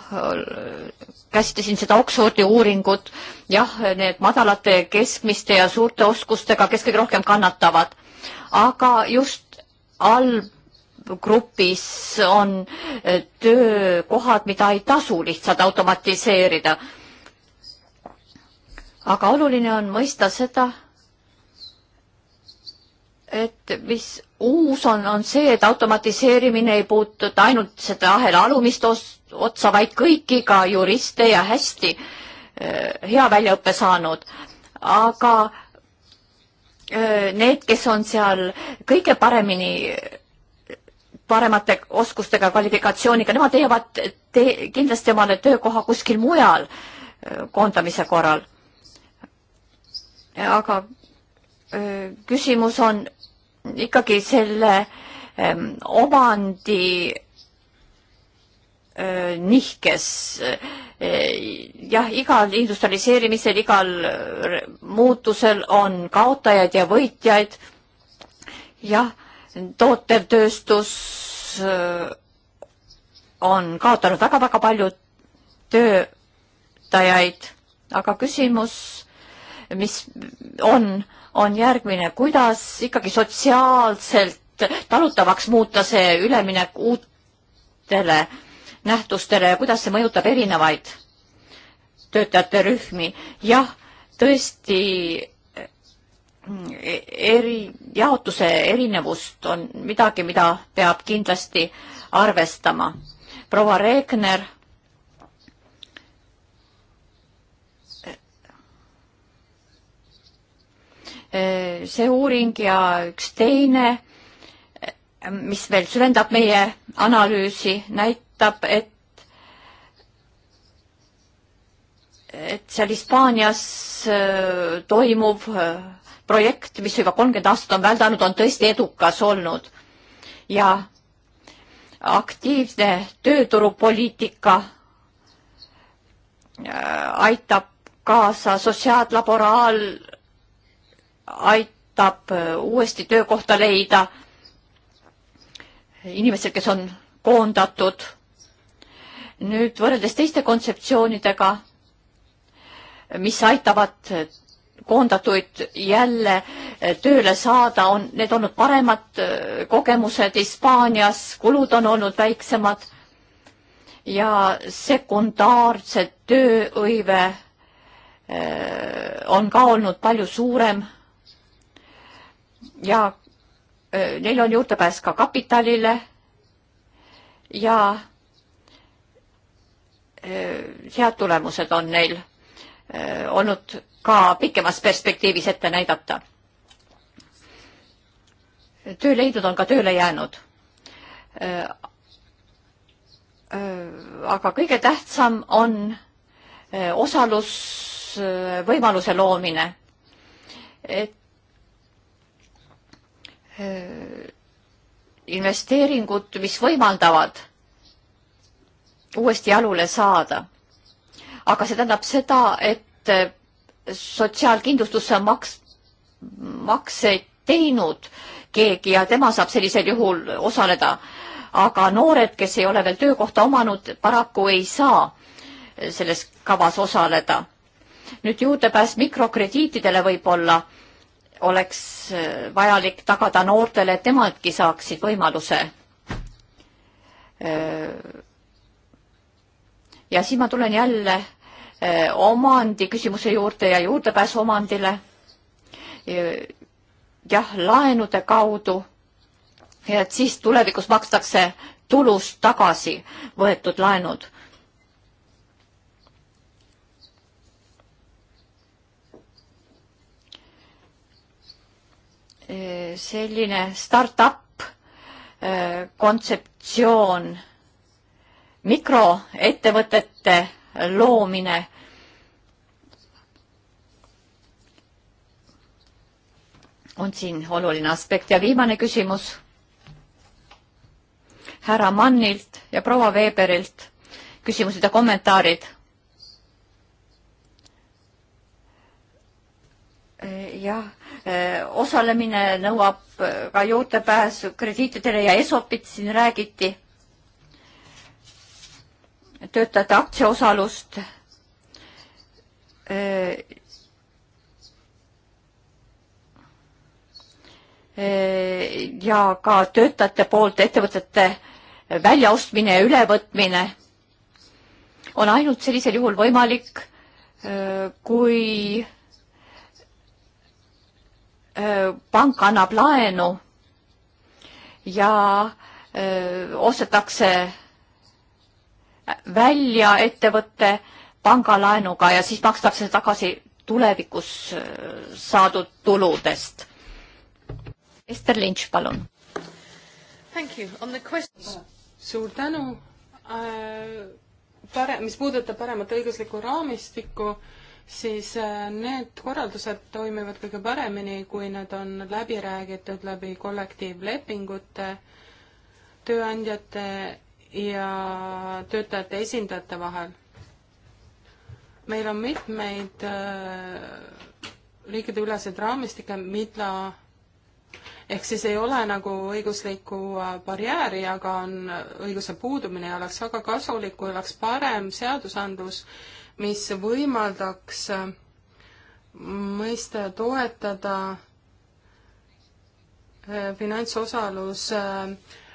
käsitlesin seda Oxfordi uuringut, jah, need madalate, keskmiste ja suurte oskustega, kes kõige rohkem kannatavad, aga just allgrupis on eh, töökohad, mida ei tasu lihtsalt automatiseerida. aga oluline on mõista seda, et mis uus on, on see, et automatiseerimine ei puuduta ainult seda ahela alumist ost-, otsa, vaid kõiki, ka juriste ja hästi eh, hea väljaõppe saanud. aga eh, need, kes on seal kõige paremini paremate oskustega, kvalifikatsiooniga, nemad leiavad te kindlasti omale töökoha kuskil mujal eh, koondamise korral. aga küsimus on ikkagi selle öö, omandi nihkes. jah, igal industrialiseerimisel, igal muutusel on kaotajaid ja võitjaid. jah, tootev tööstus on kaotanud väga-väga palju töötajaid, aga küsimus, mis on, on järgmine, kuidas ikkagi sotsiaalselt talutavaks muuta see üleminek uutele äh, nähtustele ja kuidas see mõjutab erinevaid töötajate rühmi. jah, tõesti e-, eri, jaotuse erinevust on midagi, mida peab kindlasti arvestama. proua Reegner e-, see uuring ja üks teine, mis veel süvendab meie analüüsi, näit-, näitab, et et seal Hispaanias äh, toimuv äh, projekt, mis juba kolmkümmend aastat on väldanud, on tõesti edukas olnud. ja aktiivne tööturupoliitika äh, aitab kaasa, sotsiaallaboraal aitab uuesti töökohta leida inimesed, kes on koondatud nüüd võrreldes teiste kontseptsioonidega, mis aitavad koondatuid jälle tööle saada, on need olnud paremad äh, kogemused Hispaanias, kulud on olnud väiksemad ja sekundaarse tööhõive äh, on ka olnud palju suurem. ja äh, neil on juurdepääs ka kapitalile ja Eh, head tulemused on neil eh, olnud ka pikemas perspektiivis ette näidata. tööleidud on ka tööle jäänud. Eh, aga kõige tähtsam on osalusvõimaluse loomine. et investeeringud, mis võimaldavad uuesti jalule saada. aga see tähendab seda, et sotsiaalkindlustusse maks, makseid teinud keegi ja tema saab sellisel juhul osaleda. aga noored, kes ei ole veel töökohta omanud, paraku ei saa selles kavas osaleda. nüüd juurdepääs mikrokrediitidele võib-olla oleks äh, vajalik tagada noortele, et nemadki saaksid võimaluse öö, äh, ja siis ma tulen jälle eh, omandiküsimuse juurde ja juurdepääs omandile. jah, laenude kaudu. ja et siis tulevikus makstakse tulust tagasi võetud laenud. Eh, selline startup eh, kontseptsioon mikroettevõtete loomine. on siin oluline aspekt ja viimane küsimus härra Mannilt ja proua Weberilt küsimused ja kommentaarid. jah, osalemine nõuab ka juurdepääsu krediitidele ja ESOP-it siin räägiti töötajate aktsiaosalust ja ka töötajate poolt ettevõtete väljaostmine ja ülevõtmine on ainult sellisel juhul võimalik, kui pank annab laenu ja ostetakse välja ettevõtte pangalaenuga ja siis makstakse tagasi tulevikus äh, saadud tuludest. Ester Lynch, palun. suur tänu äh,. Pare-, mis puudutab paremat õiguslikku raamistikku, siis äh, need korraldused toimivad kõige paremini, kui need on läbi räägitud läbi kollektiivlepingute, tööandjate ja töötajate esindajate vahel. meil on mitmeid äh, riikideüleseid raamistikke, mida ehk siis ei ole nagu õiguslikku äh, barjääri, aga on äh, õiguse puudumine ja oleks väga kasulik, kui oleks parem seadusandlus, mis võimaldaks mõiste toetada finantsosalus äh,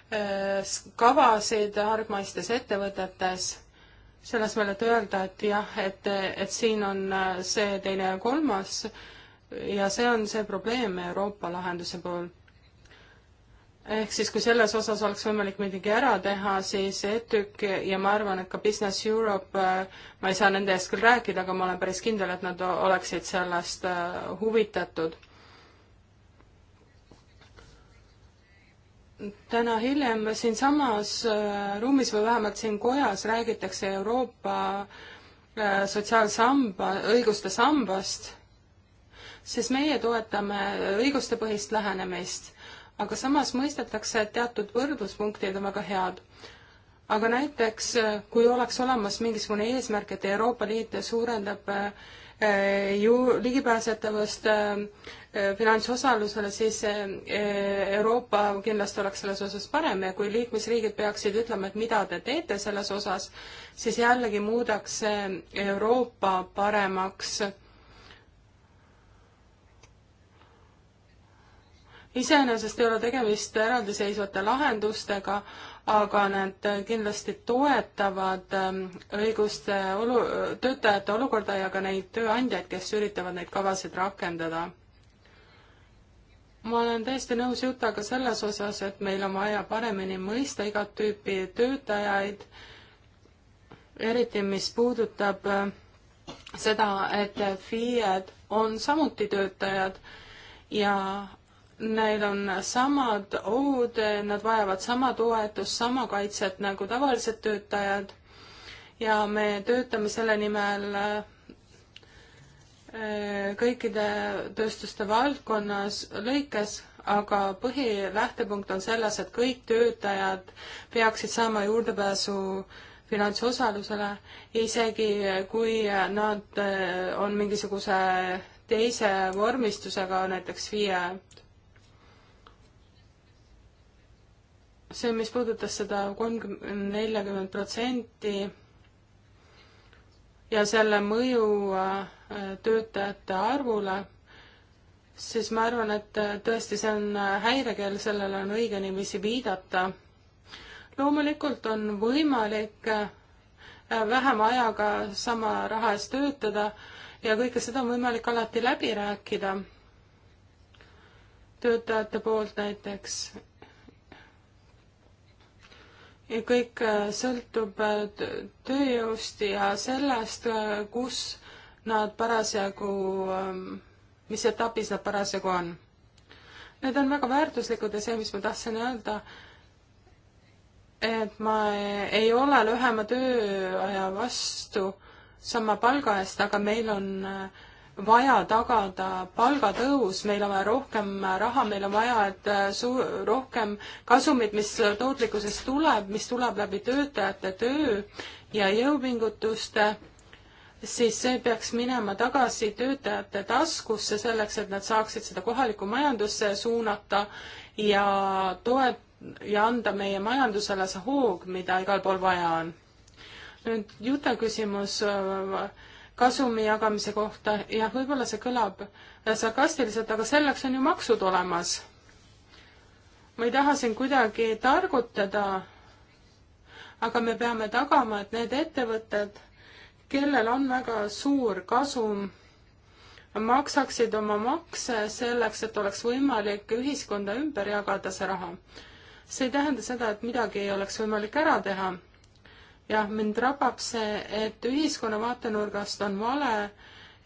Äh, kavasid hargmaistes ettevõtetes, selle asemel, et öelda, et jah, et, et siin on äh, see teine ja kolmas ja see on see probleem Euroopa lahenduse puhul ehk siis, kui selles osas oleks võimalik midagi ära teha, siis ETÜK ja ma arvan, et ka Business Europe, äh, ma ei saa nende eest küll rääkida, aga ma olen päris kindel, et nad oleksid sellest huvitatud. täna hiljem siinsamas äh, ruumis või vähemalt siin kojas räägitakse Euroopa äh, sotsiaalsamba, õiguste sambast, siis meie toetame õigustepõhist lähenemist. aga samas mõistetakse, et teatud võrdluspunktid on väga head. aga näiteks, äh, kui oleks olemas mingisugune eesmärk, et Euroopa Liit suurendab Äh, ju ligipääsetavust äh, äh, finantsosalusele, siis Euroopa kindlasti oleks selles osas parem ja kui liikmesriigid peaksid ütlema, et mida te teete selles osas, siis jällegi muudaks see Euroopa paremaks. iseenesest ei ole tegemist eraldiseisvate lahendustega, aga nad kindlasti toetavad ähm, õiguste olu, töötajate olukorda ja ka neid tööandjaid, kes üritavad neid kavasid rakendada. ma olen täiesti nõus Jutaga selles osas, et meil on vaja paremini mõista igat tüüpi töötajaid, eriti mis puudutab äh, seda, et FIE-d on samuti töötajad ja neil on samad ohud, nad vajavad sama toetust, sama kaitset nagu tavalised töötajad ja me töötame selle nimel äh, kõikide tööstuste valdkonnas lõikes, aga põhilähtepunkt on selles, et kõik töötajad peaksid saama juurdepääsu finantsosalusele, isegi kui nad äh, on mingisuguse teise vormistusega, näiteks FIE see, mis puudutas seda kolmkümmend, neljakümmend protsenti ja selle mõju äh, töötajate arvule, siis ma arvan, et äh, tõesti, see on äh, häirekeel, sellele on õige niiviisi viidata. loomulikult on võimalik vähema ajaga sama raha eest töötada ja kõike seda on võimalik alati läbi rääkida töötajate poolt näiteks kõik äh, sõltub äh, tööjõust ja sellest, äh, kus nad parasjagu, ähm, mis etapis nad parasjagu on. Need on väga väärtuslikud ja see, mis ma tahtsin öelda, et ma ei ole lühema tööaja vastu sama palga eest, aga meil on äh, vaja tagada palgatõus, meil on vaja rohkem raha, meil on vaja, et äh, su-, rohkem kasumit, mis tootlikkusest tuleb, mis tuleb läbi töötajate töö ja jõupingutuste, siis see peaks minema tagasi töötajate taskusse selleks, et nad saaksid seda kohalikku majandusse suunata ja toet-, ja anda meie majandusele see hoog, mida igal pool vaja on. nüüd Juta küsimus äh, kasumi jagamise kohta, jah, võib-olla see kõlab äh, sarkastiliselt, aga selleks on ju maksud olemas. ma ei taha siin kuidagi targutada, aga me peame tagama, et need ettevõtted, kellel on väga suur kasum, maksaksid oma makse selleks, et oleks võimalik ühiskonda ümber jagada see raha. see ei tähenda seda, et midagi ei oleks võimalik ära teha jah, mind rabab see, et ühiskonna vaatenurgast on vale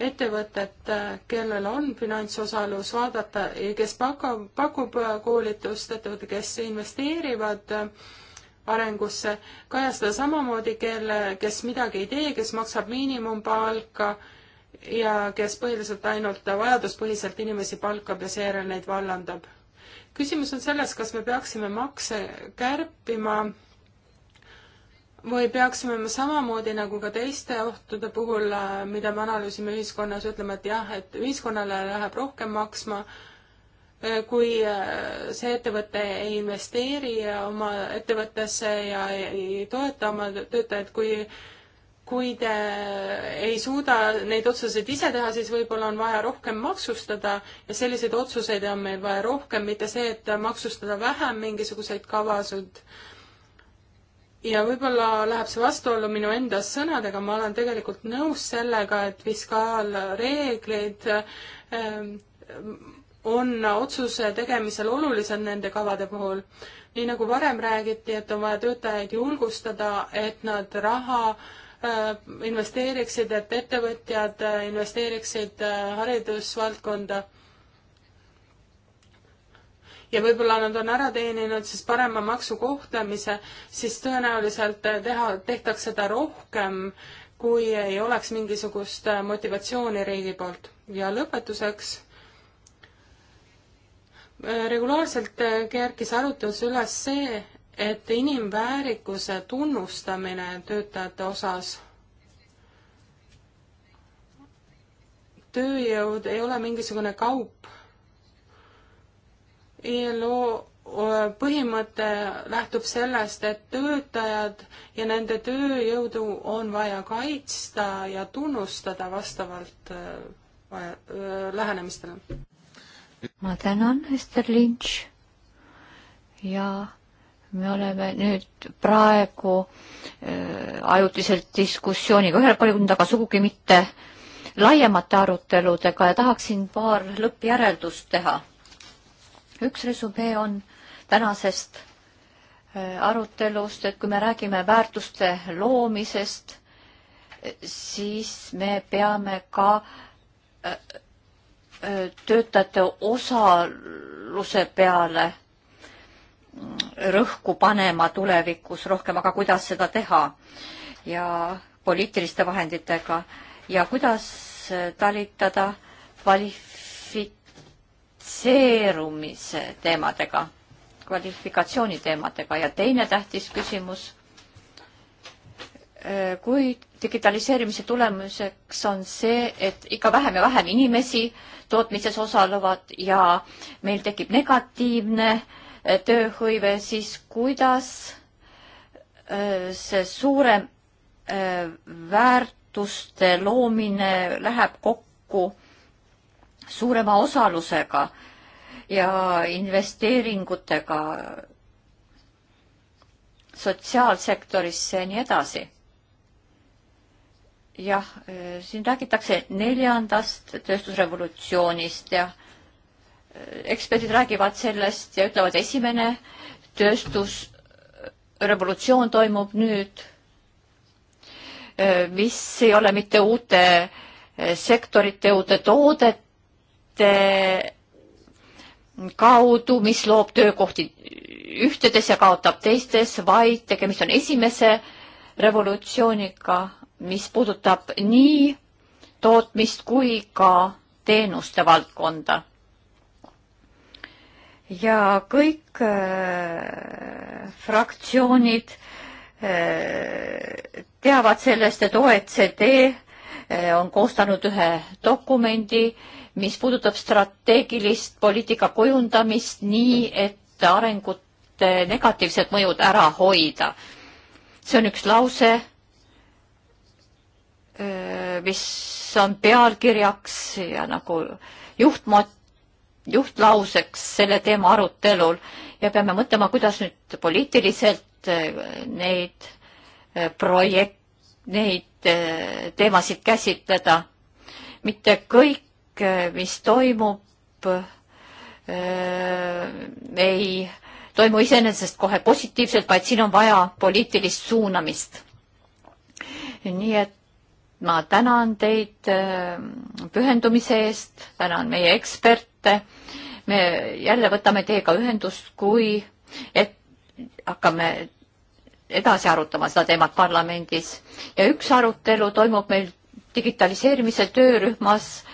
ettevõtet, kellel on finantsosalus, vaadata, kes pakub, pakub koolitust, ettevõte, kes investeerivad arengusse, kajastada samamoodi, kelle, kes midagi ei tee, kes maksab miinimumpalka ja kes põhiliselt ainult vajaduspõhiselt inimesi palkab ja seejärel neid vallandab. küsimus on selles, kas me peaksime makse kärpima või peaksime me samamoodi nagu ka teiste ohtude puhul, äh, mida me analüüsime ühiskonnas, ütlema, et jah, et ühiskonnale läheb rohkem maksma, äh, kui äh, see ettevõte ei investeeri oma ettevõttesse ja ei toeta oma töötajaid, kui kui te ei suuda neid otsuseid ise teha, siis võib-olla on vaja rohkem maksustada ja selliseid otsuseid on meil vaja rohkem, mitte see, et maksustada vähem mingisuguseid kavasid äh, ja võib-olla läheb see vastuollu minu enda sõnadega, ma olen tegelikult nõus sellega, et fiskaalreeglid ähm, on otsuse tegemisel olulised nende kavade puhul. nii nagu varem räägiti, et on vaja töötajaid julgustada, et nad raha äh, investeeriksid, et ettevõtjad äh, investeeriksid äh, haridusvaldkonda ja võib-olla nad on ära teeninud siis parema maksukohtlemise, siis tõenäoliselt eh, teha, tehtaks seda rohkem, kui ei oleks mingisugust eh, motivatsiooni riigi poolt. ja lõpetuseks, eh, regulaarselt kerkis arutlus üles see, et inimväärikuse tunnustamine töötajate osas tööjõud ei ole mingisugune kaup, ILO e põhimõte lähtub sellest, et töötajad ja nende tööjõudu on vaja kaitsta ja tunnustada vastavalt vaja, lähenemistele. ma tänan, Ester Lynch. ja me oleme nüüd praegu äh, ajutiselt diskussiooniga ühel pool jõudnud, aga sugugi mitte laiemate aruteludega ja tahaksin paar lõppjäreldust teha üks resümee on tänasest äh, arutelust, et kui me räägime väärtuste loomisest, siis me peame ka äh, äh, töötajate osaluse peale mm, rõhku panema tulevikus rohkem, aga kuidas seda teha ja poliitiliste vahenditega ja kuidas talitada kvalif-, kvalifitseerumise teemadega, kvalifikatsiooni teemadega ja teine tähtis küsimus, äh, kui digitaliseerimise tulemuseks on see, et ikka vähem ja vähem inimesi tootmises osalevad ja meil tekib negatiivne äh, tööhõive, siis kuidas äh, see suurem väärtuste loomine läheb kokku suurema osalusega ja investeeringutega sotsiaalsektorisse ja nii edasi. jah, siin räägitakse neljandast tööstusrevolutsioonist ja eh, eksperdid räägivad sellest ja ütlevad, esimene tööstusrevolutsioon toimub nüüd, eh, mis ei ole mitte uute eh, sektorite, uute toodete, kaudu, mis loob töökohti ühtedes ja kaotab teistes, vaid tegemist on esimese revolutsiooniga, mis puudutab nii tootmist kui ka teenuste valdkonda. ja kõik äh, fraktsioonid äh, teavad sellest, et OECD äh, on koostanud ühe dokumendi äh, mis puudutab strateegilist poliitika kujundamist nii, et arengute negatiivsed mõjud ära hoida. see on üks lause, mis on pealkirjaks ja nagu juhtmot-, juhtlauseks selle teema arutelul ja peame mõtlema, kuidas nüüd poliitiliselt neid projekt-, neid teemasid käsitleda. mitte kõik kõik, mis toimub, äh, ei toimu iseenesest kohe positiivselt, vaid siin on vaja poliitilist suunamist. nii et ma tänan teid äh, pühendumise eest, tänan meie eksperte. me jälle võtame teiega ühendust, kui et hakkame edasi arutama seda teemat parlamendis ja üks arutelu toimub meil digitaliseerimise töörühmas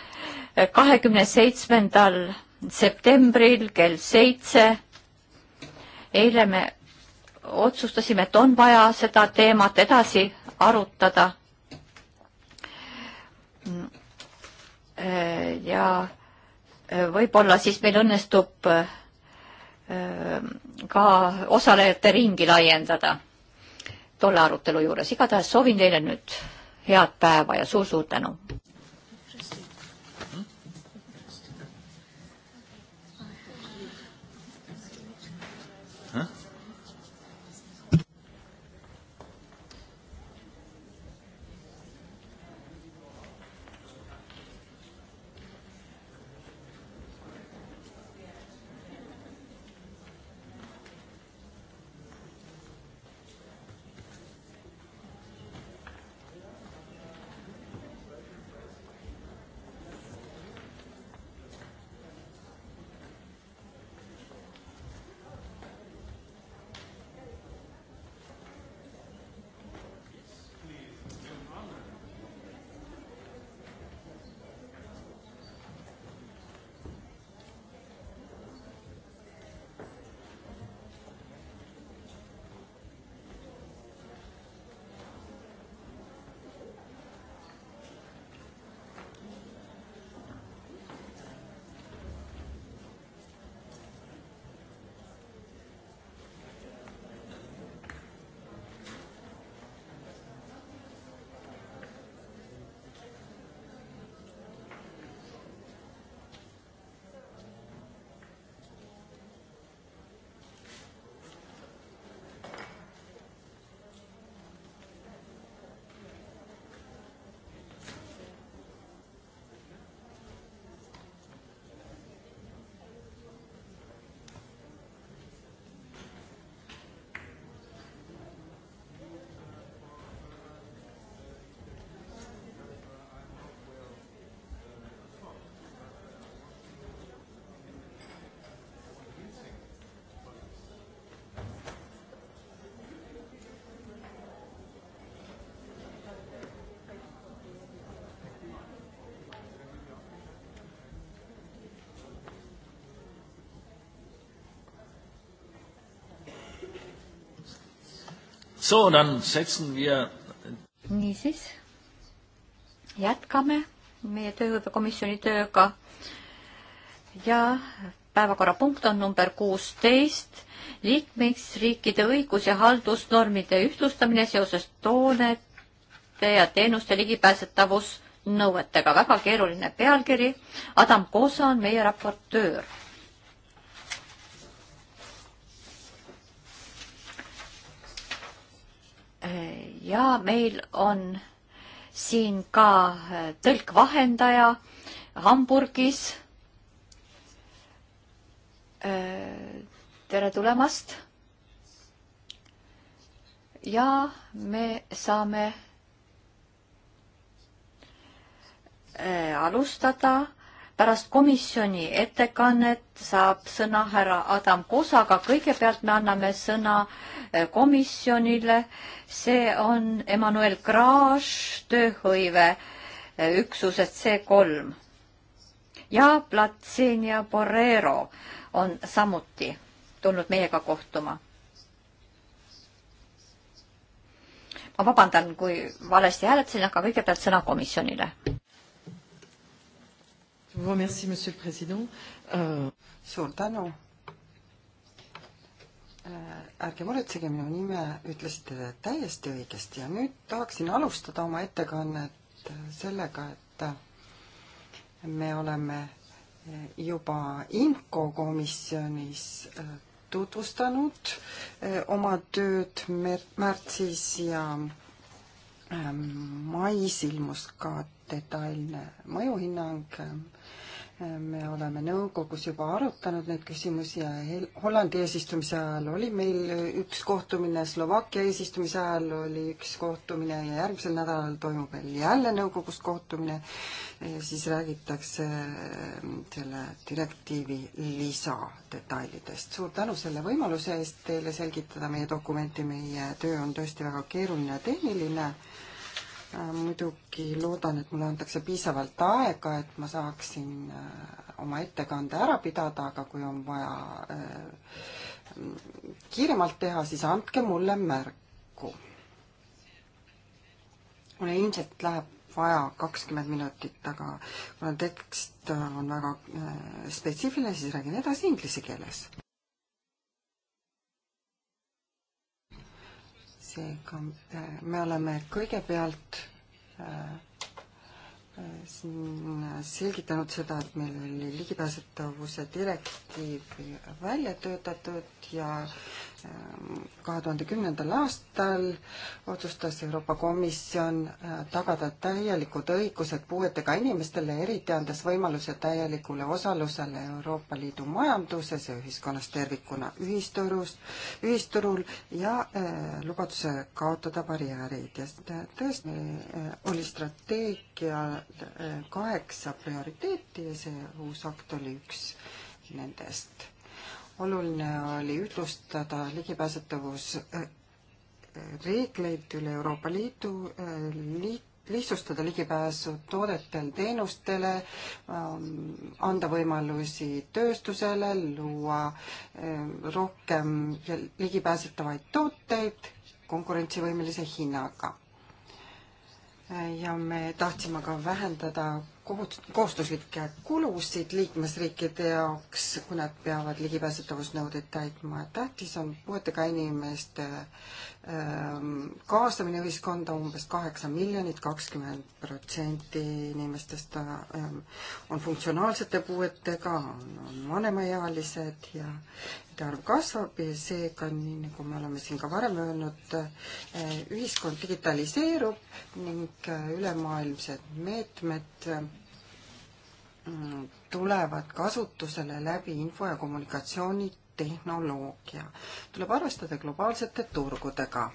kahekümne seitsmendal septembril kell seitse. eile me otsustasime, et on vaja seda teemat edasi arutada. ja võib-olla siis meil õnnestub ehm, ka osalejate ringi laiendada tolle arutelu juures. igatahes soovin teile nüüd head päeva ja suur-suur tänu! So, dann setzen wir. niisiis, jätkame meie tööhõivekomisjoni tööga ja päevakorrapunkt on number kuusteist, liikmesriikide õigus- ja haldusnormide ühtlustamine seoses toonete ja teenuste ligipääsetavusnõuetega. väga keeruline pealkiri. Adam Koosa on meie raportöör ja meil on siin ka äh, tõlkvahendaja Hamburgis. Äh, tere tulemast. ja me saame äh, alustada pärast komisjoni ettekannet saab sõna härra Adam Kosa, aga kõigepealt me anname sõna eh, komisjonile. see on Emmanuel Graaž tööhõive eh, üksusest C kolm ja Platsenia Borrero on samuti tulnud meiega kohtuma. ma vabandan, kui valesti hääletasin, aga kõigepealt sõna komisjonile Euh, suur tänu. Äh, ärge muretsege, minu nime ütlesite täiesti õigesti ja nüüd tahaksin alustada oma ettekannet sellega, et me oleme juba IMCO komisjonis äh, tutvustanud äh, oma tööd märtsis ja ähm, mais ilmus ka detailne mõjuhinnang ähm, me oleme nõukogus juba arutanud neid küsimusi ja Hollandi eesistumise ajal oli meil üks kohtumine, Slovakkia eesistumise ajal oli üks kohtumine ja järgmisel nädalal toimub meil jälle nõukogus kohtumine. Eh, siis räägitakse eh, selle direktiivi lisadetailidest. suur tänu selle võimaluse eest teile selgitada meie dokumenti, meie töö on tõesti väga keeruline ja tehniline Äh, muidugi loodan, et mulle antakse piisavalt aega, et ma saaksin äh, oma ettekande ära pidada, aga kui on vaja äh, kiiremalt teha, siis andke mulle märku. mulle ilmselt läheb vaja kakskümmend minutit, aga kuna tekst on väga spetsiifiline, siis räägin edasi inglise keeles. seega äh, me oleme kõigepealt äh, äh, siin selgitanud seda, et meil oli ligipääsetavuse direktiiv välja töötatud ja kahe tuhande kümnendal aastal otsustas Euroopa Komisjon äh, tagada täielikud õigused puuetega inimestele, eriti andes võimaluse täielikule osalusele Euroopa Liidu majanduses ja ühiskonnas tervikuna ühisturus, ühisturul ja äh, lubaduse kaotada barjäärid ja tõesti äh, oli strateegia äh, kaheksa prioriteeti ja see uus akt oli üks nendest oluline oli ühtlustada ligipääsetavus äh, reegleid üle Euroopa Liidu, äh, liit, lihtsustada ligipääsu toodetel, teenustele, ähm, anda võimalusi tööstusele, luua äh, rohkem ligipääsetavaid tooteid konkurentsivõimelise hinnaga. ja me tahtsime ka vähendada kohustuslikke kulusid liikmesriikide jaoks, kui nad peavad ligipääsetavusnõudeid täitma. tähtis on puuetega inimeste Ehm, kaasamine ühiskonda umbes kaheksa miljonit, kakskümmend protsenti inimestest ehm, on funktsionaalsete puuetega, on vanemaealised ja nende arv kasvab ja seega, nii nagu me oleme siin ka varem öelnud, eh, ühiskond digitaliseerub ning eh, ülemaailmsed meetmed mm, tulevad kasutusele läbi info- ja kommunikatsiooni tehnoloogia. tuleb arvestada globaalsete turgudega.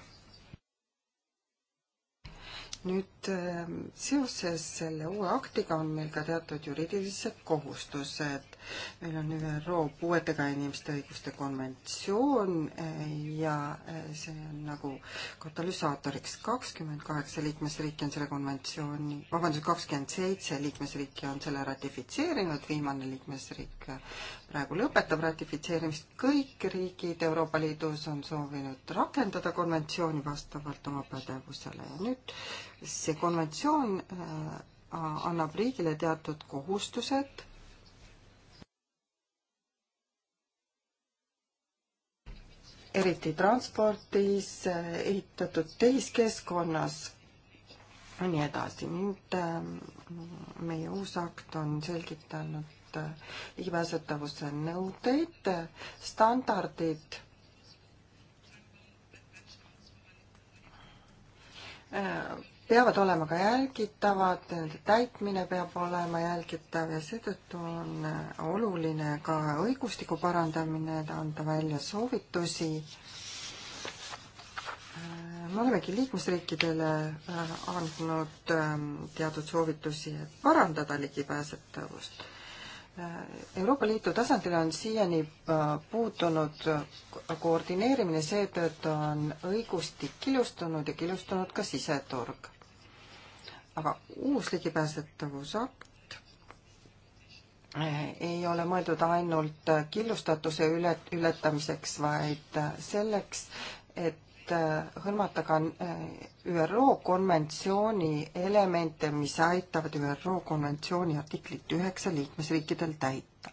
nüüd ähm, seoses selle uue aktiga on meil ka teatud juriidilised kohustused. meil on ÜRO puuetega inimeste õiguste konventsioon äh, ja äh, see on nagu katalüsaatoriks. kakskümmend kaheksa liikmesriiki on selle konventsiooni, vabandust, kakskümmend seitse liikmesriiki on selle ratifitseerinud, viimane liikmesriik praegu lõpetab ratifitseerimist. kõik riigid Euroopa Liidus on soovinud rakendada konventsiooni vastavalt oma pädevusele ja nüüd see konventsioon äh, annab riigile teatud kohustused. eriti transpordis, äh, ehitatud tehiskeskkonnas ja nii edasi. nüüd ähm, meie uus akt on selgitanud ligipääsetavuse nõudeid, standardid äh, peavad olema ka jälgitavad, nende täitmine peab olema jälgitav ja seetõttu on oluline ka õigustiku parandamine, et anda välja soovitusi. Äh, me olemegi liikmesriikidele äh, andnud ähm, teatud soovitusi, et parandada ligipääsetavust Euroopa Liidu tasandil on siiani äh, puutunud koordineerimine, seetõttu on õigustik killustunud ja killustunud ka siseturg. aga uus ligipääsetavusakt äh, ei ole mõeldud ainult killustatuse üle, ületamiseks, vaid äh, selleks, et et äh, hõlmata ka äh, ÜRO konventsiooni elemente, mis aitavad ÜRO konventsiooni artiklit üheksa liikmesriikidel täita.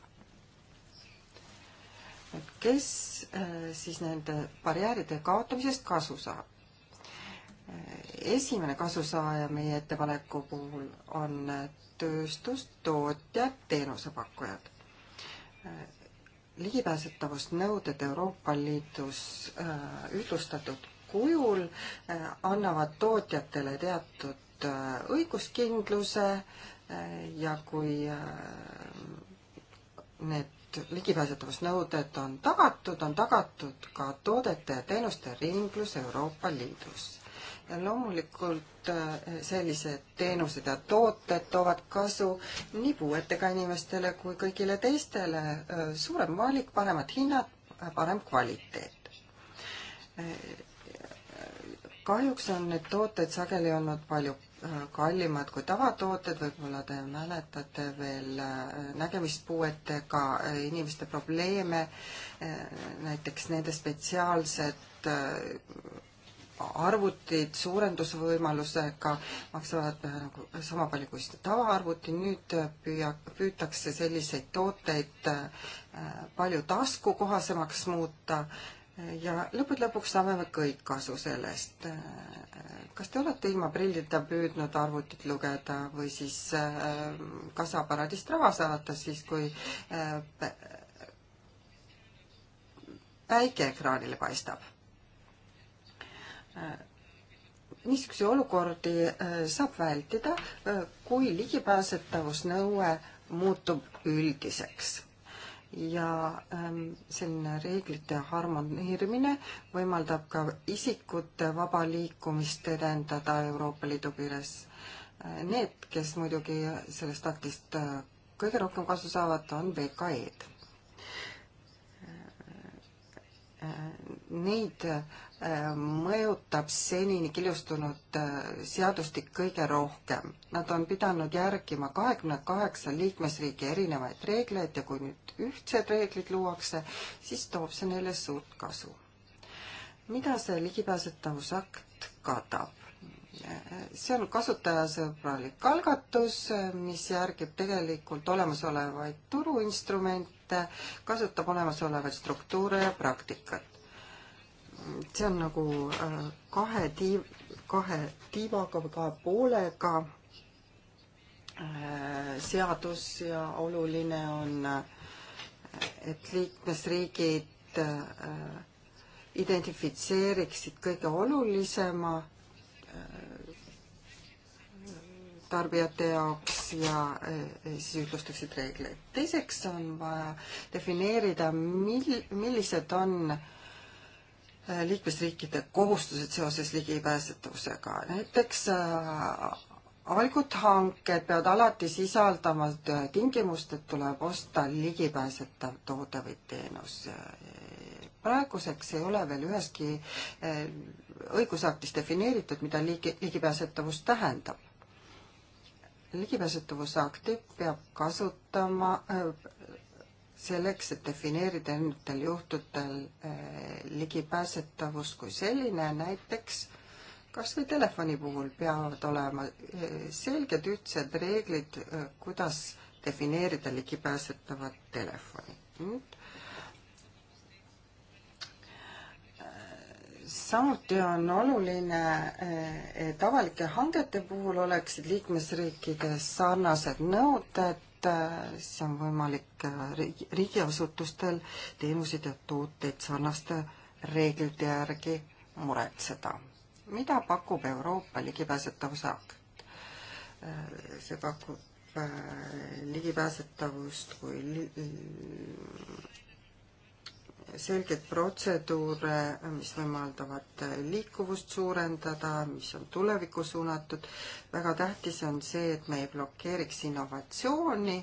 et kes äh, siis nende barjääride kaotamisest kasu saab? esimene kasusaaja meie ettepaneku puhul on tööstus, tootjad, teenusepakkujad ligipääsetavusnõuded Euroopa Liidus äh, ühtlustatud kujul äh, annavad tootjatele teatud äh, õiguskindluse ja kui need ligipääsetavusnõuded on tagatud, on tagatud ka toodete ja teenuste ringlus Euroopa Liidus loomulikult äh, sellised teenused ja tooted toovad kasu nii puuetega inimestele kui kõigile teistele. Äh, suurem valik, paremad hinnad, parem kvaliteet. Äh, kahjuks on need tooted sageli olnud palju kallimad kui tavatooted, võib-olla te mäletate veel nägemispuuetega inimeste probleeme, näiteks nende spetsiaalsed arvutid suurendusvõimalusega maksavad äh, nagu sama palju kui seda tavaarvuti, nüüd äh, püüa, püütakse selliseid tooteid äh, palju taskukohasemaks muuta ja lõppude lõpuks saame me kõik kasu sellest. kas te olete ilma prillita püüdnud arvutit lugeda või siis kassaaparaadist raha saada siis, kui päike ekraanile paistab? Äh, niisuguseid olukordi äh, saab vältida, äh, kui ligipääsetavusnõue muutub üldiseks ja ähm, selline reeglite harmoneerimine võimaldab ka isikute vaba liikumist edendada Euroopa Liidu piires. Need, kes muidugi sellest aktist kõige rohkem kasu saavad, on VKE-d. Neid mõjutab senini killustunud äh, seadustik kõige rohkem. Nad on pidanud järgima kahekümne kaheksa liikmesriigi erinevaid reegleid ja kui nüüd ühtsed reeglid luuakse, siis toob see neile suurt kasu. mida see ligipääsetavusakt katab? see on kasutajasõbralik algatus, mis järgib tegelikult olemasolevaid turuinstrumente, kasutab olemasolevaid struktuure ja praktikat see on nagu äh, kahe tiiv, kahe tiivaga või kahe poolega äh, seadus ja oluline on, äh, et liikmesriigid identifitseeriksid kõige olulisema tarbijate jaoks ja siis ühtlustaksid reegleid. teiseks on vaja defineerida, mil, millised on äh, Äh, liikmesriikide kohustused seoses ligipääsetavusega. näiteks äh, avalikud hanked peavad alati sisaldama tingimust, et tuleb osta ligipääsetav toode või teenus. praeguseks ei ole veel üheski äh, õigusaktis defineeritud, mida ligi, ligipääsetavus tähendab. ligipääsetavuse akti peab kasutama, selleks, et defineerida nendel juhtudel eh, ligipääsetavus kui selline, näiteks kas või telefoni puhul peavad olema eh, selged ühtsed reeglid, eh, kuidas defineerida ligipääsetavat telefoni. samuti on oluline, et avalike hangete puhul oleksid liikmesriikides sarnased nõuded Äh, siis on võimalik äh, riigi, riigiasutustel teenuseid ja tooteid sarnaste reeglite järgi muretseda. mida pakub Euroopa ligipääsetavuse akt? Äh, see pakub ligipääsetavust kui li selgeid protseduure, mis võimaldavad liikuvust suurendada, mis on tulevikku suunatud. väga tähtis on see, et me ei blokeeriks innovatsiooni,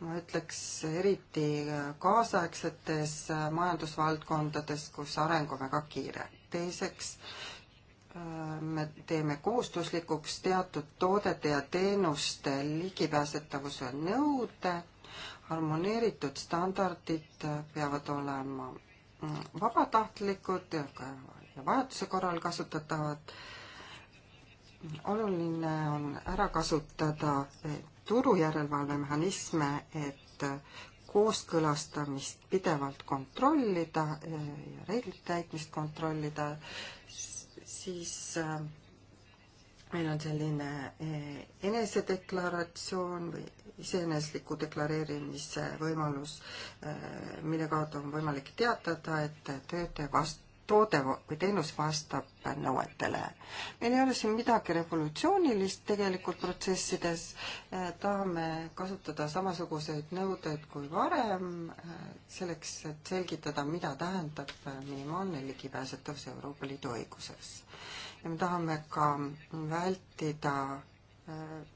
ma ütleks eriti kaasaegsetes majandusvaldkondades, kus areng on väga kiire. teiseks, me teeme kohustuslikuks teatud toodete ja teenuste ligipääsetavuse nõude harmoneeritud standardid peavad olema vabatahtlikud ja vajaduse korral kasutatavad. oluline on ära kasutada turujärelevalvemehhanisme, et kooskõlastamist pidevalt kontrollida eh, ja reeglite täitmist kontrollida, siis äh, meil on selline eh, enesedeklaratsioon või iseenesliku deklareerimise võimalus, eh, mille kaudu on võimalik teatada, et töötaja vast-, toode või teenus vastab nõuetele. meil ei ole siin midagi revolutsioonilist tegelikult protsessides, eh, tahame kasutada samasuguseid nõudeid kui varem, selleks, et selgitada, mida tähendab minimaalne ligipääsetavus Euroopa Liidu õiguses ja me tahame ka vältida äh,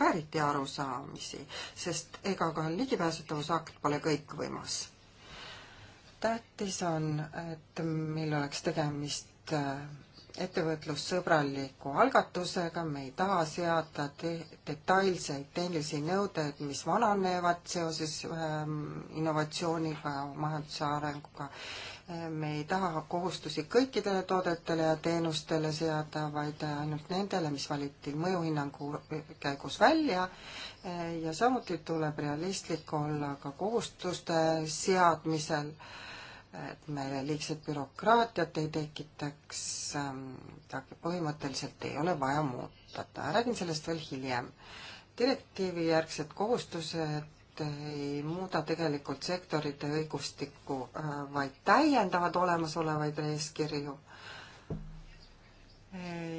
vääriti arusaamisi, sest ega ka ligipääsetavusakt pole kõikvõimas. tähtis on, et meil oleks tegemist äh, ettevõtlussõbraliku algatusega, me ei taha seada te detailseid tehnilisi nõudeid, mis vananevad seoses ähm, innovatsiooniga ja majanduse arenguga me ei taha kohustusi kõikidele toodetele ja teenustele seada, vaid ainult nendele, mis valiti mõjuhinnangu käigus välja. ja samuti tuleb realistlik olla ka kohustuste seadmisel, et me liigset bürokraatiat ei tekitaks. põhimõtteliselt ei ole vaja muuta, räägin sellest veel hiljem direktiivi järgsed kohustused ei muuda tegelikult sektorite õigustikku, äh, vaid täiendavad olemasolevaid eeskirju.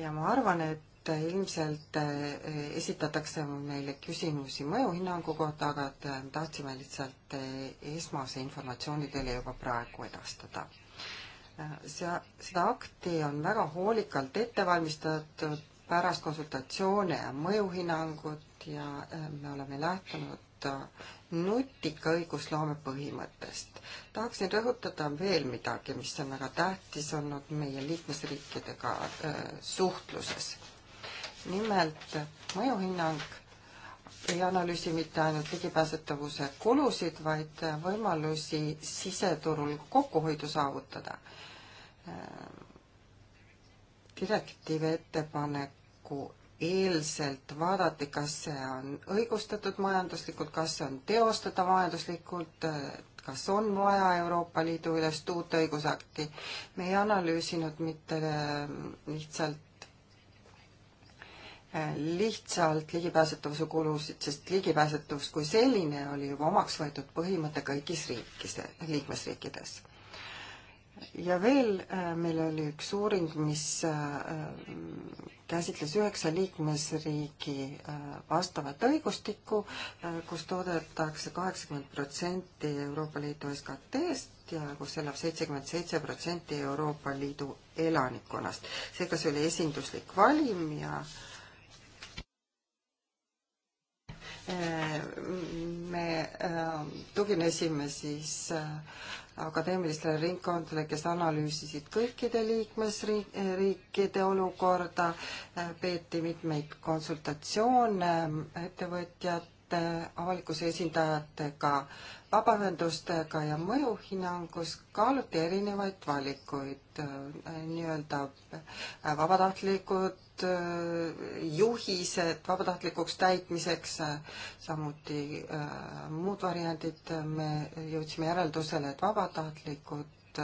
ja ma arvan, et ilmselt äh, esitatakse meile küsimusi mõjuhinnangu kohta, aga äh, tahtsime lihtsalt esmase informatsiooni teile juba praegu edastada. see, seda akti on väga hoolikalt ette valmistatud pärast konsultatsioone ja mõjuhinnangut ja me oleme lähtunud rääkida nutika õigusloome põhimõttest. tahaksin rõhutada veel midagi, mis on väga tähtis olnud meie liikmesriikidega äh, suhtluses. nimelt mõjuhinnang ei analüüsi mitte ainult ligipääsetavuse kulusid, vaid võimalusi siseturul kokkuhoidu saavutada. Äh, direktiivi ettepaneku eelselt vaadati, kas see on õigustatud majanduslikult, kas see on teostatav majanduslikult, kas on vaja Euroopa Liidu ülest uut õigusakti. me ei analüüsinud mitte äh, lihtsalt äh, lihtsalt ligipääsetavuse kulusid, sest ligipääsetavus kui selline oli juba omaks võetud põhimõte kõigis riikide, liikmesriikides. ja veel äh, meil oli üks uuring, mis käsitles üheksa liikmesriigi äh, vastavat õigustikku, äh, kus toodetakse kaheksakümmend protsenti Euroopa Liidu SKT-st ja kus elab seitsekümmend seitse protsenti Euroopa Liidu elanikkonnast. seega see oli esinduslik valim ja äh, me tuginesime siis akadeemilistele ringkondadele, kes analüüsisid kõikide liikmesriikide olukorda, äh, peeti mitmeid konsultatsioone ähm, ettevõtjate, avalikkuse esindajatega, vabaühendustega ja mõjuhinnangus kaaluti erinevaid valikuid, äh, nii-öelda äh, vabatahtlikud Äh, juhised vabatahtlikuks täitmiseks, äh, samuti äh, muud variandid, me jõudsime järeldusele, et vabatahtlikud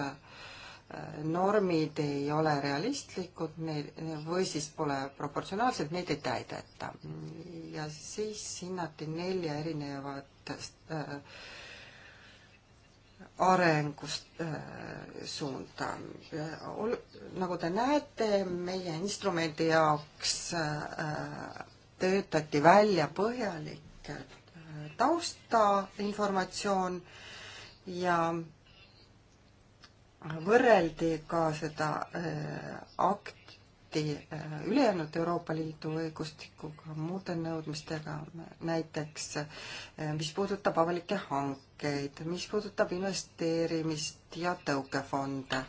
normid ei ole realistlikud, neid või siis pole proportsionaalsed, neid ei täideta. ja siis hinnati nelja erinevat äh, arengust äh, suunda. Äh, nagu te näete, meie instrumendi jaoks äh, töötati välja põhjalik äh, taustainformatsioon ja võrreldi ka seda äh, akt-, lahti äh, ülejäänud Euroopa Liidu õigustikuga, muude nõudmistega, näiteks äh, mis puudutab avalikke hankeid, mis puudutab investeerimist ja tõukefonde,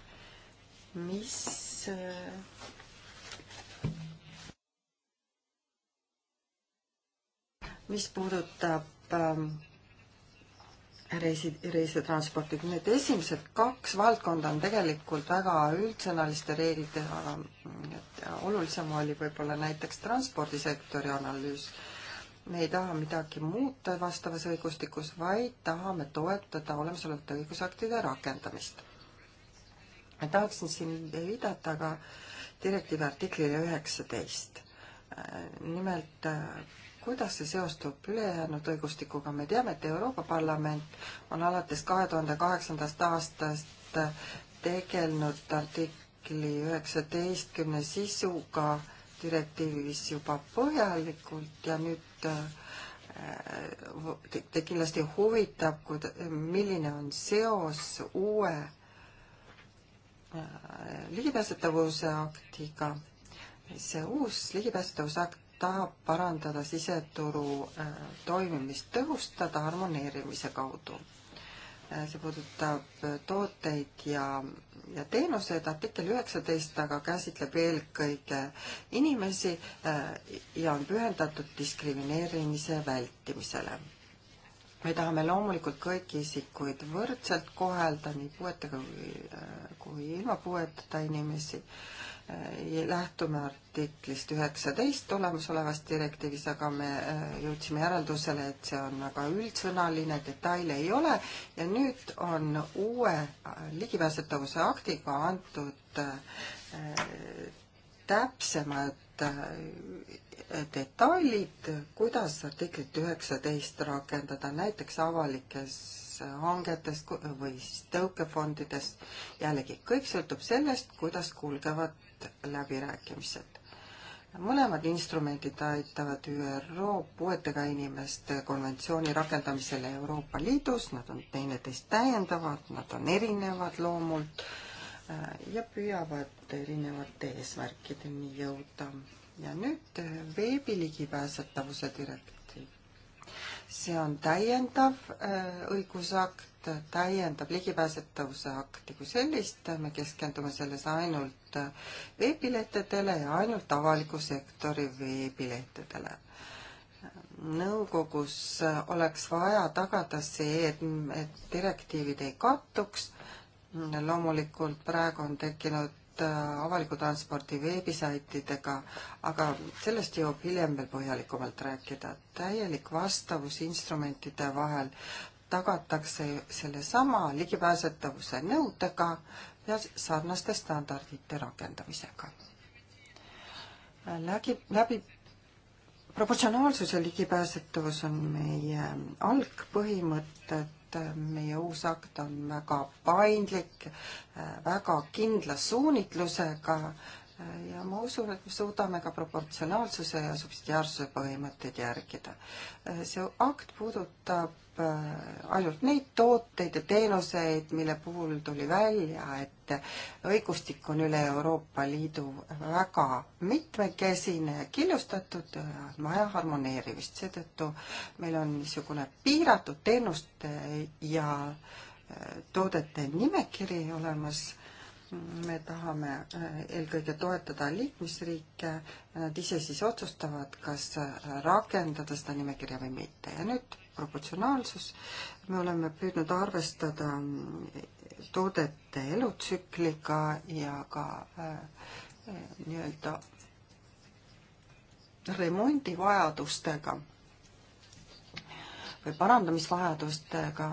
mis äh, mis puudutab ähm, reisi, reisitransporti. Need esimesed kaks valdkonda on tegelikult väga üldsõnaliste reeglitega, mm, et olulisem oli võib-olla näiteks transpordisektori analüüs. me ei taha midagi muuta vastavas õigustikus, vaid tahame toetada olemasolevate õigusaktide rakendamist. ma tahaksin siin viidata ka direktiivi artiklile üheksateist. Äh, nimelt äh, kuidas see seostub ülejäänud õigustikuga, me teame, et Euroopa Parlament on alates kahe tuhande kaheksandast aastast tegelenud artikli üheksateistkümne sisuga direktiivis juba põhjalikult ja nüüd äh, te kindlasti huvitab, kuida-, milline on seos uue äh, ligipääsetavuse aktiga. see uus ligipääsetavuse akt tahab parandada siseturu äh, toimimist, tõhustada harmoneerimise kaudu. Äh, see puudutab äh, tooteid ja, ja teenuseid, artikkel üheksateist aga käsitleb eelkõige inimesi ja on pühendatud diskrimineerimise vältimisele me tahame loomulikult kõiki isikuid võrdselt kohelda, nii puuetega kui, kui ilma puueteta inimesi äh, Äh, lähtume artiklist üheksateist olemasolevas direktiivis, aga me äh, jõudsime järeldusele, et see on väga üldsõnaline, detaile ei ole ja nüüd on uue äh, ligipääsetavuse aktiga antud täpsemad detailid, kuidas artiklit üheksateist rakendada näiteks avalikes hangetest või siis tõukefondides. jällegi, kõik sõltub sellest, kuidas kulgevad need läbirääkimised. mõlemad instrumendid aitavad ÜRO puuetega inimeste konventsiooni rakendamisele Euroopa Liidus, nad on teineteist täiendavad, nad on erinevad loomult äh, ja püüavad erinevate eesmärkideni jõuda. ja nüüd äh, veebi ligipääsetavuse direktiiv. see on täiendav äh, õigusakt, täiendab ligipääsetavuse akti kui sellist, me keskendume selles ainult veebilehtedele ja ainult avaliku sektori veebilehtedele. nõukogus oleks vaja tagada see, et, et direktiivid ei kattuks. loomulikult praegu on tekkinud äh, avaliku transpordi veebisaitidega, aga sellest jõuab hiljem veel põhjalikumalt rääkida. täielik vastavus instrumentide vahel tagatakse sellesama ligipääsetavuse nõudega ja sarnaste standardite rakendamisega. läbi, läbi proportsionaalsuse ligipääsetavus on meie algpõhimõtted, meie uus akt on väga paindlik, väga kindla suunitlusega ja ma usun, et me suudame ka proportsionaalsuse ja subsidiaarsuse põhimõtteid järgida. Äh, see akt puudutab äh, ainult neid tooteid ja teenuseid, mille puhul tuli välja, et õigustik on üle Euroopa Liidu väga mitmekesine ja killustatud ja on vaja harmoneerimist, seetõttu meil on niisugune piiratud teenuste ja äh, toodete nimekiri olemas me tahame äh, eelkõige toetada liikmesriike, nad ise siis otsustavad, kas äh, rakendada seda nimekirja või mitte ja nüüd proportsionaalsus, me oleme püüdnud arvestada mm, toodete elutsükliga ja ka äh, nii-öelda remondivajadustega või parandamisvajadustega,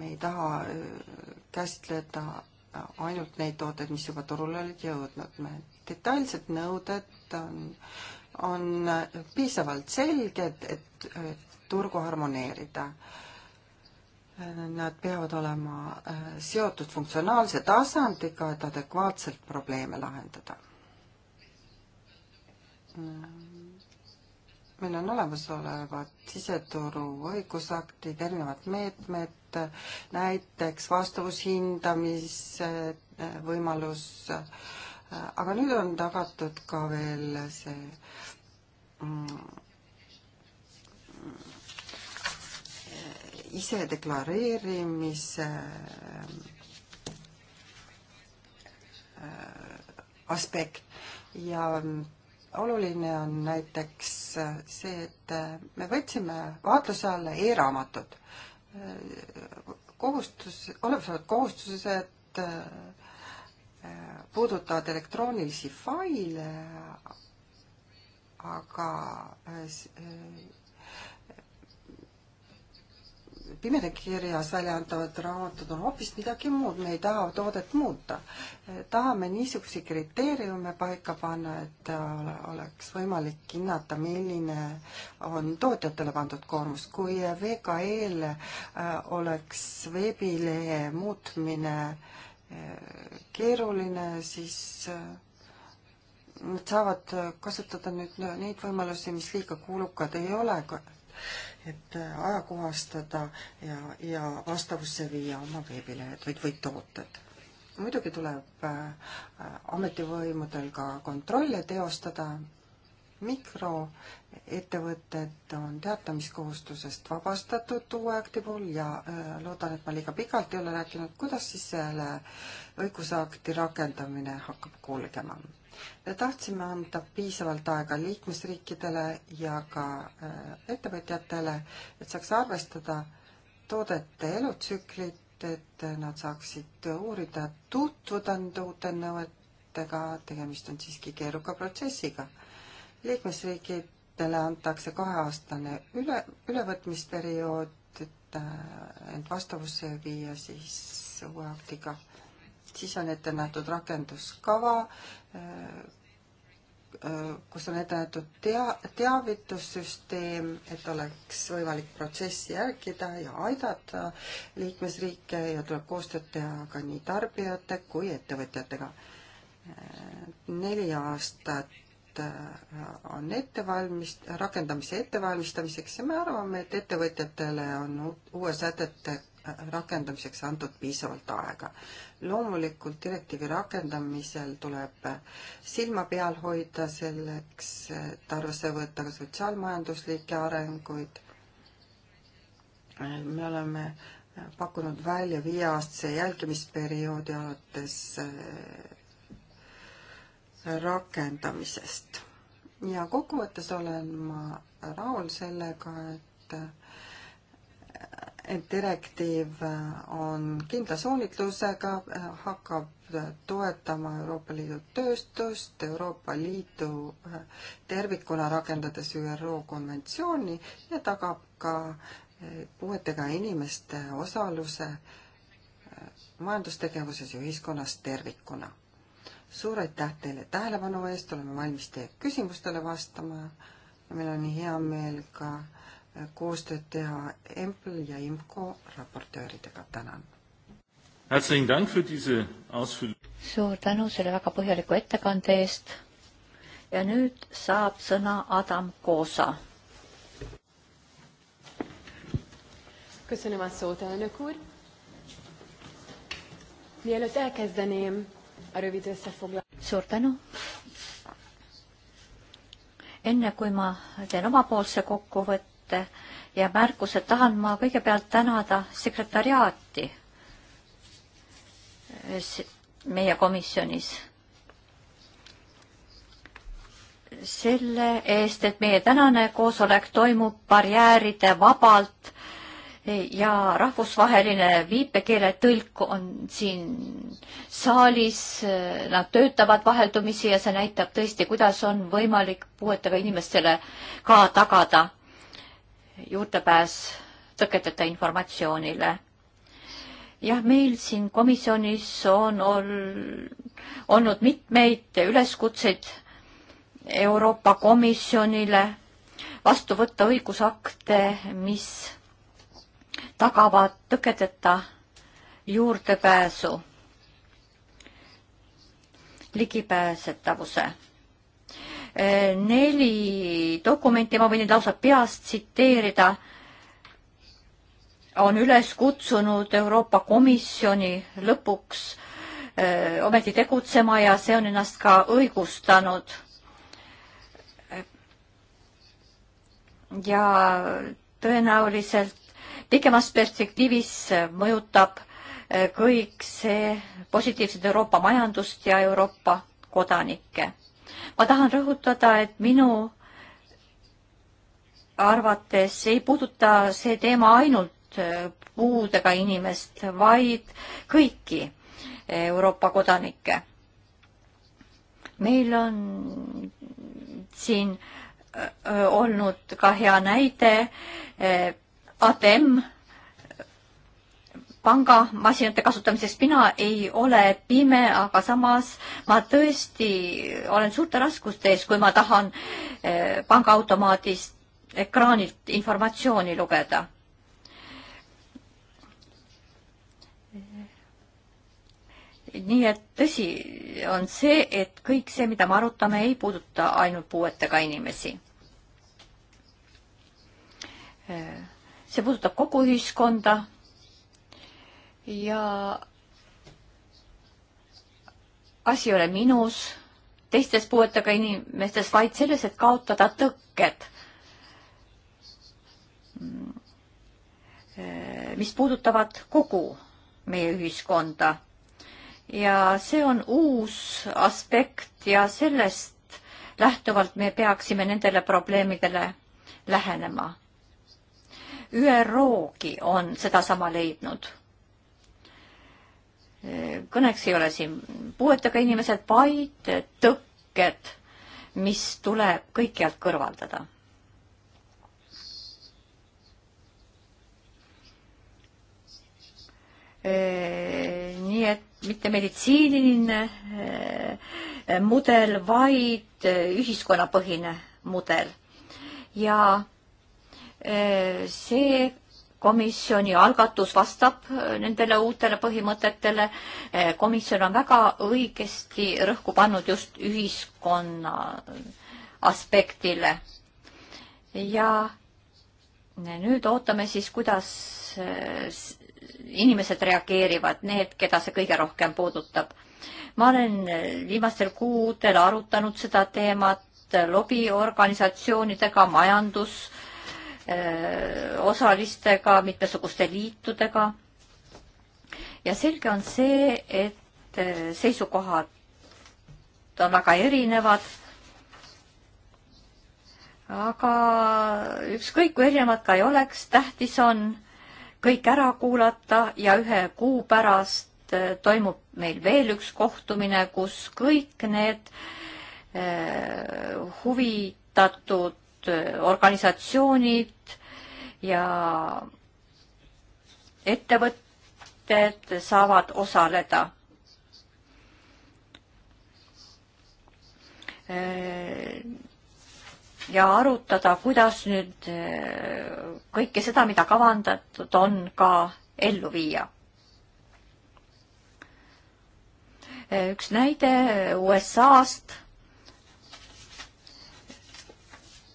me ei taha äh, käsitleda ainult neid tooteid, mis juba turule olid jõudnud. detailsed nõuded on, on piisavalt selged, et turgu harmoneerida. Nad peavad olema äh, seotud funktsionaalse tasandiga, et adekvaatselt probleeme lahendada mm meil on olemasolevad siseturu õigusaktid, erinevad meetmed, näiteks vastavushindamise eh, võimalus, eh, aga nüüd on tagatud ka veel see mm, ise deklareerimise eh, aspekt ja mm, oluline on näiteks see, et me võtsime vaatluse alla e-raamatud. kohustus, olemasolevad kohustused eh, puudutavad elektroonilisi faile, aga eh, eh, pimeda kirjas välja antavad raamatud on hoopis midagi muud, me ei taha toodet muuta. tahame niisuguseid kriteeriume paika panna, et oleks võimalik hinnata, milline on tootjatele pandud koormus. kui VKE-l äh, oleks veebilehe muutmine äh, keeruline, siis äh, nad saavad kasutada nüüd neid võimalusi, mis liiga kulukad ei ole et äh, ajakohastada ja, ja vastavusse viia oma veebilehed või, või tooted. muidugi tuleb äh, ametivõimudel ka kontrolle teostada, mikroettevõtted on teatamiskohustusest vabastatud uue akti puhul ja äh, loodan, et ma liiga pikalt ei ole rääkinud, kuidas siis selle õigusakti rakendamine hakkab kulgema tahtsime anda piisavalt aega liikmesriikidele ja ka äh, ettevõtjatele, et saaks arvestada toodete elutsüklit, et nad saaksid uurida, tutvuda nende uute nõuetega, tegemist on siiski keeruka protsessiga. liikmesriikidele antakse kaheaastane üle, ülevõtmisperiood, et äh, end vastavusse viia siis uue aktiga siis on ette nähtud rakenduskava, äh, äh, kus on ette nähtud tea-, teavitussüsteem, et oleks võimalik protsessi järgida ja aidata liikmesriike ja tuleb koostööd teha ka nii tarbijate kui ettevõtjatega. Äh, neli aastat on ettevalmist-, rakendamise ettevalmistamiseks ja me arvame, et ettevõtjatele on uue sätetega rakendamiseks antud piisavalt aega. loomulikult direktiivi rakendamisel tuleb silma peal hoida selleks, et arvesse võtta ka sotsiaalmajanduslikke arenguid. me oleme pakkunud välja viieaastase jälgimisperioodi alates äh, rakendamisest. ja kokkuvõttes olen ma rahul sellega, et direktiiv äh, on kindla suunitlusega, äh, hakkab toetama Euroopa Liidu tööstust, Euroopa Liidu äh, tervikuna rakendades ÜRO konventsiooni ja tagab ka puuetega inimeste osaluse majandustegevuses ja ühiskonnas tervikuna. suur aitäh teile tähelepanu eest, oleme valmis teie küsimustele vastama ja meil on hea meel ka koostööd teha EMPL ja IMCO raportööridega, tänan. suur tänu selle väga põhjaliku ettekande eest ja nüüd saab sõna Adam Koosa. köszönöm a szót, elnök úr. Mielőtt elkezdeném a rövid összefoglalást. Suur tänu. Enne kui ma teen omapoolse kokkuvõtte, mõtte ja märkused, tahan ma kõigepealt tänada sekretariaati meie komisjonis selle eest, et meie tänane koosolek toimub barjääride vabalt ja rahvusvaheline viipekeeletõlk on siin saalis, nad töötavad vaheldumisi ja see näitab tõesti, kuidas on võimalik puuetega inimestele ka tagada juurdepääs tõketeta informatsioonile. jah, meil siin komisjonis on ol-, olnud mitmeid üleskutseid Euroopa Komisjonile vastu võtta õigusakte, mis tagavad tõketeta juurdepääsu, ligipääsetavuse neli dokumenti, ma võin neid lausa peast tsiteerida, on üles kutsunud Euroopa Komisjoni lõpuks äh, ometi tegutsema ja see on ennast ka õigustanud. ja tõenäoliselt pikemas perspektiivis mõjutab äh, kõik see positiivselt Euroopa majandust ja Euroopa kodanikke ma tahan rõhutada, et minu arvates ei puuduta see teema ainult äh, puudega inimest, vaid kõiki Euroopa kodanikke. meil on siin äh, olnud ka hea näide äh, ATM pangamasinate kasutamisest mina ei ole pime, aga samas ma tõesti olen suurte raskuste ees, kui ma tahan eh, pangaautomaadist ekraanilt informatsiooni lugeda. nii et tõsi on see, et kõik see, mida me arutame, ei puuduta ainult puuetega inimesi eh, see puudutab kogu ühiskonda ja asi ei ole minus, teistes puuetega inimestes, vaid selles, et kaotada tõkked. mis puudutavad kogu meie ühiskonda. ja see on uus aspekt ja sellest lähtuvalt me peaksime nendele probleemidele lähenema. ÜRO-gi on sedasama leidnud kõneks ei ole siin puuetega inimesed, vaid tõkked, mis tuleb kõikjalt kõrvaldada. nii et mitte meditsiiniline mudel, vaid ühiskonnapõhine mudel ja see komisjoni algatus vastab äh, nendele uutele põhimõtetele. Äh, komisjon on väga õigesti rõhku pannud just ühiskonna äh, aspektile. ja nüüd ootame siis, kuidas inimesed reageerivad, need, keda see kõige rohkem puudutab. ma olen viimastel kuudel arutanud seda teemat lobiorganisatsioonidega, majandus- Äh, osalistega, mitmesuguste liitudega. ja selge on see, et äh, seisukohad on väga erinevad. aga ükskõik kui erinevad ka ei oleks, tähtis on kõik ära kuulata ja ühe kuu pärast äh, toimub meil veel üks kohtumine, kus kõik need huvitatud Äh, organisatsioonid ja ettevõtted saavad osaleda. Äh, ja arutada, kuidas nüüd äh, kõike seda, mida kavandatud on, ka ellu viia. üks näide USA-st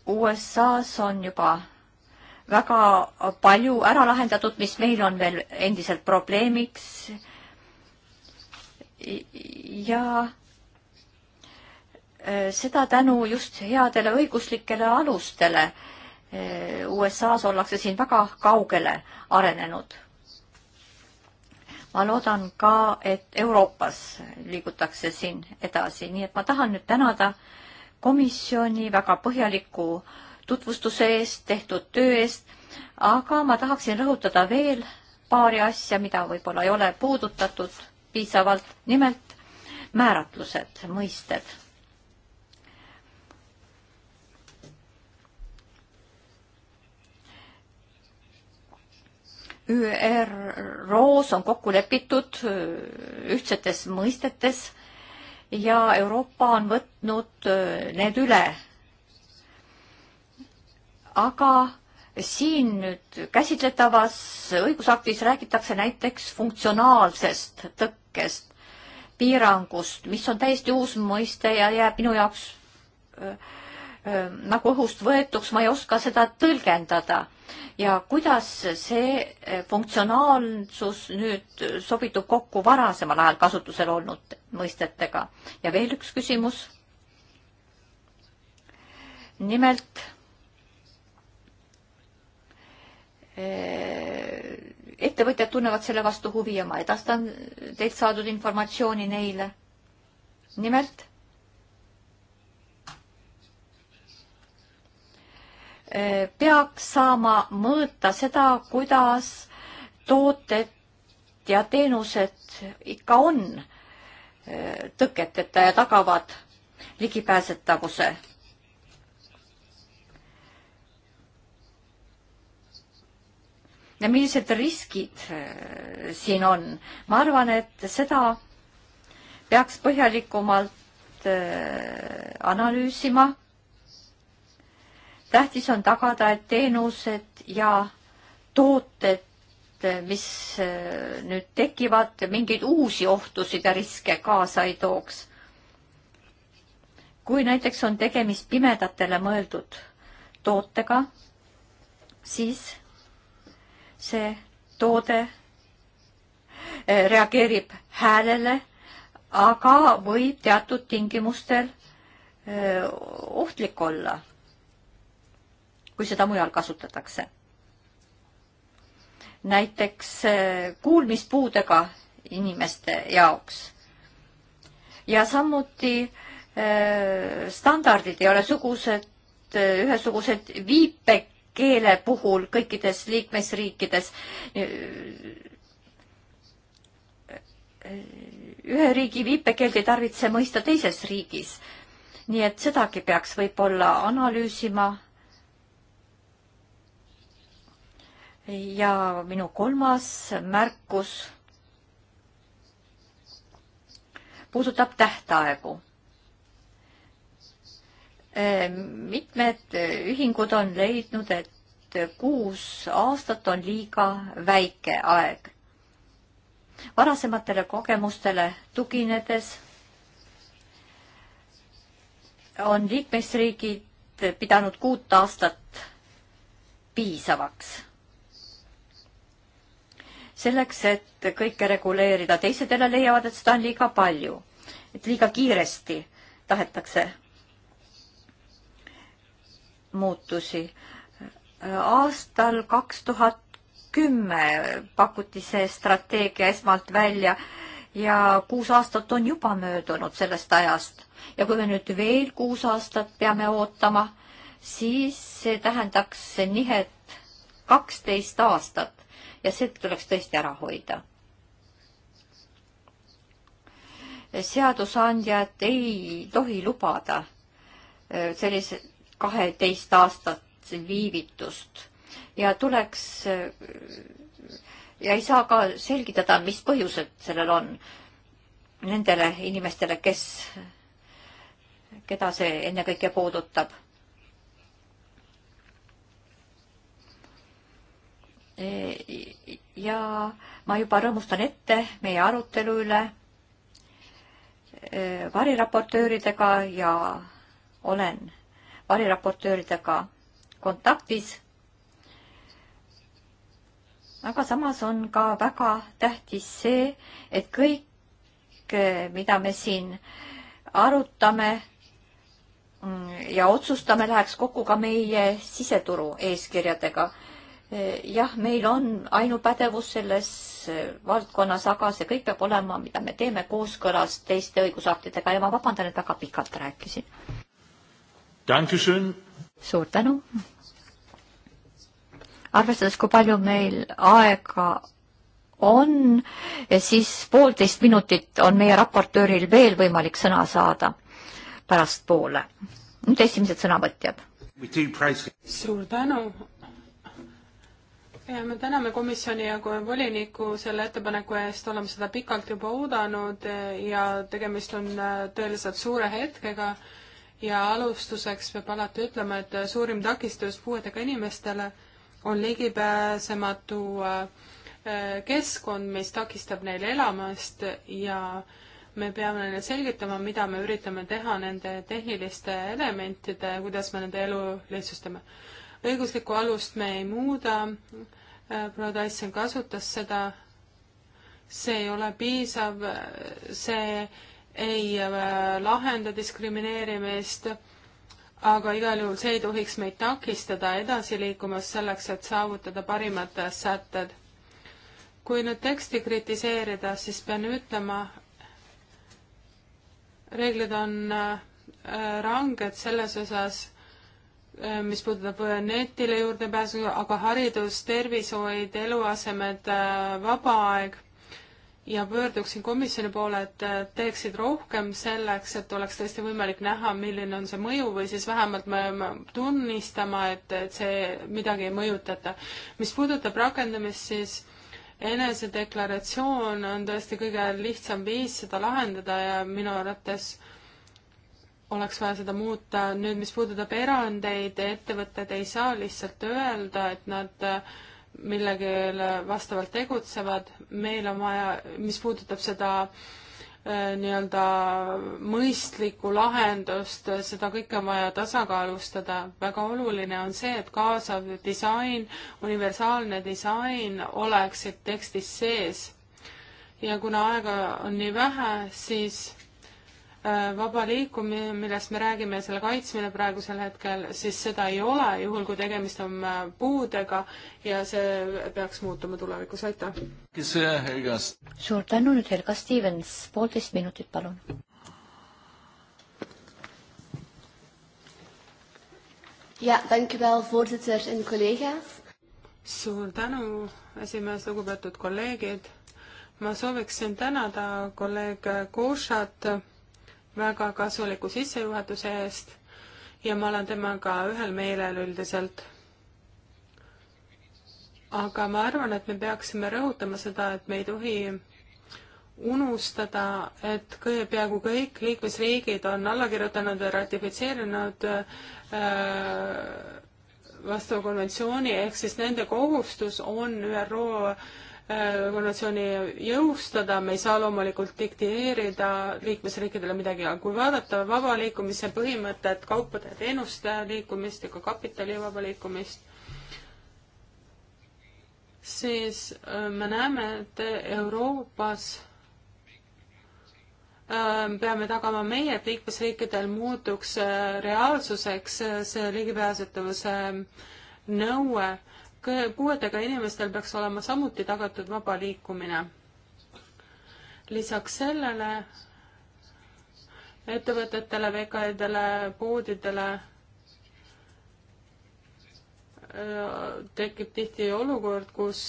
USA-s on juba väga palju ära lahendatud, mis meil on veel endiselt probleemiks. ja e, seda tänu just headele õiguslikele alustele. E, USA-s ollakse siin väga kaugele arenenud. ma loodan ka, et Euroopas liigutakse siin edasi, nii et ma tahan nüüd tänada äh, komisjoni väga põhjaliku tutvustuse eest, tehtud töö eest, aga ma tahaksin rõhutada veel paari asja, mida võib-olla ei ole puudutatud piisavalt, nimelt määratlused, mõisted. ÜRO-s on kokku lepitud ühtsetes mõistetes ja Euroopa on võtnud äh, need üle. aga siin nüüd käsitletavas õigusaktis räägitakse näiteks funktsionaalsest tõkkest, piirangust, mis on täiesti uus mõiste ja jääb minu jaoks öö, äh, öö, äh, nagu õhust võetuks, ma ei oska seda tõlgendada ja kuidas see eh, funktsionaalsus nüüd sobitub kokku varasemal ajal kasutusel olnud mõistetega? ja veel üks küsimus. nimelt eh, ettevõtjad tunnevad selle vastu huvi ja ma edastan teilt saadud informatsiooni neile. nimelt Eh, peaks saama mõõta seda, kuidas tooted ja teenused ikka on eh, tõketeta ja tagavad ligipääsetavuse. ja millised riskid eh, siin on? ma arvan, et seda peaks põhjalikumalt analüüsima tähtis on tagada, et teenused ja tooted, mis eh, nüüd tekivad, mingeid uusi ohtusid ja riske kaasa ei tooks. kui näiteks on tegemist pimedatele mõeldud tootega, siis see toode eh, reageerib häälele, aga võib teatud tingimustel eh, ohtlik olla kui seda mujal kasutatakse. näiteks eh, kuulmispuudega inimeste jaoks. ja samuti eh, standardid ei ole sugused, eh, ühesugused viipekeele puhul kõikides liikmesriikides ühe riigi viipekeelt ei tarvitse mõista teises riigis. nii et sedagi peaks võib-olla analüüsima ja minu kolmas märkus puudutab tähtaegu. Ehm, mitmed ühingud on leidnud, et kuus aastat on liiga väike aeg. varasematele kogemustele tuginedes on liikmesriigid pidanud kuut aastat piisavaks selleks, et kõike reguleerida. teised jälle leiavad, et seda on liiga palju, et liiga kiiresti tahetakse muutusi. aastal kaks tuhat kümme pakuti see strateegia esmalt välja ja kuus aastat on juba möödunud sellest ajast ja kui me nüüd veel kuus aastat peame ootama, siis see tähendaks nihet kaksteist aastat ja see tuleks tõesti ära hoida. seadusandjad ei tohi lubada äh, sellise kaheteist aastat viivitust ja tuleks äh, ja ei saa ka selgitada, mis põhjused sellel on nendele inimestele, kes, keda see ennekõike puudutab ja ma juba rõõmustan ette meie arutelu üle variraportööridega ja olen variraportööridega kontaktis. aga samas on ka väga tähtis see, et kõik, mida me siin arutame mm, ja otsustame, läheks kokku ka meie siseturu eeskirjadega jah, meil on ainupädevus selles e, valdkonnas, aga see kõik peab olema, mida me teeme kooskõlas teiste õigusaktidega ja ma vabandan, et väga pikalt rääkisin. suur tänu. arvestades, kui palju meil aega on, e, siis poolteist minutit on meie raportööril veel võimalik sõna saada pärastpoole. nüüd esimesed sõnavõtjad. suur tänu ja me täname komisjoni ja voliniku selle ettepaneku eest, oleme seda pikalt juba oodanud eh, ja tegemist on eh, tõeliselt suure hetkega ja alustuseks peab alati ütlema, et eh, suurim takistus puuetega inimestele on ligipääsematu keskkond, mis takistab neil elamast ja me peame neile selgitama, mida me üritame teha nende tehniliste elementide, kuidas me nende elu lihtsustame õiguslikku alust me ei muuda, Äh, proua Tyson kasutas seda, see ei ole piisav, see ei äh, lahenda diskrimineerimist, aga igal juhul see ei tohiks meid takistada edasi liikumas selleks, et saavutada parimad sätted. kui nüüd teksti kritiseerida, siis pean ütlema, reeglid on äh, ranged selles osas Äh, mis puudutab äh, netile juurdepääsu, aga haridus, tervishoid, eluasemed, äh, vaba aeg ja pöörduksin komisjoni poole, et teeksid rohkem selleks, et oleks tõesti võimalik näha, milline on see mõju või siis vähemalt me tunnistama, et, et see midagi ei mõjutata. mis puudutab rakendamist, siis enesedeklaratsioon on tõesti kõige lihtsam viis seda lahendada ja minu arvates oleks vaja seda muuta. nüüd, mis puudutab erandeid, ettevõtted ei saa lihtsalt öelda, et nad äh, millegi vastavalt tegutsevad. meil on vaja, mis puudutab seda äh, nii-öelda mõistlikku lahendust, seda kõike on vaja tasakaalustada. väga oluline on see, et kaasav disain, universaalne disain oleksid tekstis sees. ja kuna aega on nii vähe, siis Äh, vaba liikumine, millest me räägime ja selle kaitsmine praegusel hetkel, siis seda ei ole, juhul kui tegemist on äh, puudega ja see peaks muutuma tulevikus, aitäh. suur tänu nüüd Helga Stevens, poolteist minutit, palun. ja, tänkjewel, voorzitter en kollegas. suur tänu, esimees, lugupeetud kolleegid. ma sooviksin tänada kolleeg Košat väga kasuliku sissejuhatuse eest ja ma olen temaga ühel meelel üldiselt. aga ma arvan, et me peaksime rõhutama seda, et me ei tohi unustada, et kõige, peaaegu kõik liikmesriigid on alla kirjutanud ja ratifitseerinud äh, vastava konventsiooni, ehk siis nende kohustus on ÜRO konventsiooni jõustada, me ei saa loomulikult dikteerida liikmesriikidele midagi, aga kui vaadata vaba liikumise põhimõtet, kaupade ja teenuste liikumist ja ka kapitali vaba liikumist, siis äh, me näeme, et Euroopas äh, peame tagama meie, et liikmesriikidel muutuks äh, reaalsuseks see ligipääsetavuse nõue puuetega inimestel peaks olema samuti tagatud vaba liikumine. lisaks sellele ettevõtetele, VKE-dele, poodidele tekib tihti olukord, kus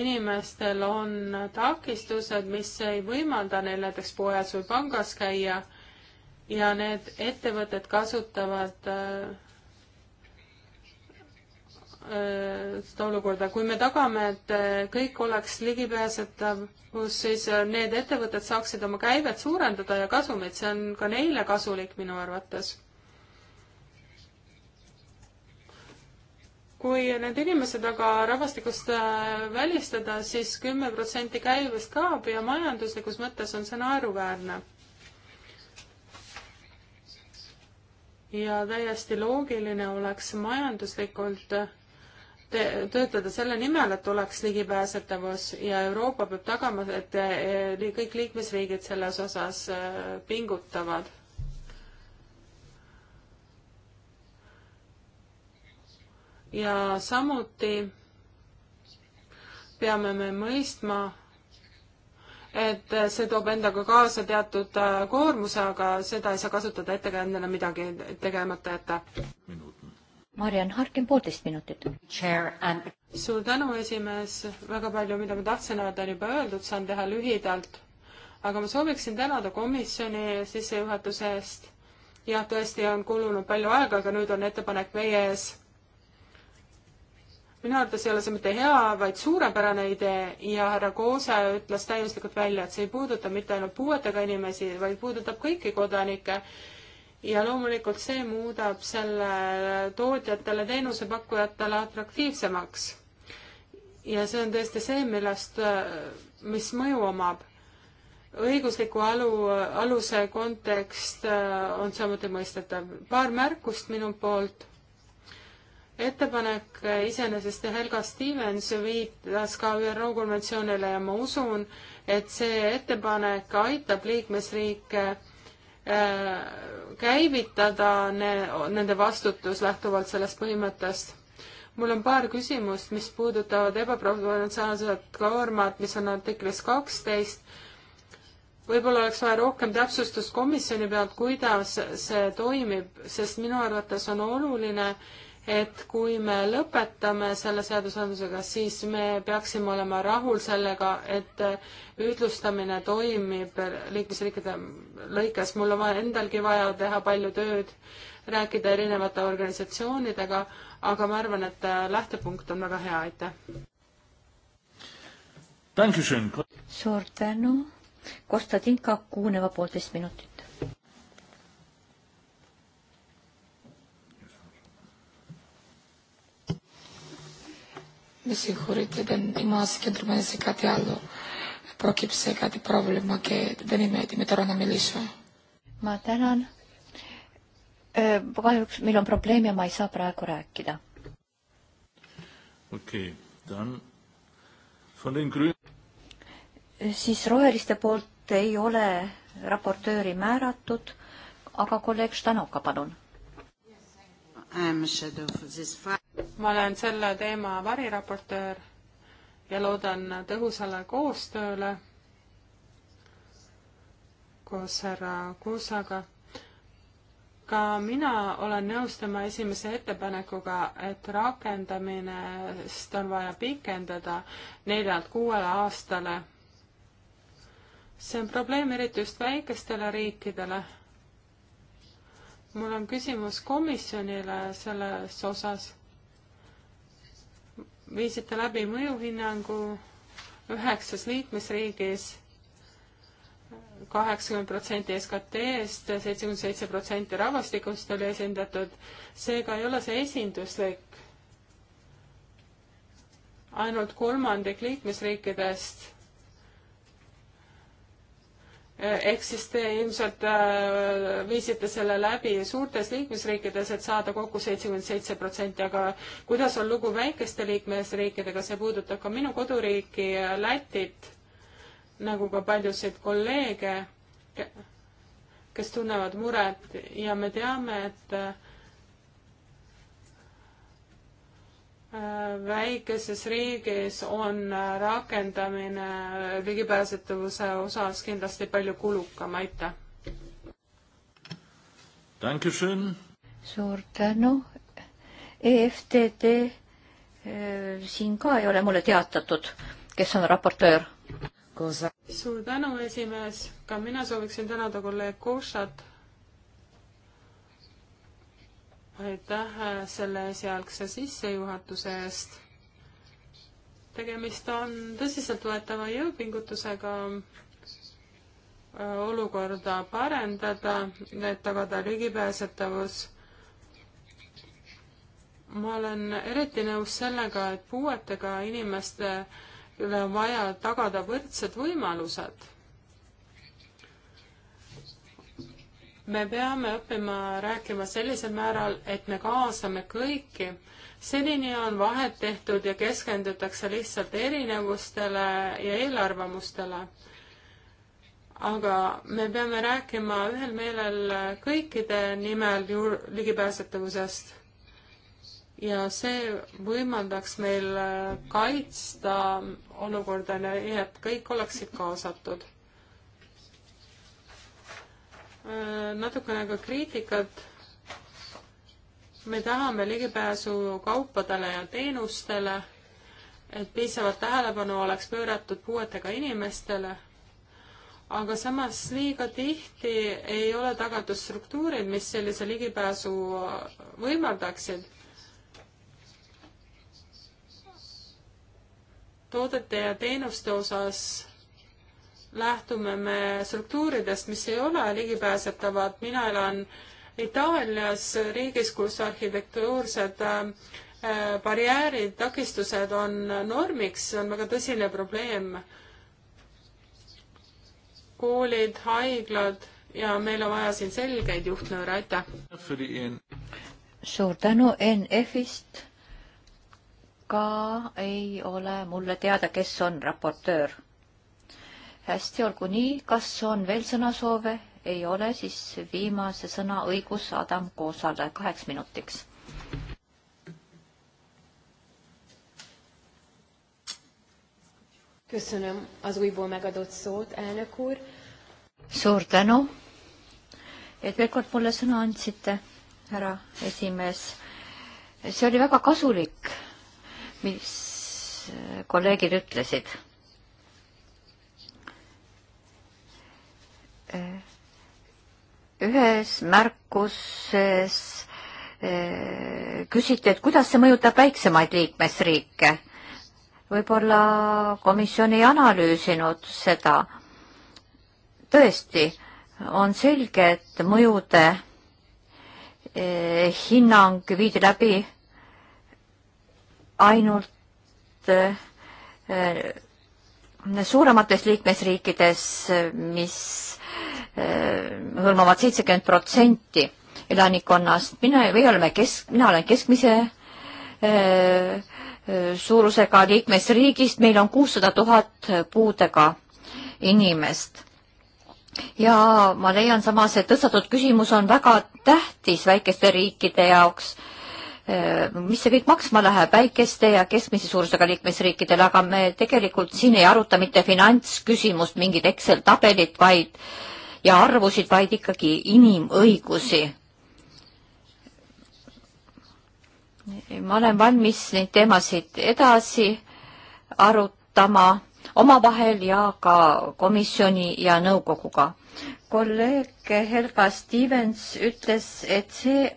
inimestel on takistused, mis ei võimalda neil näiteks poes või pangas käia ja need ettevõtted kasutavad äh, Äh, seda olukorda. kui me tagame, et äh, kõik oleks ligipääsetav, kus siis äh, need ettevõtted saaksid oma käivet suurendada ja kasumit, see on ka neile kasulik minu arvates. kui need inimesed aga rahvastikust välistada siis, siis kümme protsenti käibest kaob ja majanduslikus mõttes on see naeruväärne. ja täiesti loogiline oleks majanduslikult töötada selle nimel, et oleks ligipääsetavus ja Euroopa peab tagama, et eh, eh, kõik liikmesriigid selles osas eh, pingutavad. ja samuti peame me mõistma, et see toob endaga kaasa teatud koormuse, aga seda ei saa kasutada ettekäändena midagi tegemata jätta. minu Mariann Harkin, poolteist minutit. Um, suur tänu, esimees, väga palju, mida ma tahtsin öelda, on juba öeldud, saan teha lühidalt. aga ma sooviksin tänada komisjoni sissejuhatuse eest. jah, tõesti on kulunud palju aega, aga nüüd on ettepanek meie ees. minu arvates ei ole see mitte hea, vaid suurepärane idee ja härra Koose ütles täiuslikult välja, et see ei puuduta mitte ainult puuetega inimesi, vaid puudutab kõiki kodanikke ja loomulikult see muudab selle tootjatele, teenusepakkujatele atraktiivsemaks. ja see on tõesti see, millest, mis mõju omab. õigusliku alu, aluse kontekst äh, on samuti mõistetav. paar märkust minu poolt. ettepanek iseenesest Helga Stevens viitas ka ÜRO konventsioonile ja ma usun, et see ettepanek aitab liikmesriike Äh, käivitada ne, nende vastutus lähtuvalt sellest põhimõttest. mul on paar küsimust, mis puudutavad ebaproportsionaalset koormat, mis on artiklis kaksteist. võib-olla oleks vaja rohkem täpsustust komisjoni pealt, kuidas see toimib, sest minu arvates on oluline, et kui me lõpetame selle seadusandlusega, siis me peaksime olema rahul sellega, et ühtlustamine toimib liikmesriikide lõikes. mul on vaja endalgi vaja teha palju tööd, rääkida erinevate organisatsioonidega, aga ma arvan, et lähtepunkt on väga hea, aitäh. suur tänu. Konstantin Kakuuneva poolteist minutit. Με συγχωρείτε, δεν ήμουν συγκεντρωμένη σε κάτι άλλο. Πρόκειψε κάτι πρόβλημα και δεν είμαι έτοιμη τώρα να μιλήσω. Μα tänän. Kahjuks meil on probleem ja ma ei saa praegu rääkida. Okei, okay, dann von den Grünen. Siis roheliste poolt ei ole raportööri määratud, aga kolleeg Stanoka, palun ma olen selle teema variraportöör ja loodan tõhusale koostööle koos härra Kuusaga. ka mina olen nõus tema esimese ettepanekuga, et rakendaminest on vaja pikendada neljalt kuuele aastale. see on probleem eriti just väikestele riikidele mul on küsimus komisjonile selles osas. viisite läbi mõjuhinnangu üheksas liikmesriigis kaheksakümmend protsenti SKT-st, seitsekümmend seitse protsenti rahvastikust oli esindatud, seega ei ole see esinduslik. ainult kolmandik liikmesriikidest ehk siis te ilmselt äh, viisite selle läbi suurtes liikmesriikides, et saada kokku seitsekümmend seitse protsenti, aga kuidas on lugu väikeste liikmesriikidega, see puudutab ka minu koduriiki äh, Lätit, nagu ka paljusid kolleege, kes tunnevad muret ja me teame, et äh, väikeses riigis on rakendamine ligipääsetavuse osas kindlasti palju kulukam, aitäh! suur tänu! EFTD eh, siin ka ei ole mulle teatatud, kes on raportöör. suur tänu, esimees! ka mina sooviksin tänada kolleeg Košat aitäh äh, selle esialgse sissejuhatuse eest. tegemist on tõsiseltvõetava jõupingutusega äh, olukorda parendada, et tagada ligipääsetavus. ma olen eriti nõus sellega, et puuetega inimestele on vaja tagada võrdsed võimalused me peame õppima rääkima sellisel määral, et me kaasame kõiki. senini on vahet tehtud ja keskendutakse lihtsalt erinevustele ja eelarvamustele. aga me peame rääkima ühel meelel kõikide nimel juur-, ligipääsetavusest. ja see võimaldaks meil kaitsta olukorda, nii et kõik oleksid kaasatud Äh, natukene nagu ka kriitikat. me tahame ligipääsu kaupadele ja teenustele, et piisavalt tähelepanu oleks pööratud puuetega inimestele, aga samas liiga tihti ei ole tagatud struktuurid, mis sellise ligipääsu võimaldaksid toodete ja teenuste osas lähtume me struktuuridest, mis ei ole ligipääsetavad, mina elan Itaalias riigis, kus arhitektuursed äh, barjäärid, takistused on normiks, see on väga tõsine probleem. koolid, haiglad ja meil on vaja siin selgeid juhtnööre, aitäh. suur tänu NF-ist. ka ei ole mulle teada, kes on raportöör hästi, olgu nii, kas on veel sõnasoove? ei ole, siis viimase sõna õigus Adam Koosale kaheks minutiks. köszönöm az újból megadott szót, elnök úr. Suur tänu, et veel kord mulle sõna andsite, härra esimees. see oli väga kasulik, mis kolleegid ütlesid ühes märkuses eh, küsiti, et kuidas see mõjutab väiksemaid liikmesriike. võib-olla komisjon ei analüüsinud seda. tõesti, on selge, et mõjude eh, hinnang viidi läbi ainult eh, suuremates liikmesriikides, mis Eh, hõlmavad seitsekümmend protsenti elanikkonnast. mina, meie oleme kesk, mina olen keskmise öö, eh, suurusega liikmesriigist, meil on kuussada tuhat puudega inimest. ja ma leian samas, et tõstatud küsimus on väga tähtis väikeste riikide jaoks, eh, mis see kõik maksma läheb väikeste ja keskmise suurusega liikmesriikidele, aga me tegelikult siin ei aruta mitte finantsküsimust, mingit Excel tabelit, vaid äh, ja arvusid, vaid ikkagi inimõigusi. ma olen valmis neid teemasid edasi arutama omavahel ja ka komisjoni ja nõukoguga. kolleeg Helga Stevens ütles, et see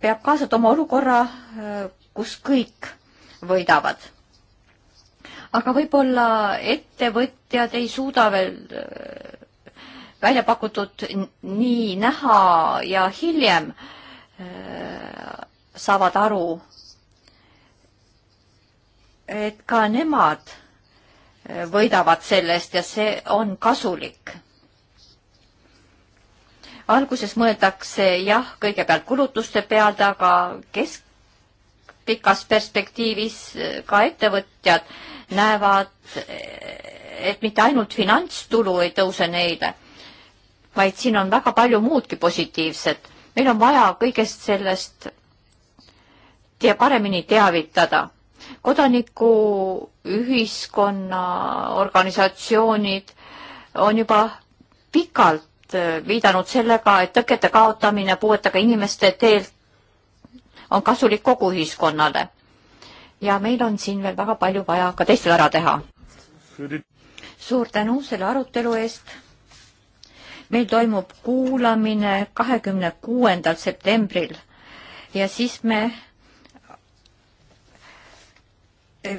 peab kaasa tooma olukorra, kus kõik võidavad. aga võib-olla ettevõtjad ei suuda veel välja pakutud nii näha ja hiljem äh, saavad aru, et ka nemad äh, võidavad sellest ja see on kasulik. alguses mõeldakse jah, kõigepealt kulutuste peale, aga keskpikas perspektiivis äh, ka ettevõtjad näevad, et mitte ainult finantstulu ei tõuse neile vaid siin on väga palju muudki positiivset. meil on vaja kõigest sellest te paremini teavitada. kodanikuühiskonna organisatsioonid on juba pikalt äh, viidanud sellega, et tõkete kaotamine puuetega inimeste teelt on kasulik kogu ühiskonnale. ja meil on siin veel väga palju vaja ka teistel ära teha. suur tänu selle arutelu eest meil toimub kuulamine kahekümne kuuendal septembril ja siis me eh,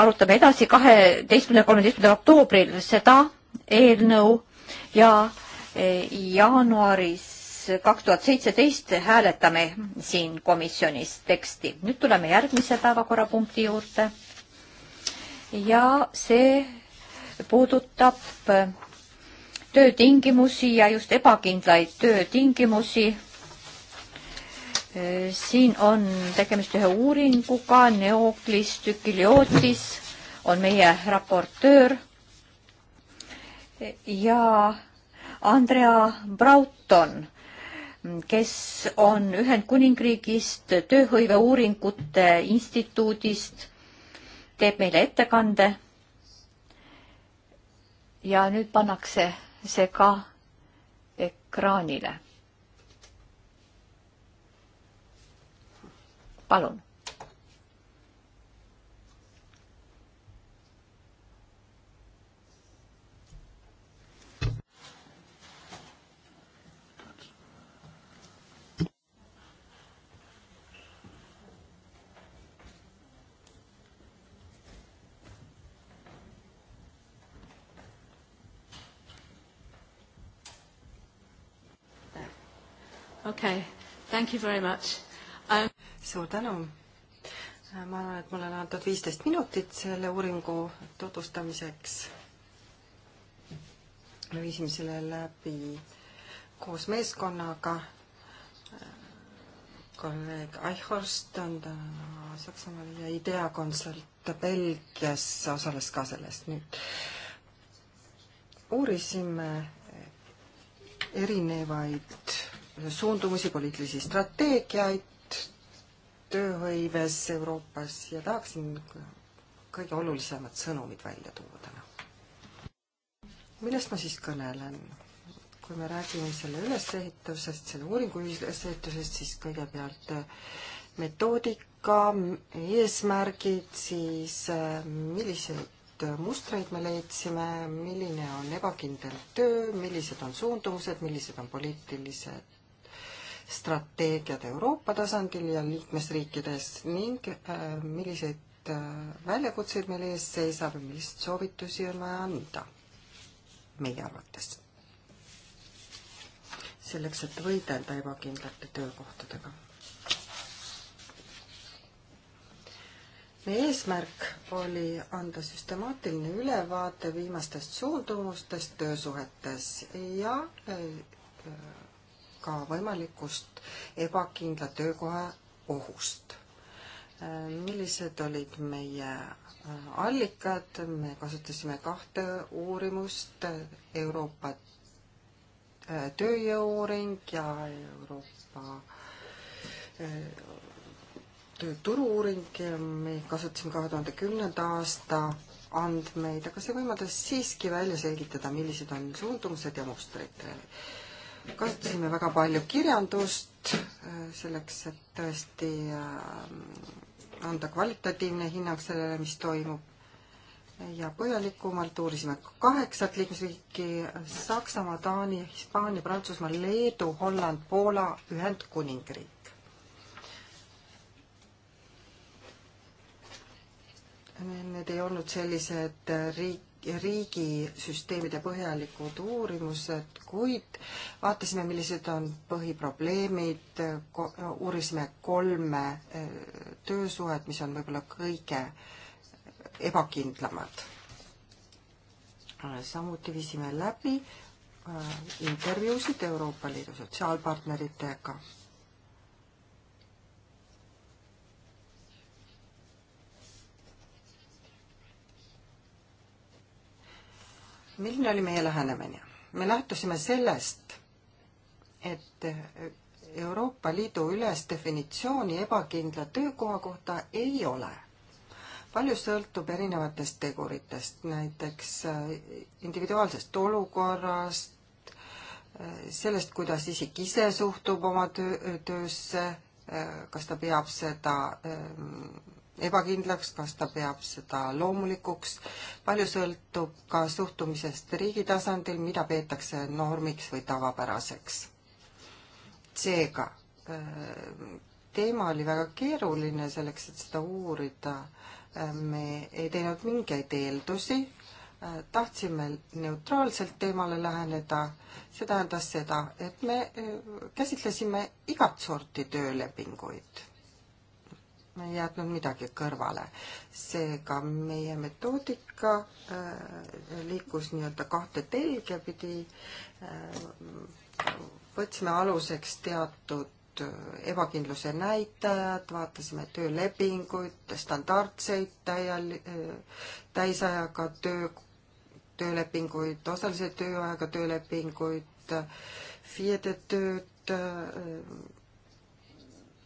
arutame edasi kaheteistkümne, kolmeteistkümnendal oktoobril seda eelnõu ja eh, jaanuaris kaks tuhat seitseteist hääletame siin komisjonis teksti. nüüd tuleme järgmise päevakorrapunkti juurde ja see puudutab töötingimusi ja just ebakindlaid töötingimusi. siin on tegemist ühe uuringuga, Neoklis Tükiliotis on meie raportöör ja Andrea Brauton, kes on Ühendkuningriigist Tööhõiveuuringute Instituudist, teeb meile ettekande. ja nüüd pannakse see ka ekraanile. palun okei okay., thank you very much um.... suur tänu. ma arvan, et mulle on antud viisteist minutit selle uuringu tutvustamiseks. me viisime selle läbi koos meeskonnaga kolleeg Eichhorst on ta Saksamaal ja IDEA konsult Belgias osales ka selles nüüd. uurisime erinevaid suundumusi, poliitilisi strateegiaid tööhõives Euroopas ja tahaksin kõige olulisemad sõnumid välja tuua täna. millest ma siis kõnelen? kui me räägime selle ülesehitusest, selle uuringu ülesehitusest, siis kõigepealt äh, metoodika, eesmärgid, siis äh, milliseid mustreid me leidsime, milline on ebakindel töö, millised on suundumused, millised on poliitilised strateegiad Euroopa tasandil ja liikmesriikides ning äh, milliseid äh, väljakutseid meil ees seisab ja milliseid soovitusi on vaja anda meie arvates. selleks, et võidelda ebakindlate töökohtadega. meie eesmärk oli anda süstemaatiline ülevaate viimastest suundumustest töösuhetes ja äh, ka võimalikust ebakindla töökoha ohust. millised olid meie äh, allikad, me kasutasime kahte uurimust, Euroopa äh, tööjõu-uuring ja Euroopa äh, tööturu-uuring, me kasutasime kahe tuhande kümnenda aasta andmeid, aga see võimaldas siiski välja selgitada, millised on suundumused ja mustrid kasutasime väga palju kirjandust äh, selleks, et tõesti äh, anda kvalitatiivne hinnang sellele, mis toimub. ja põhjalikumalt uurisime kaheksat liikmesriiki Saksamaa, Taani, Hispaania, Prantsusmaa, Leedu, Holland, Poola, Ühendkuningriik. Need ei olnud sellised äh, riik, riigisüsteemide põhjalikud uurimused, kuid vaatasime, millised on põhiprobleemid, uurisime kolme eh, töösuhet, mis on võib-olla kõige ebakindlamad. samuti viisime läbi eh, intervjuusid Euroopa Liidu sotsiaalpartneritega milline oli meie lähenemine? me lähtusime sellest, et Euroopa Liidu üles definitsiooni ebakindla töökoha kohta ei ole. palju sõltub erinevatest teguritest, näiteks äh, individuaalsest olukorrast, äh, sellest, kuidas isik ise suhtub oma töö, töösse, äh, kas ta peab seda ähm, ebakindlaks, kas ta peab seda loomulikuks. palju sõltub ka suhtumisest riigi tasandil, mida peetakse normiks või tavapäraseks. seega äh, teema oli väga keeruline selleks, et seda uurida. Äh, me ei teinud mingeid eeldusi äh, tahtsime neutraalselt teemale läheneda, see tähendas seda, et me käsitlesime igat sorti töölepinguid jätnud midagi kõrvale. seega meie metoodika äh, liikus nii-öelda kahte telge pidi, äh, võtsime aluseks teatud äh, ebakindluse näitajad, vaatasime töölepinguid, standardseid täiel, täisajaga töö, töölepinguid, osalise tööajaga töölepinguid, FIE-de tööd,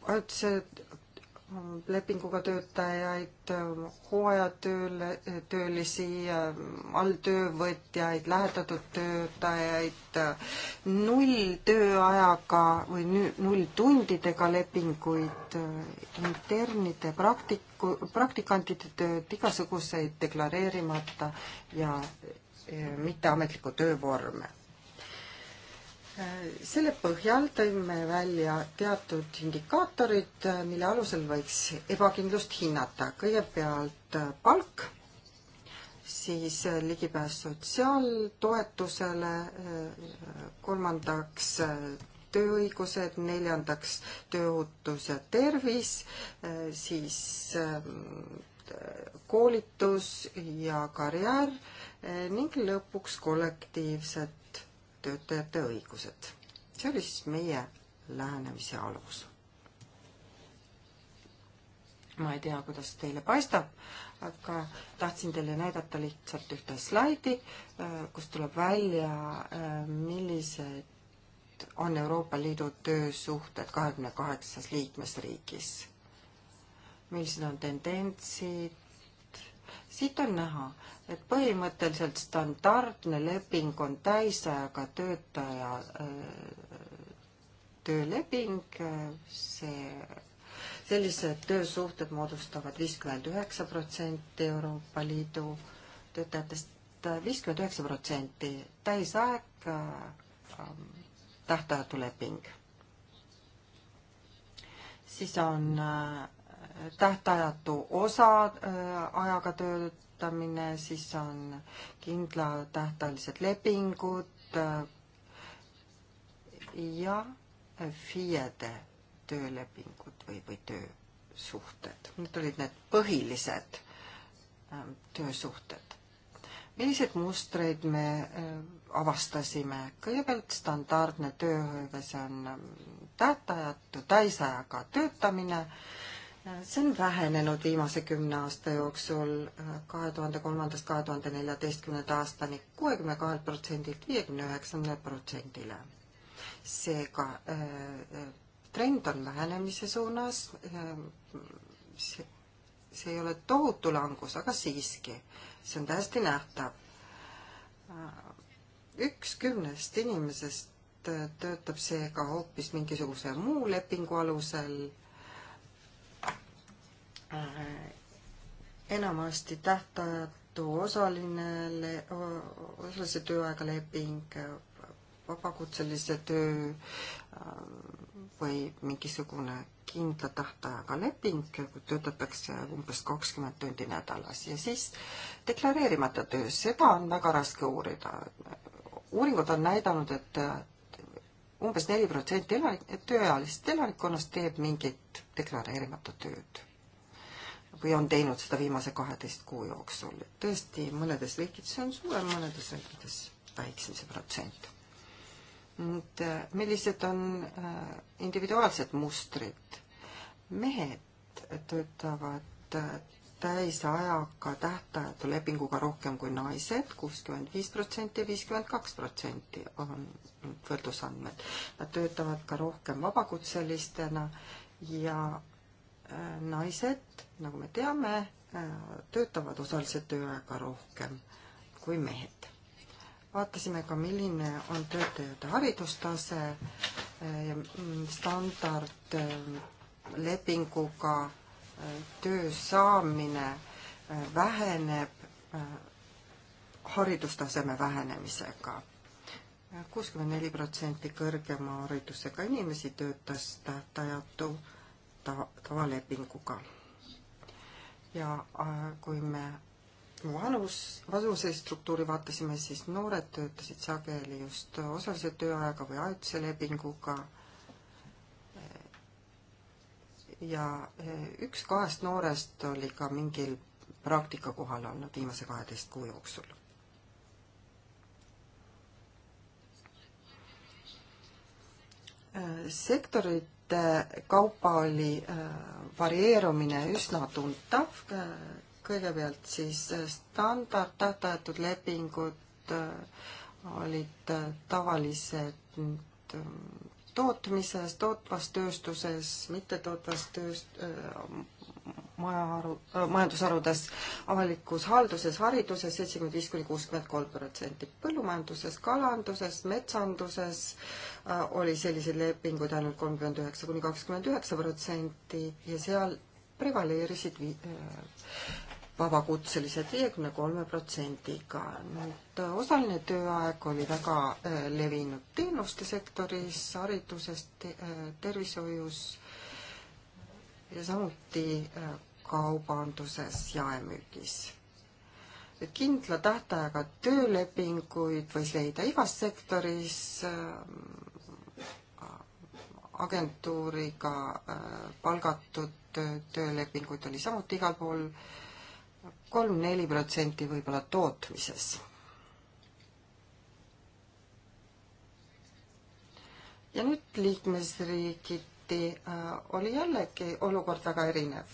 ajutise lepinguga töötajaid, hooajatööle, töölisi, alltöövõtjaid, lähetatud töötajaid, nulltööajaga või nulltundidega lepinguid, internide praktiku, praktikantide tööd, igasuguseid deklareerimata ja eh, mitteametlikku töövorme selle põhjal tõime välja teatud indikaatorid, mille alusel võiks ebakindlust hinnata. kõigepealt äh, palk, siis äh, ligipääs sotsiaaltoetusele, äh, kolmandaks tööõigused, neljandaks tööohutus ja tervis, siis koolitus ja karjäär ning lõpuks kollektiivsed töötajate õigused. see oli siis meie lähenemise alus. ma ei tea, kuidas teile paistab, aga tahtsin teile näidata lihtsalt ühte slaidi, kus tuleb välja, millised on Euroopa Liidu töösuhted kahekümne kaheksas liikmesriigis. millised on tendentsid, siit on näha, et põhimõtteliselt standardne leping on täisajaga töötaja äh, tööleping, äh, see, sellised töösuhted moodustavad viiskümmend üheksa protsenti Euroopa Liidu töötajatest, viiskümmend üheksa protsenti täisaeg, äh, tähtajatu leping. siis on äh, tähtajatu osa äh, ajaga töötamine, siis on kindlatähtajalised lepingud äh, ja FIE-de töölepingud või, või töösuhted. Need olid need põhilised äh, töösuhted. milliseid mustreid me avastasime? kõigepealt standardne tööhõive, see on tähtajatu täisajaga töötamine äh, see on vähenenud viimase kümne aasta jooksul äh, kahe tuhande kolmandast kahe tuhande neljateistkümnenda aastani kuuekümne kahelt protsendilt viiekümne üheksandale protsendile. seega äh, äh, trend on vähenemise suunas. Mm, see, see ei ole tohutu langus, aga siiski, see on täiesti nähtav. üks kümnest inimesest töötab seega hoopis mingisuguse muu lepingu alusel Äh, enamasti tähtajatu osaline, osalise tööaega leping, vabakutselise töö äh, või mingisugune kindla tähtajaga leping, kui töötatakse umbes kakskümmend tundi nädalas ja siis deklareerimata töö, seda on väga raske uurida. uuringud on näidanud, et umbes neli protsenti elanik, tööealisest elanikkonnast teeb mingit deklareerimata tööd või on teinud seda viimase kaheteist kuu jooksul. tõesti, mõnedes riikides on suurem, mõnedes riikides väiksem see protsent. nüüd äh, millised on äh, individuaalsed mustrid? mehed töötavad äh, täisajaga tähtajatu lepinguga rohkem kui naised, kuuskümmend viis protsenti ja viiskümmend kaks protsenti on võrdlusandmed. Nad töötavad ka rohkem vabakutselistena ja Äh, naised, nagu me teame, äh, töötavad osalise tööaega rohkem kui mehed. vaatasime ka, milline on töötajate haridustase äh, mm, standardlepinguga töö saamine väheneb haridustaseme vähenemisega. kuuskümmend neli protsenti kõrgema haridusega inimesi töötas tähtajatu tava, tavalepinguga. ja äh, kui me vanus, vanusestruktuuri vaatasime, siis noored töötasid sageli just osalise tööajaga või ajutise lepinguga. ja äh, üks kahest noorest oli ka mingil praktikakohal olnud viimase kaheteist kuu jooksul. Äh, sektorid sektorite äh, kaupa oli äh, varieerumine üsna tuntav. Äh, kõigepealt siis standard tähtajatud lepingud olid tavalised mm, tootmises, tootvas tööstuses, mittetootvas tööst-, majaharu äh,, majandusharudes, avalikus halduses, hariduses seitsekümmend viis kuni kuuskümmend kolm protsenti. põllumajanduses, kalanduses, metsanduses äh, oli selliseid lepinguid ainult kolmkümmend üheksa kuni kakskümmend üheksa protsenti ja seal prevaleerisid vi-, äh, vabakutselised viiekümne kolme protsendiga. nüüd äh, osaline tööaeg oli väga äh, levinud teenuste sektoris, hariduses, äh, tervishoius ja samuti äh, kaubanduses, jaemüügis. et kindla tähtajaga töölepinguid võis leida igas sektoris äh, agentuuriga äh, palgatud töölepinguid oli samuti igal pool kolm-neli protsenti võib-olla tootmises. ja nüüd liikmesriigid kohati äh, oli jällegi olukord väga erinev.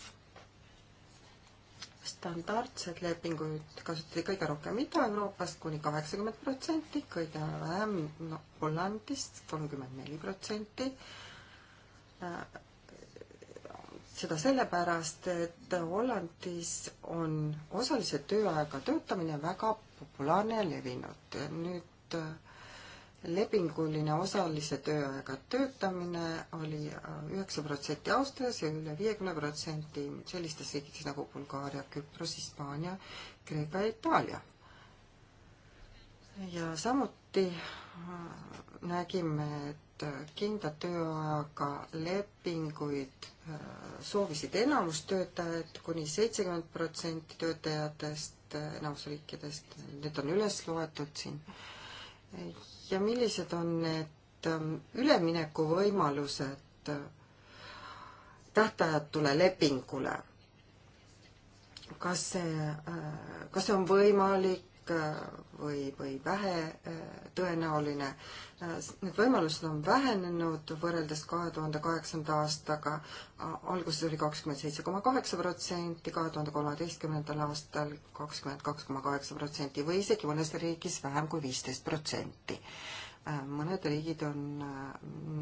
standardsed lepingud kasutati kõige rohkem Ida-Euroopast kuni kaheksakümmend protsenti, kõige vähem no, Hollandist kolmkümmend neli protsenti. Äh, seda sellepärast, et Hollandis on osalise tööajaga töötamine väga populaarne ja levinud. nüüd äh, lepinguline osalise tööajaga töötamine oli äh, üheksa protsenti Austrias ja üle viiekümne protsendi sellistes riikides nagu Bulgaaria, Küpros, Hispaania, Kreeka ja Itaalia. ja samuti äh, nägime, et äh, kindla tööajaga lepinguid soovisid enamus töötajad, kuni seitsekümmend protsenti töötajatest enamus riikidest, need on üles loetud siin ja millised on need ähm, üleminekuvõimalused äh, tähtajatule lepingule? kas see, äh, kas see on võimalik, Äh, või, või vähe äh, tõenäoline. Äh, need võimalused on vähenenud võrreldes kahe tuhande kaheksanda aastaga. alguses oli kakskümmend seitse koma kaheksa protsenti, kahe tuhande kolmeteistkümnendal aastal kakskümmend kaks koma kaheksa protsenti või isegi mõnes riigis vähem kui viisteist protsenti. mõned riigid on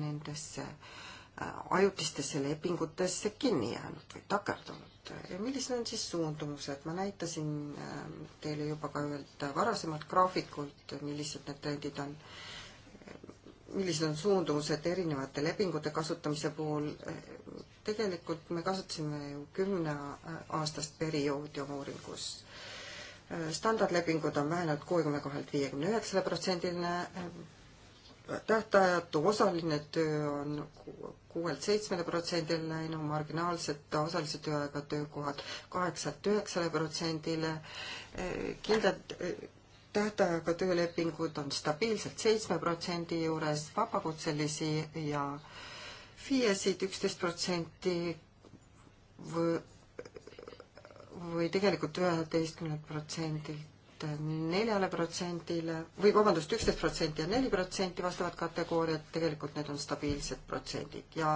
nendesse äh, ajutistesse lepingutesse kinni jäänud või takerdunud. ja millised on siis suundumused, ma näitasin ähm, teile juba ka ühelt varasemalt graafikult, millised need trendid on, millised on suundumused erinevate lepingute kasutamise puhul, tegelikult me kasutasime ju kümneaastast perioodi oma uuringus äh, standardlepingud on vähenenud kuuekümne kahelt viiekümne üheksale protsendile tähtajatu osaline töö on kuuelt seitsmele protsendile läinud, marginaalsed osalise tööaega töökohad kaheksalt üheksale protsendile, kindlad tähtajaga töölepingud on stabiilselt seitsme protsendi juures, vabakutselisi ja FIE-sid üksteist protsenti või, või tegelikult üheteistkümnelt protsendilt vastavalt neljale protsendile või vabandust, üksteist protsenti ja neli protsenti vastavad kategooriad, tegelikult need on stabiilsed protsendid ja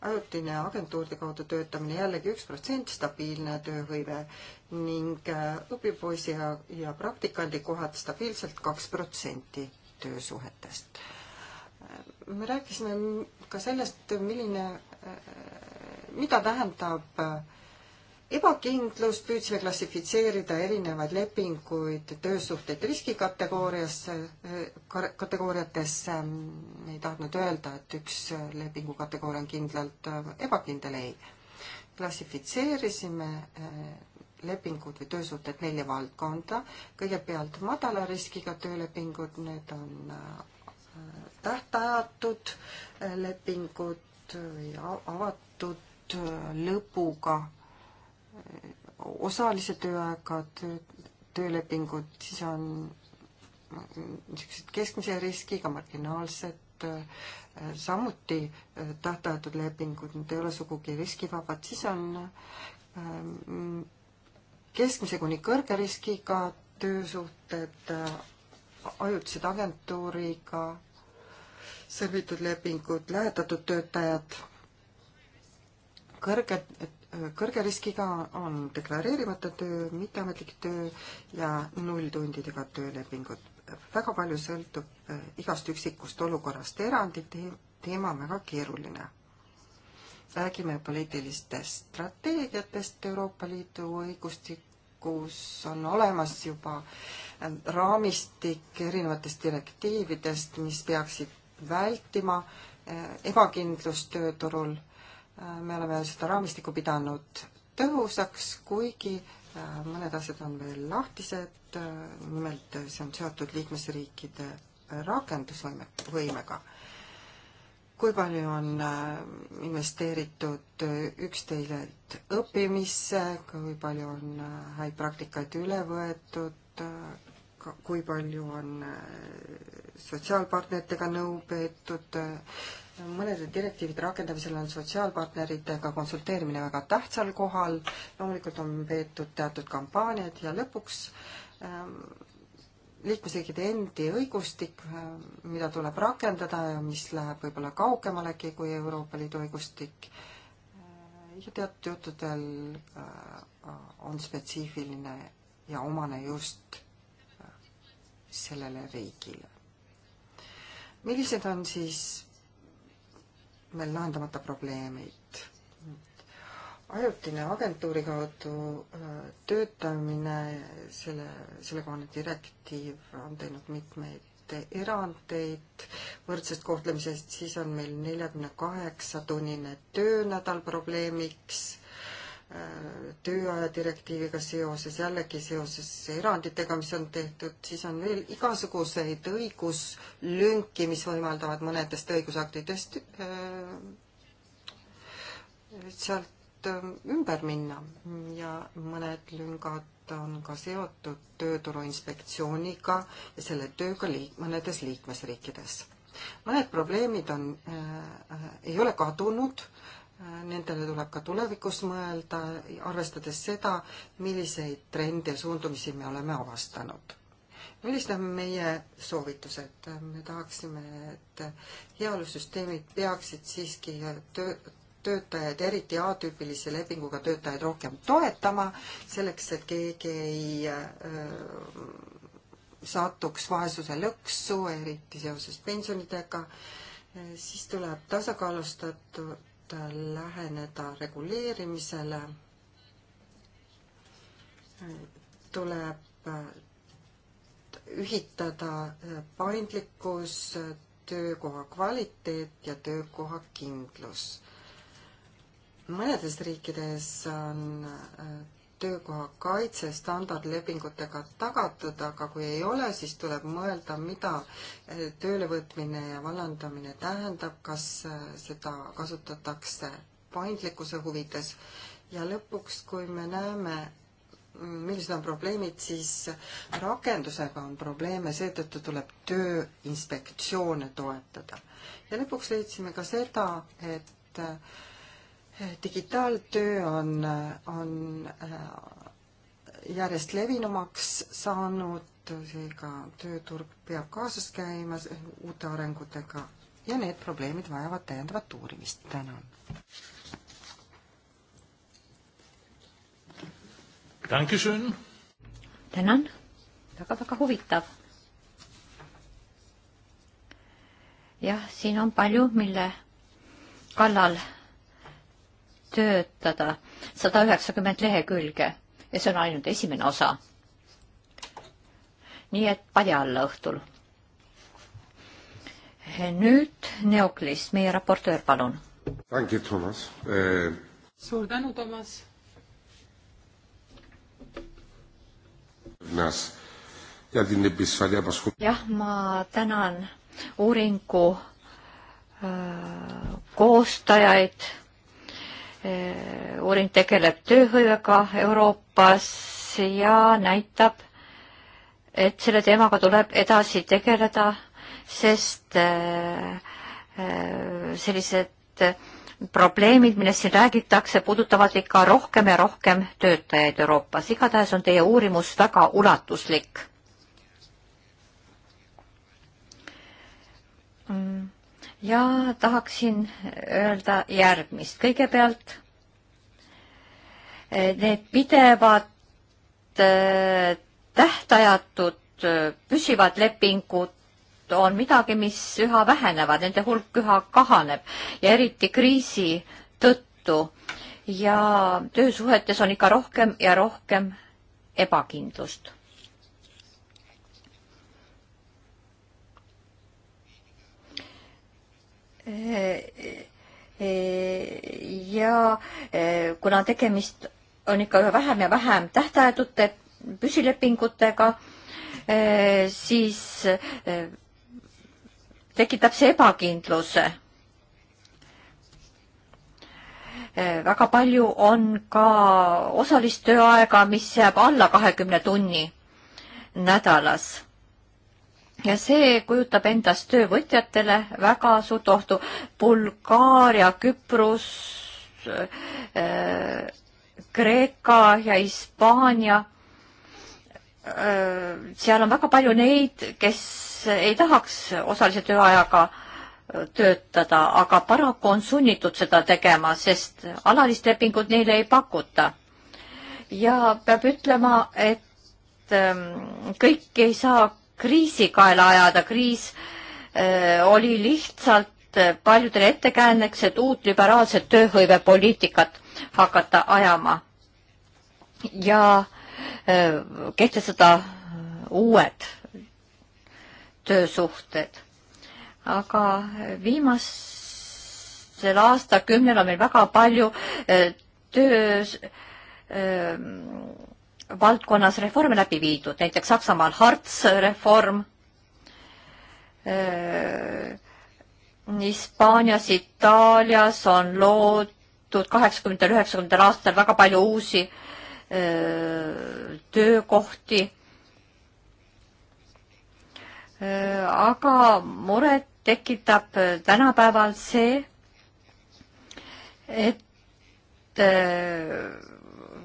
ajutine agentuuride kaudu töötamine jällegi üks protsent, stabiilne tööhõive ning äh, õpipoisi ja, ja praktikandi kohad stabiilselt kaks protsenti töösuhetest. Äh, me rääkisime ka sellest, milline, äh, mida tähendab äh, ebakindlust, püüdsime klassifitseerida erinevaid lepinguid töösuhteid riskikategooriasse, kategooriatesse. ei tahtnud öelda, et üks lepingu kategooria on kindlalt äh, ebakindel, ei. klassifitseerisime äh, lepingud või töösuhted nelja valdkonda. kõigepealt madala riskiga töölepingud, need on äh, tähtajatud lepingud või avatud lõpuga osalise tööaega töö, töölepingud, siis on niisugused keskmise riskiga marginaalsed, äh, samuti äh, tähtajatud lepingud, need ei ole sugugi riskivabad, siis on äh, keskmise kuni kõrge riskiga töösuhted ajutised agentuuriga, sõlmitud lepingud, lähetatud töötajad, kõrge kõrge riskiga on deklareerimata töö, mitteametlik töö ja nulltundidega töölepingud. väga palju sõltub eh, igast üksikust olukorrast, erandite teema on väga keeruline. räägime poliitilistest strateegiatest Euroopa Liidu õigustikus, on olemas juba eh, raamistik erinevatest direktiividest, mis peaksid vältima eh, ebakindlust tööturul Äh, me oleme seda raamistikku pidanud tõhusaks, kuigi äh, mõned asjad on veel lahtised, äh, nimelt see on seotud liikmesriikide rakendusvõime, võimega. kui palju on investeeritud üksteiselt õppimisse, kui palju on häid praktikaid üle võetud, kui palju on sotsiaalpartneritega nõu peetud, mõnede direktiivide rakendamisel on sotsiaalpartneritega konsulteerimine väga tähtsal kohal, loomulikult on peetud teatud kampaaniad ja lõpuks ähm, liikmesriikide endi õigustik, ähm, mida tuleb rakendada ja mis läheb võib-olla kaugemalegi kui Euroopa Liidu õigustik äh, ja teatud juhtudel äh, on spetsiifiline ja omane just äh, sellele riigile. millised on siis meil lahendamata probleemid. ajutine agentuuri kaudu äh, töötamine, selle, sellekohane direktiiv on teinud mitmeid erandeid võrdsest kohtlemisest, siis on meil neljakümne kaheksa tunnine töönädal probleemiks tööaja direktiiviga seoses, jällegi seoses eranditega, mis on tehtud, siis on veel igasuguseid õiguslünki, mis võimaldavad mõnedest õigusaktidest äh, sealt äh, ümber minna ja mõned lüngad on ka seotud Tööturuinspektsiooniga ja selle tööga liik-, mõnedes liikmesriikides. mõned probleemid on äh,, äh ei ole kadunud äh,, Nendele tuleb ka tulevikus mõelda, arvestades seda, milliseid trende ja suundumisi me oleme avastanud. millised on meie soovitused? me tahaksime, et heaolusüsteemid peaksid siiski töö, töötajaid, eriti A-tüübilise lepinguga töötajaid rohkem toetama, selleks et keegi ei äh, satuks vaesuse lõksu, eriti seoses pensionidega, siis tuleb tasakaalustatud läheneda reguleerimisele, tuleb ühitada paindlikkus, töökoha kvaliteet ja töökoha kindlus mõnedes riikides on töökoha kaitse standardlepingutega tagatud, aga kui ei ole, siis tuleb mõelda, mida eh, töölevõtmine ja vallandamine tähendab, kas eh, seda kasutatakse paindlikkuse huvides ja lõpuks, kui me näeme, millised on probleemid, siis rakendusega on probleeme, seetõttu tuleb tööinspektsioone toetada. ja lõpuks leidsime ka seda, et äh, digitaaltöö on, on äh, järjest levinumaks saanud, seega tööturg peab kaasas käima uute arengutega ja need probleemid vajavad täiendavat uurimist. tänan. tänan, väga-väga huvitav. jah, siin on palju, mille kallal töötada sada üheksakümmend lehekülge ja see on ainult esimene osa. nii et padja alla õhtul. nüüd Neoklis, meie raportöör, palun. tänki, Toomas eh.... suur tänu, Toomas. jah, ma tänan uuringu öö, äh, koostajaid Eh, uuring tegeleb tööhõivega Euroopas ja näitab, et selle teemaga tuleb edasi tegeleda, sest eh, eh, sellised probleemid, millest siin räägitakse, puudutavad ikka rohkem ja rohkem töötajaid Euroopas. igatahes on teie uurimus väga ulatuslik mm ja tahaksin öelda järgmist. kõigepealt eh, need pidevad eh, tähtajatud eh, püsivad lepingud on midagi, mis üha vähenevad, nende hulk üha kahaneb ja eriti kriisi tõttu. ja töösuhetes on ikka rohkem ja rohkem ebakindlust Äh, äh, ja äh, kuna tegemist on ikka üha vähem ja vähem tähtajatute püsilepingutega, siis tekitab see ebakindluse. väga palju on ka osalist tööaega, mis jääb alla kahekümne tunni nädalas ja see kujutab endast töövõtjatele väga suurt ohtu. Bulgaaria, Küpros äh,, Kreeka ja Hispaania äh,. seal on väga palju neid, kes ei tahaks osalise tööajaga äh, töötada, aga paraku on sunnitud seda tegema, sest alalist lepingut neile ei pakuta. ja peab ütlema, et ähm, kõik ei saa kriisi kaela ajada, kriis öö, äh, oli lihtsalt äh, paljudele ettekäänneks, et uut liberaalset tööhõivepoliitikat hakata ajama ja öö, äh, kehtestada uued töösuhted. aga viimasel aastakümnel on meil väga palju öö, töös öö, valdkonnas reforme läbi viidud, näiteks Saksamaal Harts reform äh,, Hispaanias, Itaalias on loodud kaheksakümnendal, üheksakümnendal aastal väga palju uusi äh, töökohti äh,. aga muret tekitab äh, tänapäeval see, et äh,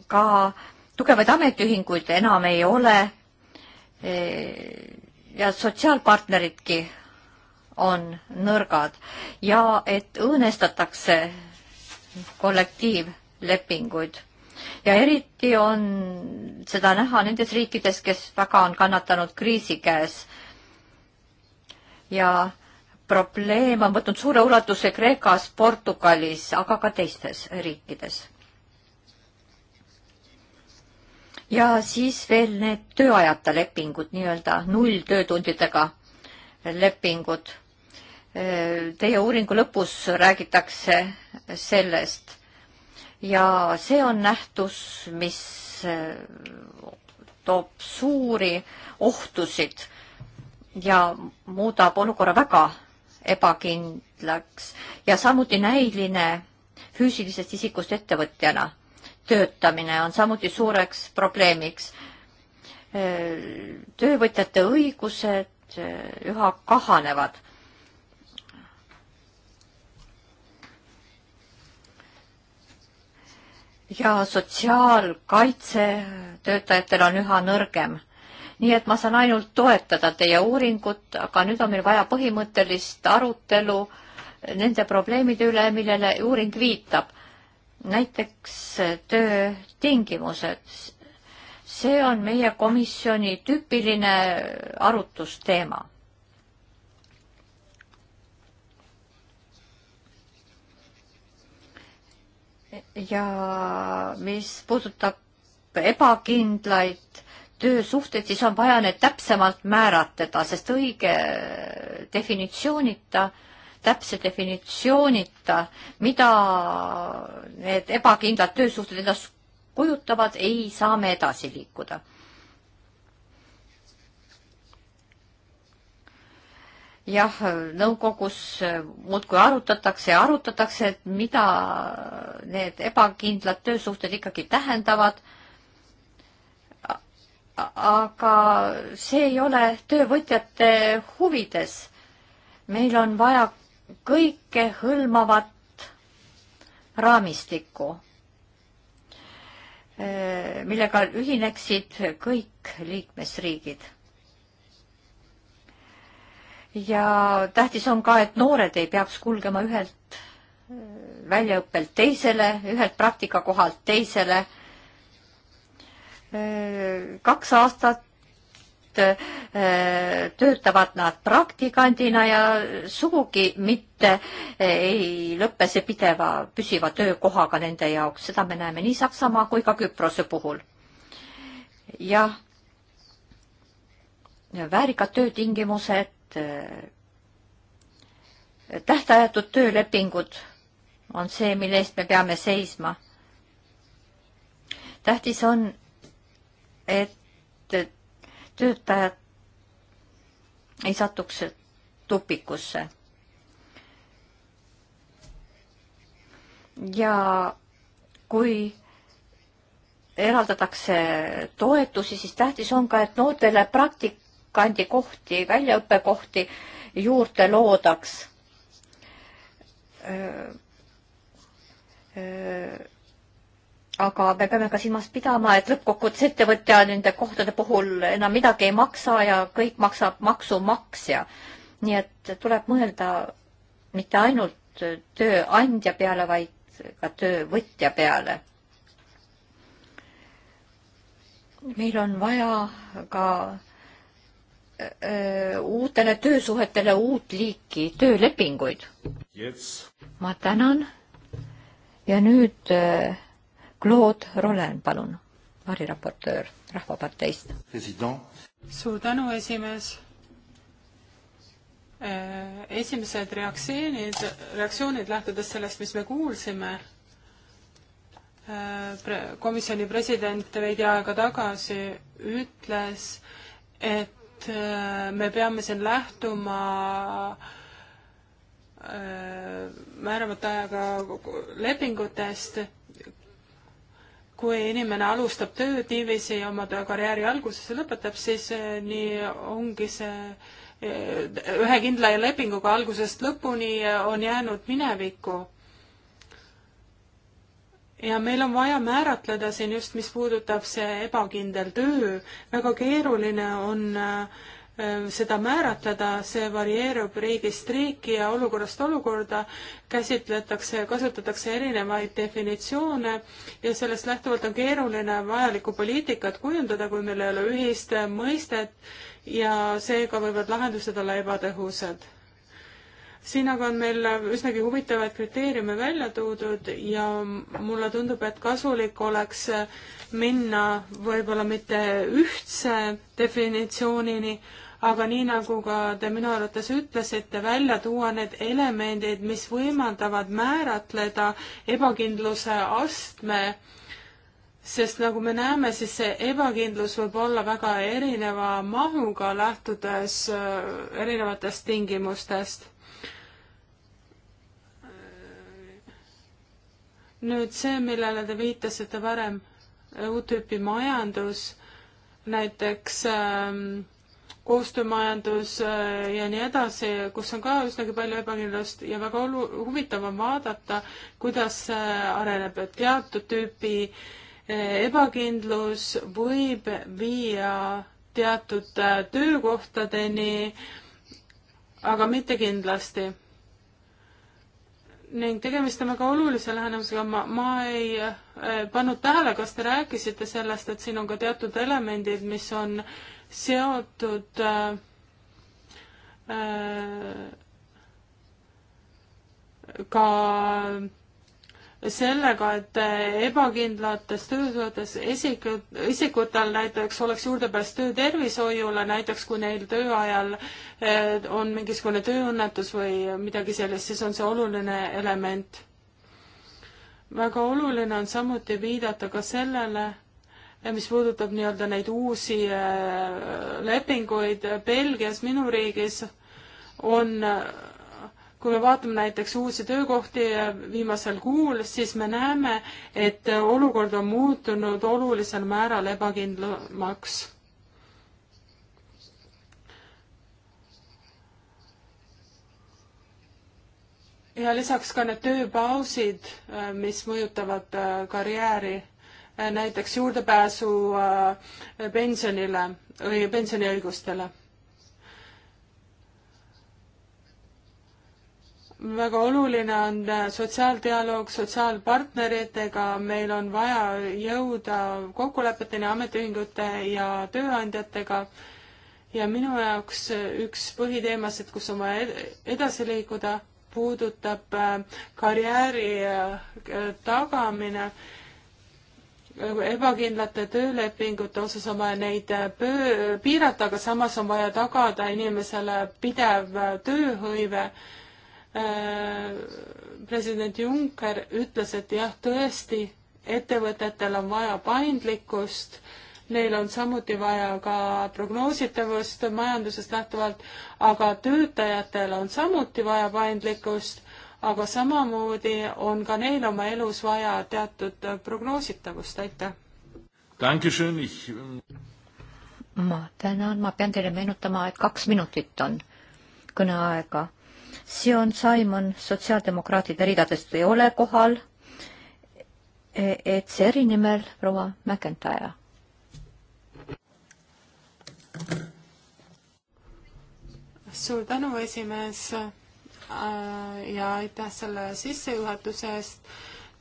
ka äh, tugevaid ametiühinguid enam ei ole e, ja sotsiaalpartneridki on nõrgad ja et õõnestatakse kollektiivlepinguid. ja eriti on seda näha nendes riikides, kes väga on kannatanud kriisi käes. ja probleem on võtnud suure ulatuse Kreekas, Portugalis, aga ka teistes riikides ja siis veel need tööajata lepingud, nii-öelda nulltöötundidega lepingud. Teie uuringu lõpus räägitakse sellest ja see on nähtus, mis toob suuri ohtusid ja muudab olukorra väga ebakindlaks ja samuti näiline füüsilisest isikust ettevõtjana töötamine on samuti suureks probleemiks. töövõtjate õigused üha kahanevad. ja sotsiaalkaitse töötajatel on üha nõrgem nii et ma saan ainult toetada teie uuringut, aga nüüd on meil vaja põhimõttelist arutelu nende probleemide üle, millele uuring viitab näiteks äh, töötingimused. see on meie komisjoni tüüpiline äh, arutusteema. ja mis puudutab ebakindlaid töösuhteid, siis on vaja need täpsemalt määratleda, sest õige äh, definitsioonita äh, täpse definitsioonita, mida need ebakindlad töösuhted endast kujutavad, ei saa me edasi liikuda. jah, nõukogus muudkui arutatakse ja arutatakse, et mida need ebakindlad töösuhted ikkagi tähendavad aga see ei ole töövõtjate huvides. meil on vaja kõikehõlmavat raamistikku, millega ühineksid kõik liikmesriigid. ja tähtis on ka, et noored ei peaks kulgema ühelt väljaõppelt teisele, ühelt praktikakohalt teisele. kaks aastat Äh, töötavad nad praktikandina ja sugugi mitte äh, ei lõppe see pideva püsiva töökohaga nende jaoks, seda me näeme nii Saksamaa kui ka Küprose puhul. jah, väärikad töötingimused, äh, tähtajatud töölepingud on see, mille eest me peame seisma. tähtis on, et töötajad ei satuks tupikusse. ja kui eraldatakse toetusi, siis tähtis on ka, et noortele praktikandi kohti, väljaõppekohti juurde loodaks öö, öö aga me peame ka silmas pidama, et lõppkokkuvõttes ettevõtja nende kohtade puhul enam midagi ei maksa ja kõik maksab maksumaksja. nii et tuleb mõelda mitte ainult tööandja peale, vaid ka töövõtja peale. meil on vaja ka öö, uutele töösuhetele uut liiki töölepinguid yes.. ma tänan ja nüüd öö, Claude Rolen, palun, variraportöör Rahvaparteist. suur tänu, esimees. Äh, esimesed reaktsioonid, reaktsioonid lähtudes sellest, mis me kuulsime, äh, komisjoni president veidi aega tagasi ütles, et äh, me peame siin lähtuma määramata ajaga lepingutest kui inimene alustab tööd niiviisi oma karjääri alguses ja lõpetab, siis eh, nii ongi see eh, ühe kindla lepinguga algusest lõpuni eh, on jäänud minevikku. ja meil on vaja määratleda siin just, mis puudutab see ebakindel töö, väga keeruline on äh, Äh, seda määratleda, see varieerub riigist riiki ja olukorrast olukorda, käsitletakse, kasutatakse erinevaid definitsioone ja sellest lähtuvalt on keeruline vajalikku poliitikat kujundada, kui meil ei ole ühist mõistet ja seega võivad lahendused olla ebatõhusad siin aga on meil üsnagi huvitavaid kriteeriume välja toodud ja mulle tundub, et kasulik oleks minna võib-olla mitte ühtse definitsioonini, aga nii, nagu ka te minu arvates ütlesite, välja tuua need elemendid, mis võimaldavad määratleda ebakindluse astme, sest nagu me näeme, siis see ebakindlus võib olla väga erineva mahuga, lähtudes äh, erinevatest tingimustest nüüd see, millele te viitasite varem, äh, uut tüüpi majandus, näiteks ähm, koostöömajandus äh, ja nii edasi, kus on ka üsnagi palju ebakindlust ja väga olu-, huvitav on vaadata, kuidas areneb teatud tüüpi äh, ebakindlus võib viia teatud äh, töökohtadeni, aga mitte kindlasti. ning tegemist on väga olulise lähenemisega, ma, ma ei pannud tähele, kas te rääkisite sellest, et siin on ka teatud elemendid, mis on äh, seotud äh, äh, ka sellega, et ebakindlates töösuhetes isikud, isikutel näiteks oleks juurdepääs töötervishoiule, näiteks kui neil töö ajal äh, on mingisugune tööõnnetus või midagi sellist, siis on see oluline element. väga oluline on samuti viidata ka sellele, mis puudutab nii-öelda neid uusi äh, lepinguid Belgias, minu riigis, on, kui me vaatame näiteks uusi töökohti äh, viimasel kuul, siis me näeme, et äh, olukord on muutunud olulisel määral ebakindlamaks ja lisaks ka need tööpausid, mis mõjutavad karjääri näiteks juurdepääsu äh, pensionile või pensioniõigustele. väga oluline on äh, sotsiaaldialoog sotsiaalpartneritega, meil on vaja jõuda kokkulepeteni ametiühingute ja tööandjatega ja minu jaoks üks põhiteemasid, kus on vaja edasi liikuda, puudutab äh, karjääri tagamine ebakindlate töölepingute osas on vaja neid äh, pöö, piirata, aga samas on vaja tagada inimesele pidev äh, tööhõive. Äh, president Juncker ütles, et jah, tõesti, ettevõtetel on vaja paindlikkust, neil on samuti vaja ka prognoositavust majandusest lähtuvalt, aga töötajatel on samuti vaja paindlikkust aga samamoodi on ka neil oma elus vaja teatud prognoositavust, aitäh! Ähm, ma tänan, ma pean teile meenutama, et kaks minutit on kõneaega. Sion Simon sotsiaaldemokraatide ridadest ei ole kohal, e, et see eri nimel proua McIntyre. suur tänu, esimees Äh, ja aitäh selle sissejuhatuse eest.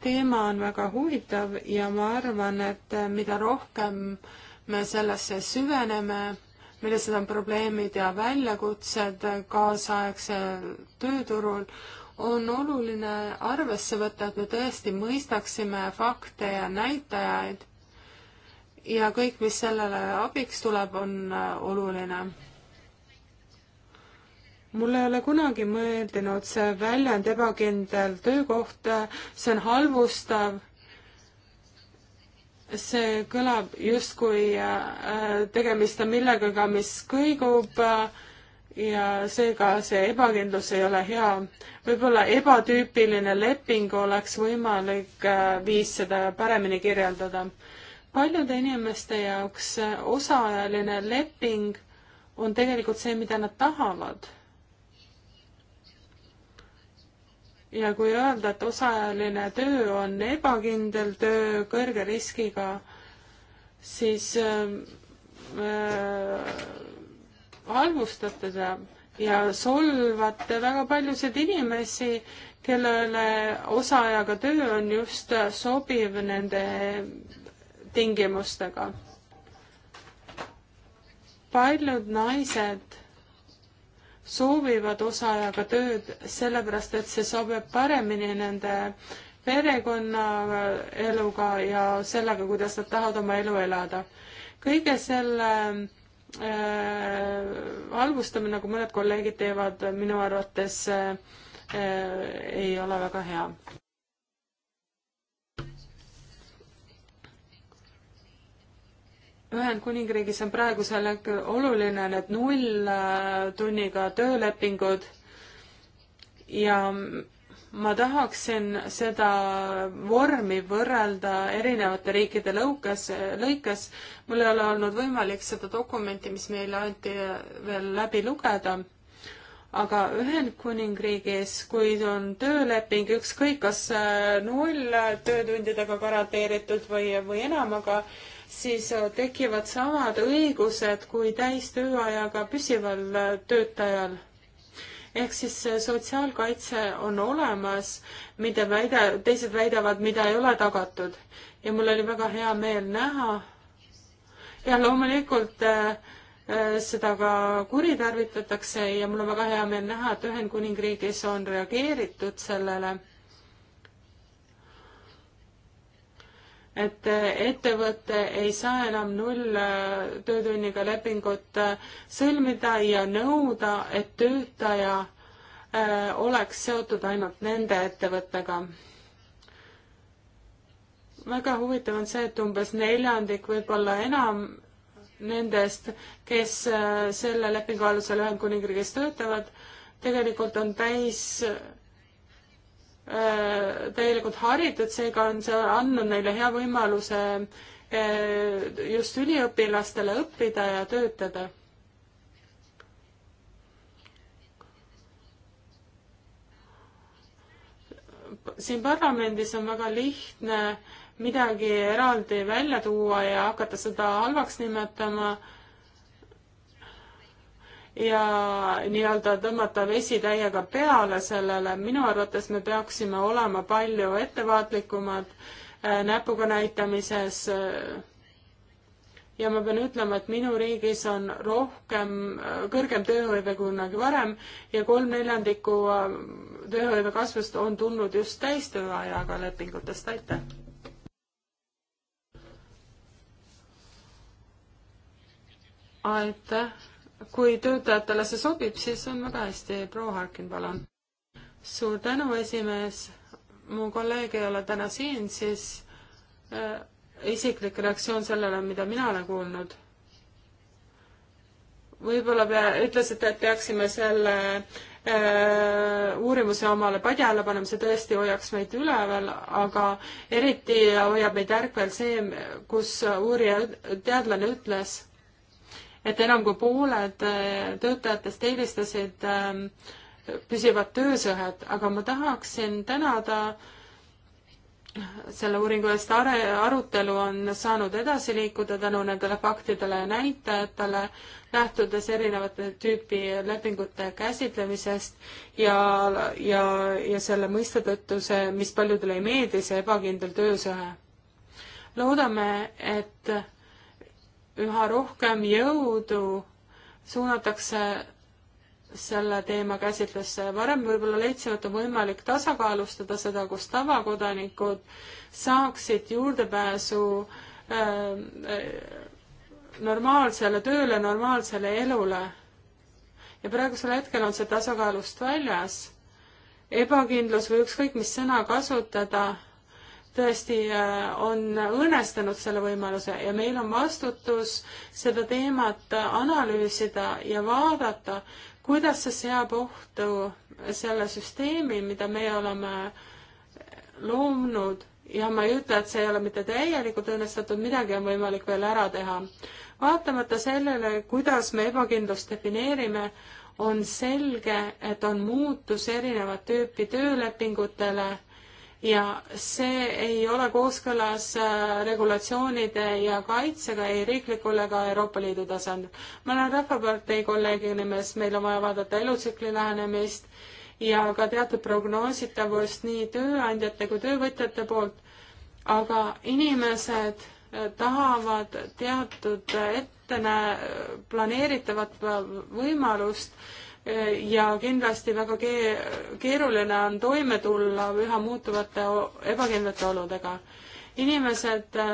teema on väga huvitav ja ma arvan, et äh, mida rohkem me sellesse süveneme, millised on probleemid ja väljakutsed kaasaegsel tööturul, on oluline arvesse võtta, et me tõesti mõistaksime fakte ja näitajaid ja kõik, mis sellele abiks tuleb, on äh, oluline mul ei ole kunagi mõeldinud see väljend ebakindel töökoht, see on halvustav. see kõlab justkui äh, tegemist on millegagi, mis kõigub äh, ja seega see ebakindlus ei ole hea. võib-olla ebatüüpiline leping oleks võimalik äh, viis seda paremini kirjeldada. paljude inimeste jaoks osaajaline leping on tegelikult see, mida nad tahavad ja kui öelda, et osaajaline töö on ebakindel töö kõrge riskiga, siis ähm, äh, halvustate seda ja solvate väga paljusid inimesi, kellele osaajaga töö on just sobiv nende tingimustega. paljud naised soovivad osaajaga tööd, sellepärast et see sobib paremini nende perekonnaeluga ja sellega, kuidas nad tahavad oma elu elada. kõige selle äh, halvustamine, nagu mõned kolleegid teevad, minu arvates äh, ei ole väga hea. Ühendkuningriigis on praegusel hetkel oluline need nulltunniga töölepingud ja ma tahaksin seda vormi võrrelda erinevate riikide lõukes, lõikes. mul ei ole olnud võimalik seda dokumenti, mis meile anti, veel läbi lugeda. aga Ühendkuningriigis, kui on tööleping ükskõik kas äh, null töötundidega garanteeritud või, või enamaga, siis äh, tekivad samad õigused kui täistööajaga püsival äh, töötajal. ehk siis äh, sotsiaalkaitse on olemas, mida väida, teised väidavad, mida ei ole tagatud. ja mul oli väga hea meel näha. ja loomulikult äh, seda ka kuritarvitatakse ja mul on väga hea meel näha, et Ühendkuningriigis on reageeritud sellele et ettevõte ei saa enam null töötunniga lepingut äh, sõlmida ja nõuda, et töötaja äh, oleks seotud ainult nende ettevõttega. väga huvitav on see, et umbes neljandik, võib-olla enam nendest, kes äh, selle lepingu alusel Ühendkuningriigis töötavad, tegelikult on täis Äh, täielikult haritud, seega on see andnud neile hea võimaluse äh, just üliõpilastele õppida ja töötada. siin parlamendis on väga lihtne midagi eraldi välja tuua ja hakata seda halvaks nimetama ja nii-öelda tõmmata vesi täiega peale sellele, minu arvates me peaksime olema palju ettevaatlikumad äh, näpuga näitamises. ja ma pean ütlema, et minu riigis on rohkem, äh, kõrgem tööhõive kui kunagi varem ja kolm neljandikku äh, tööhõive kasvust on tulnud just täistööajaga lepingutest, aitäh! aitäh! kui töötajatele see sobib, siis on väga hästi. proua Harkin, palun. suur tänu, esimees. mu kolleeg ei ole täna siin, siis äh, isiklik reaktsioon sellele, mida mina olen kuulnud. võib-olla pea, ütlesite, et peaksime selle äh, uurimuse omale padjale panema, see tõesti hoiaks meid üleval, aga eriti hoiab meid ärkvel see, kus uurija, teadlane ütles et enam kui pooled äh, töötajatest eelistasid ähm, püsivat töösuhet, aga ma tahaksin tänada selle uuringu eest are-, arutelu on saanud edasi liikuda tänu nendele faktidele ja näitajatele, lähtudes erinevate tüüpi lepingute käsitlemisest ja, ja, ja selle mõiste tõttu see, mis paljudele ei meeldi, see ebakindel töösuhe. loodame, et üha rohkem jõudu suunatakse selle teema käsitlusse. varem võib-olla leidsime, et on võimalik tasakaalustada seda, kus tavakodanikud saaksid juurdepääsu äh, normaalsele tööle, normaalsele elule. ja praegusel hetkel on see tasakaalust väljas. ebakindlus või ükskõik mis sõna kasutada tõesti äh, on õõnestanud selle võimaluse ja meil on vastutus seda teemat analüüsida ja vaadata, kuidas see seab ohtu selle süsteemi, mida meie oleme loonud ja ma ei ütle, et see ei ole mitte täielikult õnnestatud, midagi on võimalik veel ära teha. vaatamata sellele, kuidas me ebakindlust defineerime, on selge, et on muutus erinevat tüüpi töölepingutele ja see ei ole kooskõlas äh, regulatsioonide ja kaitsega ei riiklikul ega Euroopa Liidu tasandil. ma olen Rahvapartei kolleegi nimes, meil on vaja vaadata elutsükli lähenemist ja ka teatud prognoositavust nii tööandjate kui töövõtjate poolt, aga inimesed äh, tahavad teatud ettenä-, planeeritavat võimalust ja kindlasti väga keeruline on toime tulla üha muutuvate ebakindlate oludega. inimesed äh,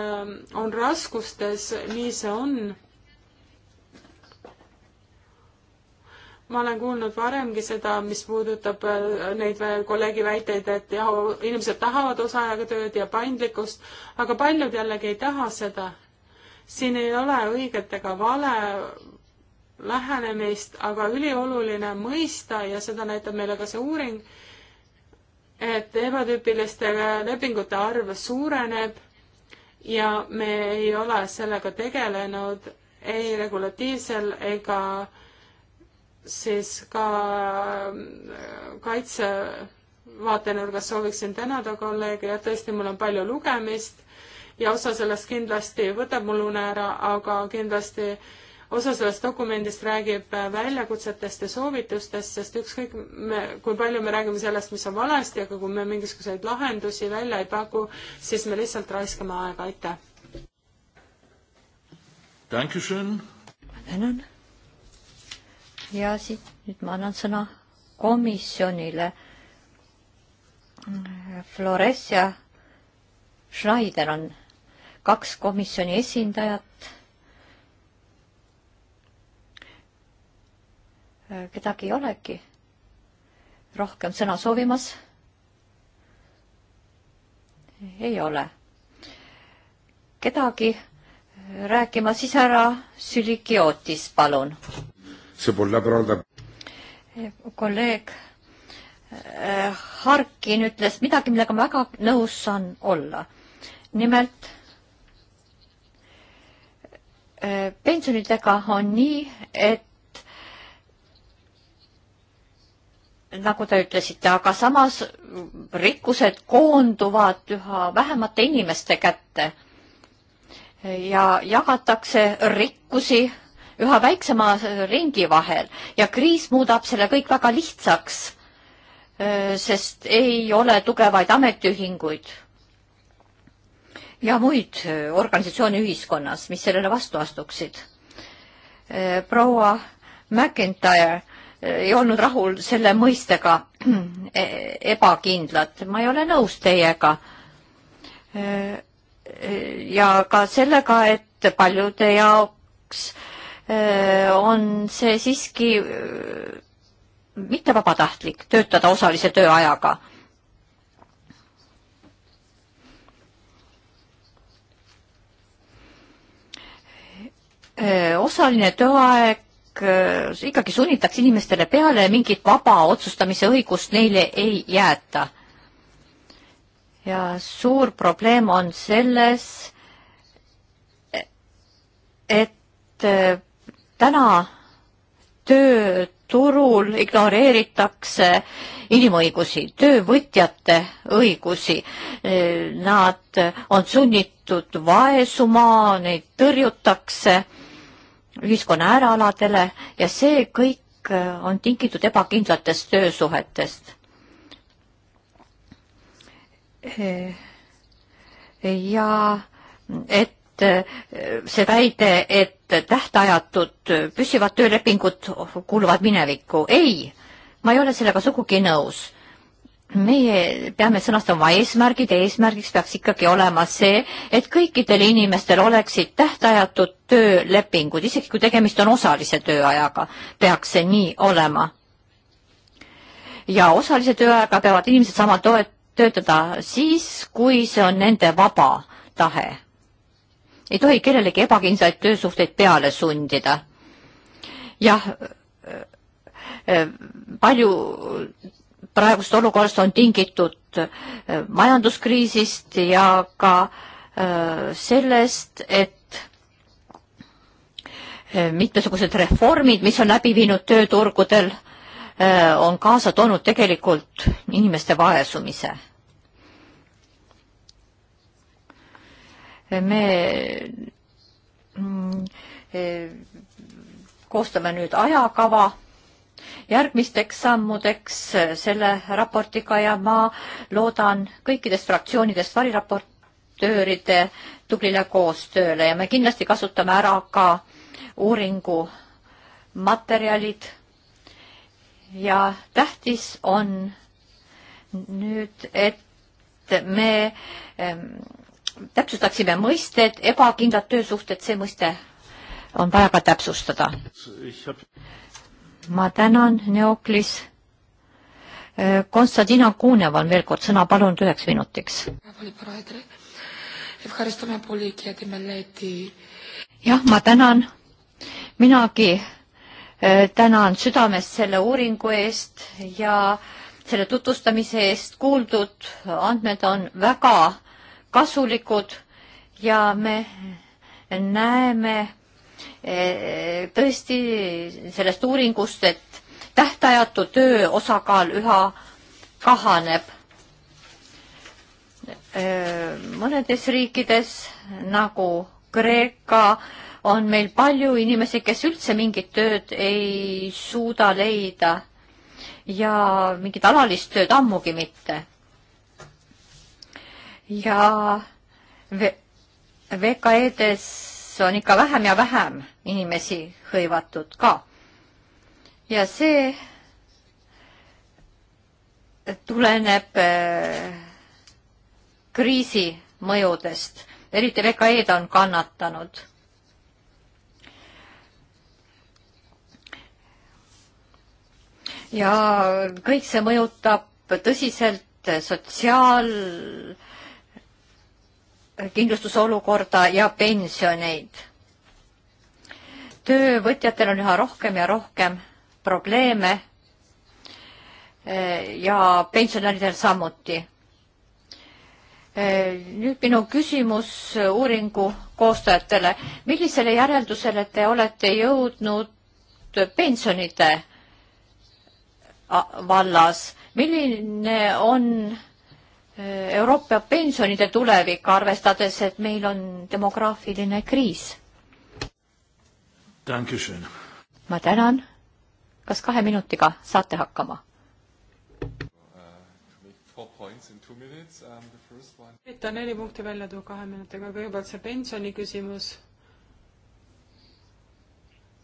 on raskustes, nii see on ma olen kuulnud varemgi seda, mis puudutab äh, neid kolleegi väiteid, et jah, inimesed tahavad osaajaga tööd ja paindlikkust, aga paljud jällegi ei taha seda. siin ei ole õiget ega vale lähenemist, aga ülioluline mõista ja seda näitab meile ka see uuring, et ebatüüpiliste lepingute arv suureneb ja me ei ole sellega tegelenud ei regulatiivsel ega siis ka kaitse vaatenurgas sooviksin tänada kolleege ja tõesti, mul on palju lugemist ja osa sellest kindlasti võtab mul une ära, aga kindlasti äh, osa sellest dokumendist räägib äh, väljakutsetest ja soovitustest, sest ükskõik me, kui palju me räägime sellest, mis on valesti, aga kui me mingisuguseid lahendusi välja ei paku, siis me lihtsalt raiskame aega, aitäh. ma tänan. ja siit nüüd ma annan sõna komisjonile. Flores ja Schneider on kaks komisjoni esindajat kedagi ei olegi rohkem sõna soovimas? ei ole. kedagi rääkima, siis härra Sülikiotis, palun. kolleeg äh, Harkin ütles midagi, millega ma väga nõus saan olla. nimelt äh, pensionidega on nii, et nagu te ütlesite, aga samas rikkused koonduvad üha vähemate inimeste kätte ja jagatakse rikkusi üha väiksema ringi vahel ja kriis muudab selle kõik väga lihtsaks, sest ei ole tugevaid ametiühinguid ja muid organisatsioone ühiskonnas, mis sellele vastu astuksid. proua McIntyre ei olnud rahul selle mõistega e-, ebakindlad. ma ei ole nõus teiega. E-, e-, ja ka sellega, et paljude jaoks on see siiski mitte vabatahtlik töötada osalise tööajaga osaline tööaeg Äh, ikkagi sunnitakse inimestele peale ja mingit vaba otsustamise õigust neile ei jäeta. ja suur probleem on selles, et äh, täna tööturul ignoreeritakse inimõigusi, töövõtjate õigusi. Äh, nad on sunnitud vaesuma, neid tõrjutakse ühiskonna äärealadele ja see kõik äh, on tingitud ebakindlatest töösuhetest. Äh, ja et äh, see väide, et tähtajatud püsivad töölepingud kuuluvad minevikku, ei, ma ei ole sellega sugugi nõus meie peame sõnastama eesmärgid ja eesmärgiks peaks ikkagi olema see, et kõikidel inimestel oleksid tähtajatud töölepingud, isegi kui tegemist on osalise tööajaga, peaks see nii olema. ja osalise tööajaga peavad inimesed sama toet-, töötada siis, kui see on nende vaba tahe. ei tohi kellelegi ebakindlaid töösuhteid peale sundida. jah, äh, äh, palju praegust olukorrast on tingitud äh, majanduskriisist ja ka äh, sellest, et äh, mitmesugused reformid, mis on läbi viinud tööturgudel, on kaasa toonud tegelikult inimeste vaesumise. me mm, koostame nüüd ajakava järgmisteks sammudeks selle raportiga ja ma loodan kõikidest fraktsioonidest variraportööride tublile koostööle ja me kindlasti kasutame ära ka uuringu materjalid. ja tähtis on nüüd, et me täpsustaksime mõisted, ebakindlad töösuhted, see mõiste on vaja ka täpsustada. Eh, ma tänan, Neoklis. Äh, Konstantina Kuunev on veel kord sõna palunud üheks minutiks. jah, ma tänan. minagi äh, tänan südamest selle uuringu eest ja selle tutvustamise eest kuuldud andmed on väga kasulikud ja me näeme Eh, tõesti sellest uuringust, et tähtajatu töö osakaal üha kahaneb. Eh, mõnedes riikides nagu Kreeka on meil palju inimesi, kes üldse mingit tööd ei suuda leida ja mingit alalist tööd ammugi mitte. ja VKE-des on ikka vähem ja vähem inimesi hõivatud ka. ja see tuleneb äh, kriisi mõjudest, eriti VKE-d on kannatanud. ja kõik see mõjutab tõsiselt sotsiaal- kindlustusolukorda ja pensioneid. töövõtjatel on üha rohkem ja rohkem probleeme eh, ja pensionäridel samuti. Eh, nüüd minu küsimus uuringu koostajatele. millisele järeldusele te olete jõudnud pensionide vallas, milline on Euroopa pensionide tulevik, arvestades, et meil on demograafiline kriis? ma tänan. kas kahe minutiga saate hakkama? üritan neli punkti välja tuua kahe minutiga, kõigepealt see pensioni küsimus.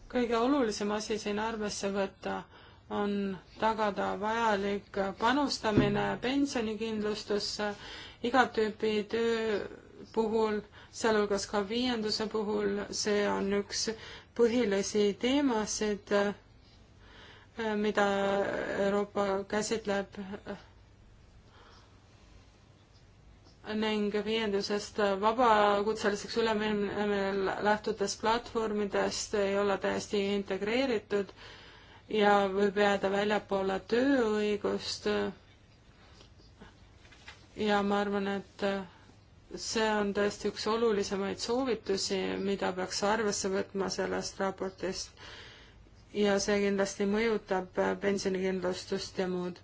kõige olulisem asi siin arvesse võtta on tagada vajalik panustamine pensionikindlustusse iga tüüpi töö puhul, sealhulgas ka viienduse puhul, see on üks põhilisi teemasid, mida Euroopa käsitleb ning viiendusest vabakutseliseks üleminemisel lähtudes platvormidest ei ole täiesti integreeritud äh, ja võib jääda väljapoole tööõigust. ja ma arvan, et see on tõesti üks olulisemaid soovitusi, mida peaks arvesse võtma sellest raportist. ja see kindlasti mõjutab pensionikindlustust ja muud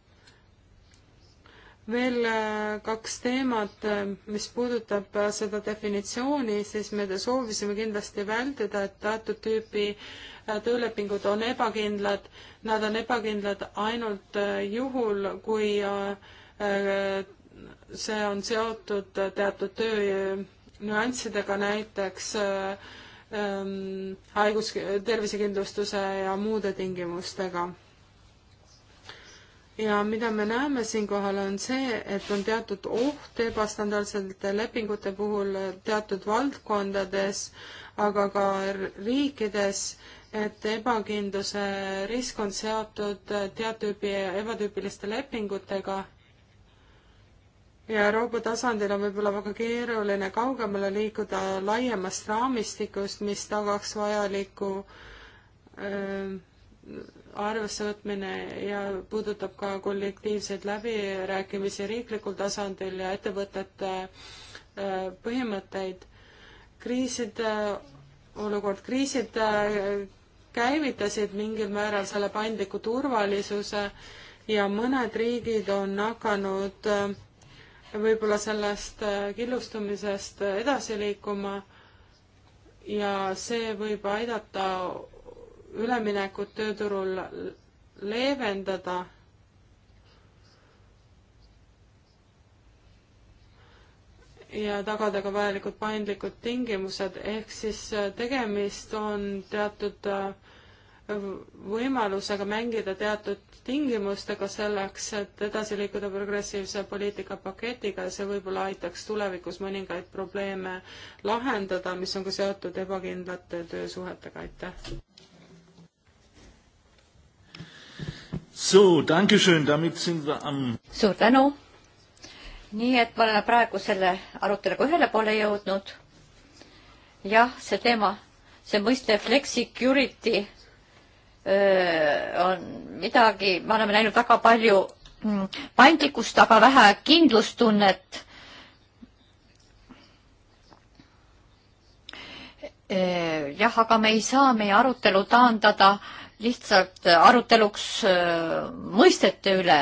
veel äh, kaks teemat, äh, mis puudutab äh, seda definitsiooni, siis me soovisime kindlasti vältida, et teatud tüüpi töölepingud on ebakindlad, nad on ebakindlad ainult äh, juhul, kui äh, äh, see on seotud teatud töö nüanssidega, näiteks ähm, haigus, tervisekindlustuse ja muude tingimustega ja mida me näeme siinkohal, on see, et on teatud oht ebastandardsete lepingute puhul teatud valdkondades, aga ka riikides, et ebakindluse risk on seotud teatüübi ebatüüpiliste lepingutega ja Euroopa tasandil on võib-olla väga keeruline kaugemale liikuda laiemast raamistikust, mis tagaks vajaliku öö, äh, arvessevõtmine ja puudutab ka kollektiivseid läbirääkimisi riiklikul tasandil ja ettevõtete öö, äh, põhimõtteid. kriiside olukord, kriisid äh, käivitasid mingil määral selle paindliku turvalisuse ja mõned riigid on hakanud äh, võib-olla sellest äh, killustumisest edasi liikuma ja see võib aidata üleminekut tööturul leevendada ja tagada ka vajalikud paindlikud tingimused, ehk siis äh, tegemist on teatud äh, võimalusega mängida teatud tingimustega selleks, et edasi liikuda progressiivse poliitikapaketiga ja see võib-olla aitaks tulevikus mõningaid probleeme lahendada, mis on ka seotud ebakindlate töösuhetega, aitäh. suur tänu nii et me oleme praegu selle aruteluga ühele poole jõudnud. jah, see teema, see mõiste flexicurity öö, on midagi, me oleme näinud väga palju mm, paindlikkust, aga vähe kindlustunnet. jah, aga me ei saa meie arutelu taandada lihtsalt aruteluks öö, mõistete üle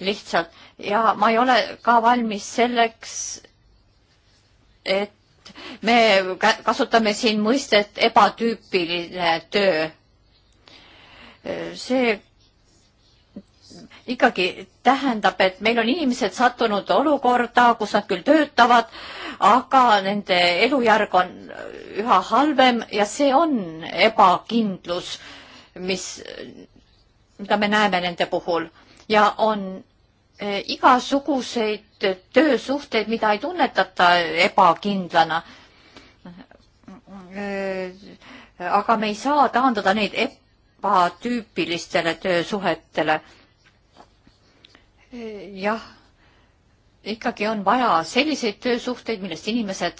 lihtsalt ja ma ei ole ka valmis selleks, et me kasutame siin mõistet ebatüüpiline töö. see ikkagi tähendab, et meil on inimesed sattunud olukorda, kus nad küll töötavad, aga nende elujärg on üha halvem ja see on ebakindlus, mis, mida me näeme nende puhul ja on Eh, igasuguseid töösuhteid, mida ei tunnetata ebakindlana. Eh, aga me ei saa taandada neid ebatüüpilistele töösuhetele. Eh, jah, ikkagi on vaja selliseid töösuhteid, millest inimesed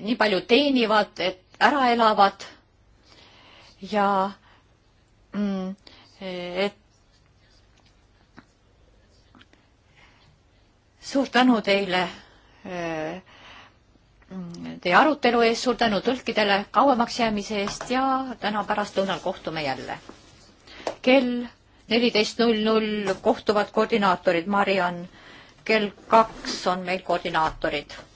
nii palju teenivad, et ära elavad ja mm, et suur tänu teile eh, teie arutelu eest, suur tänu tõlkidele kauemaks jäämise eest ja täna pärastlõunal kohtume jälle. kell neliteist null null kohtuvad koordinaatorid, Mariann, kell kaks on meil koordinaatorid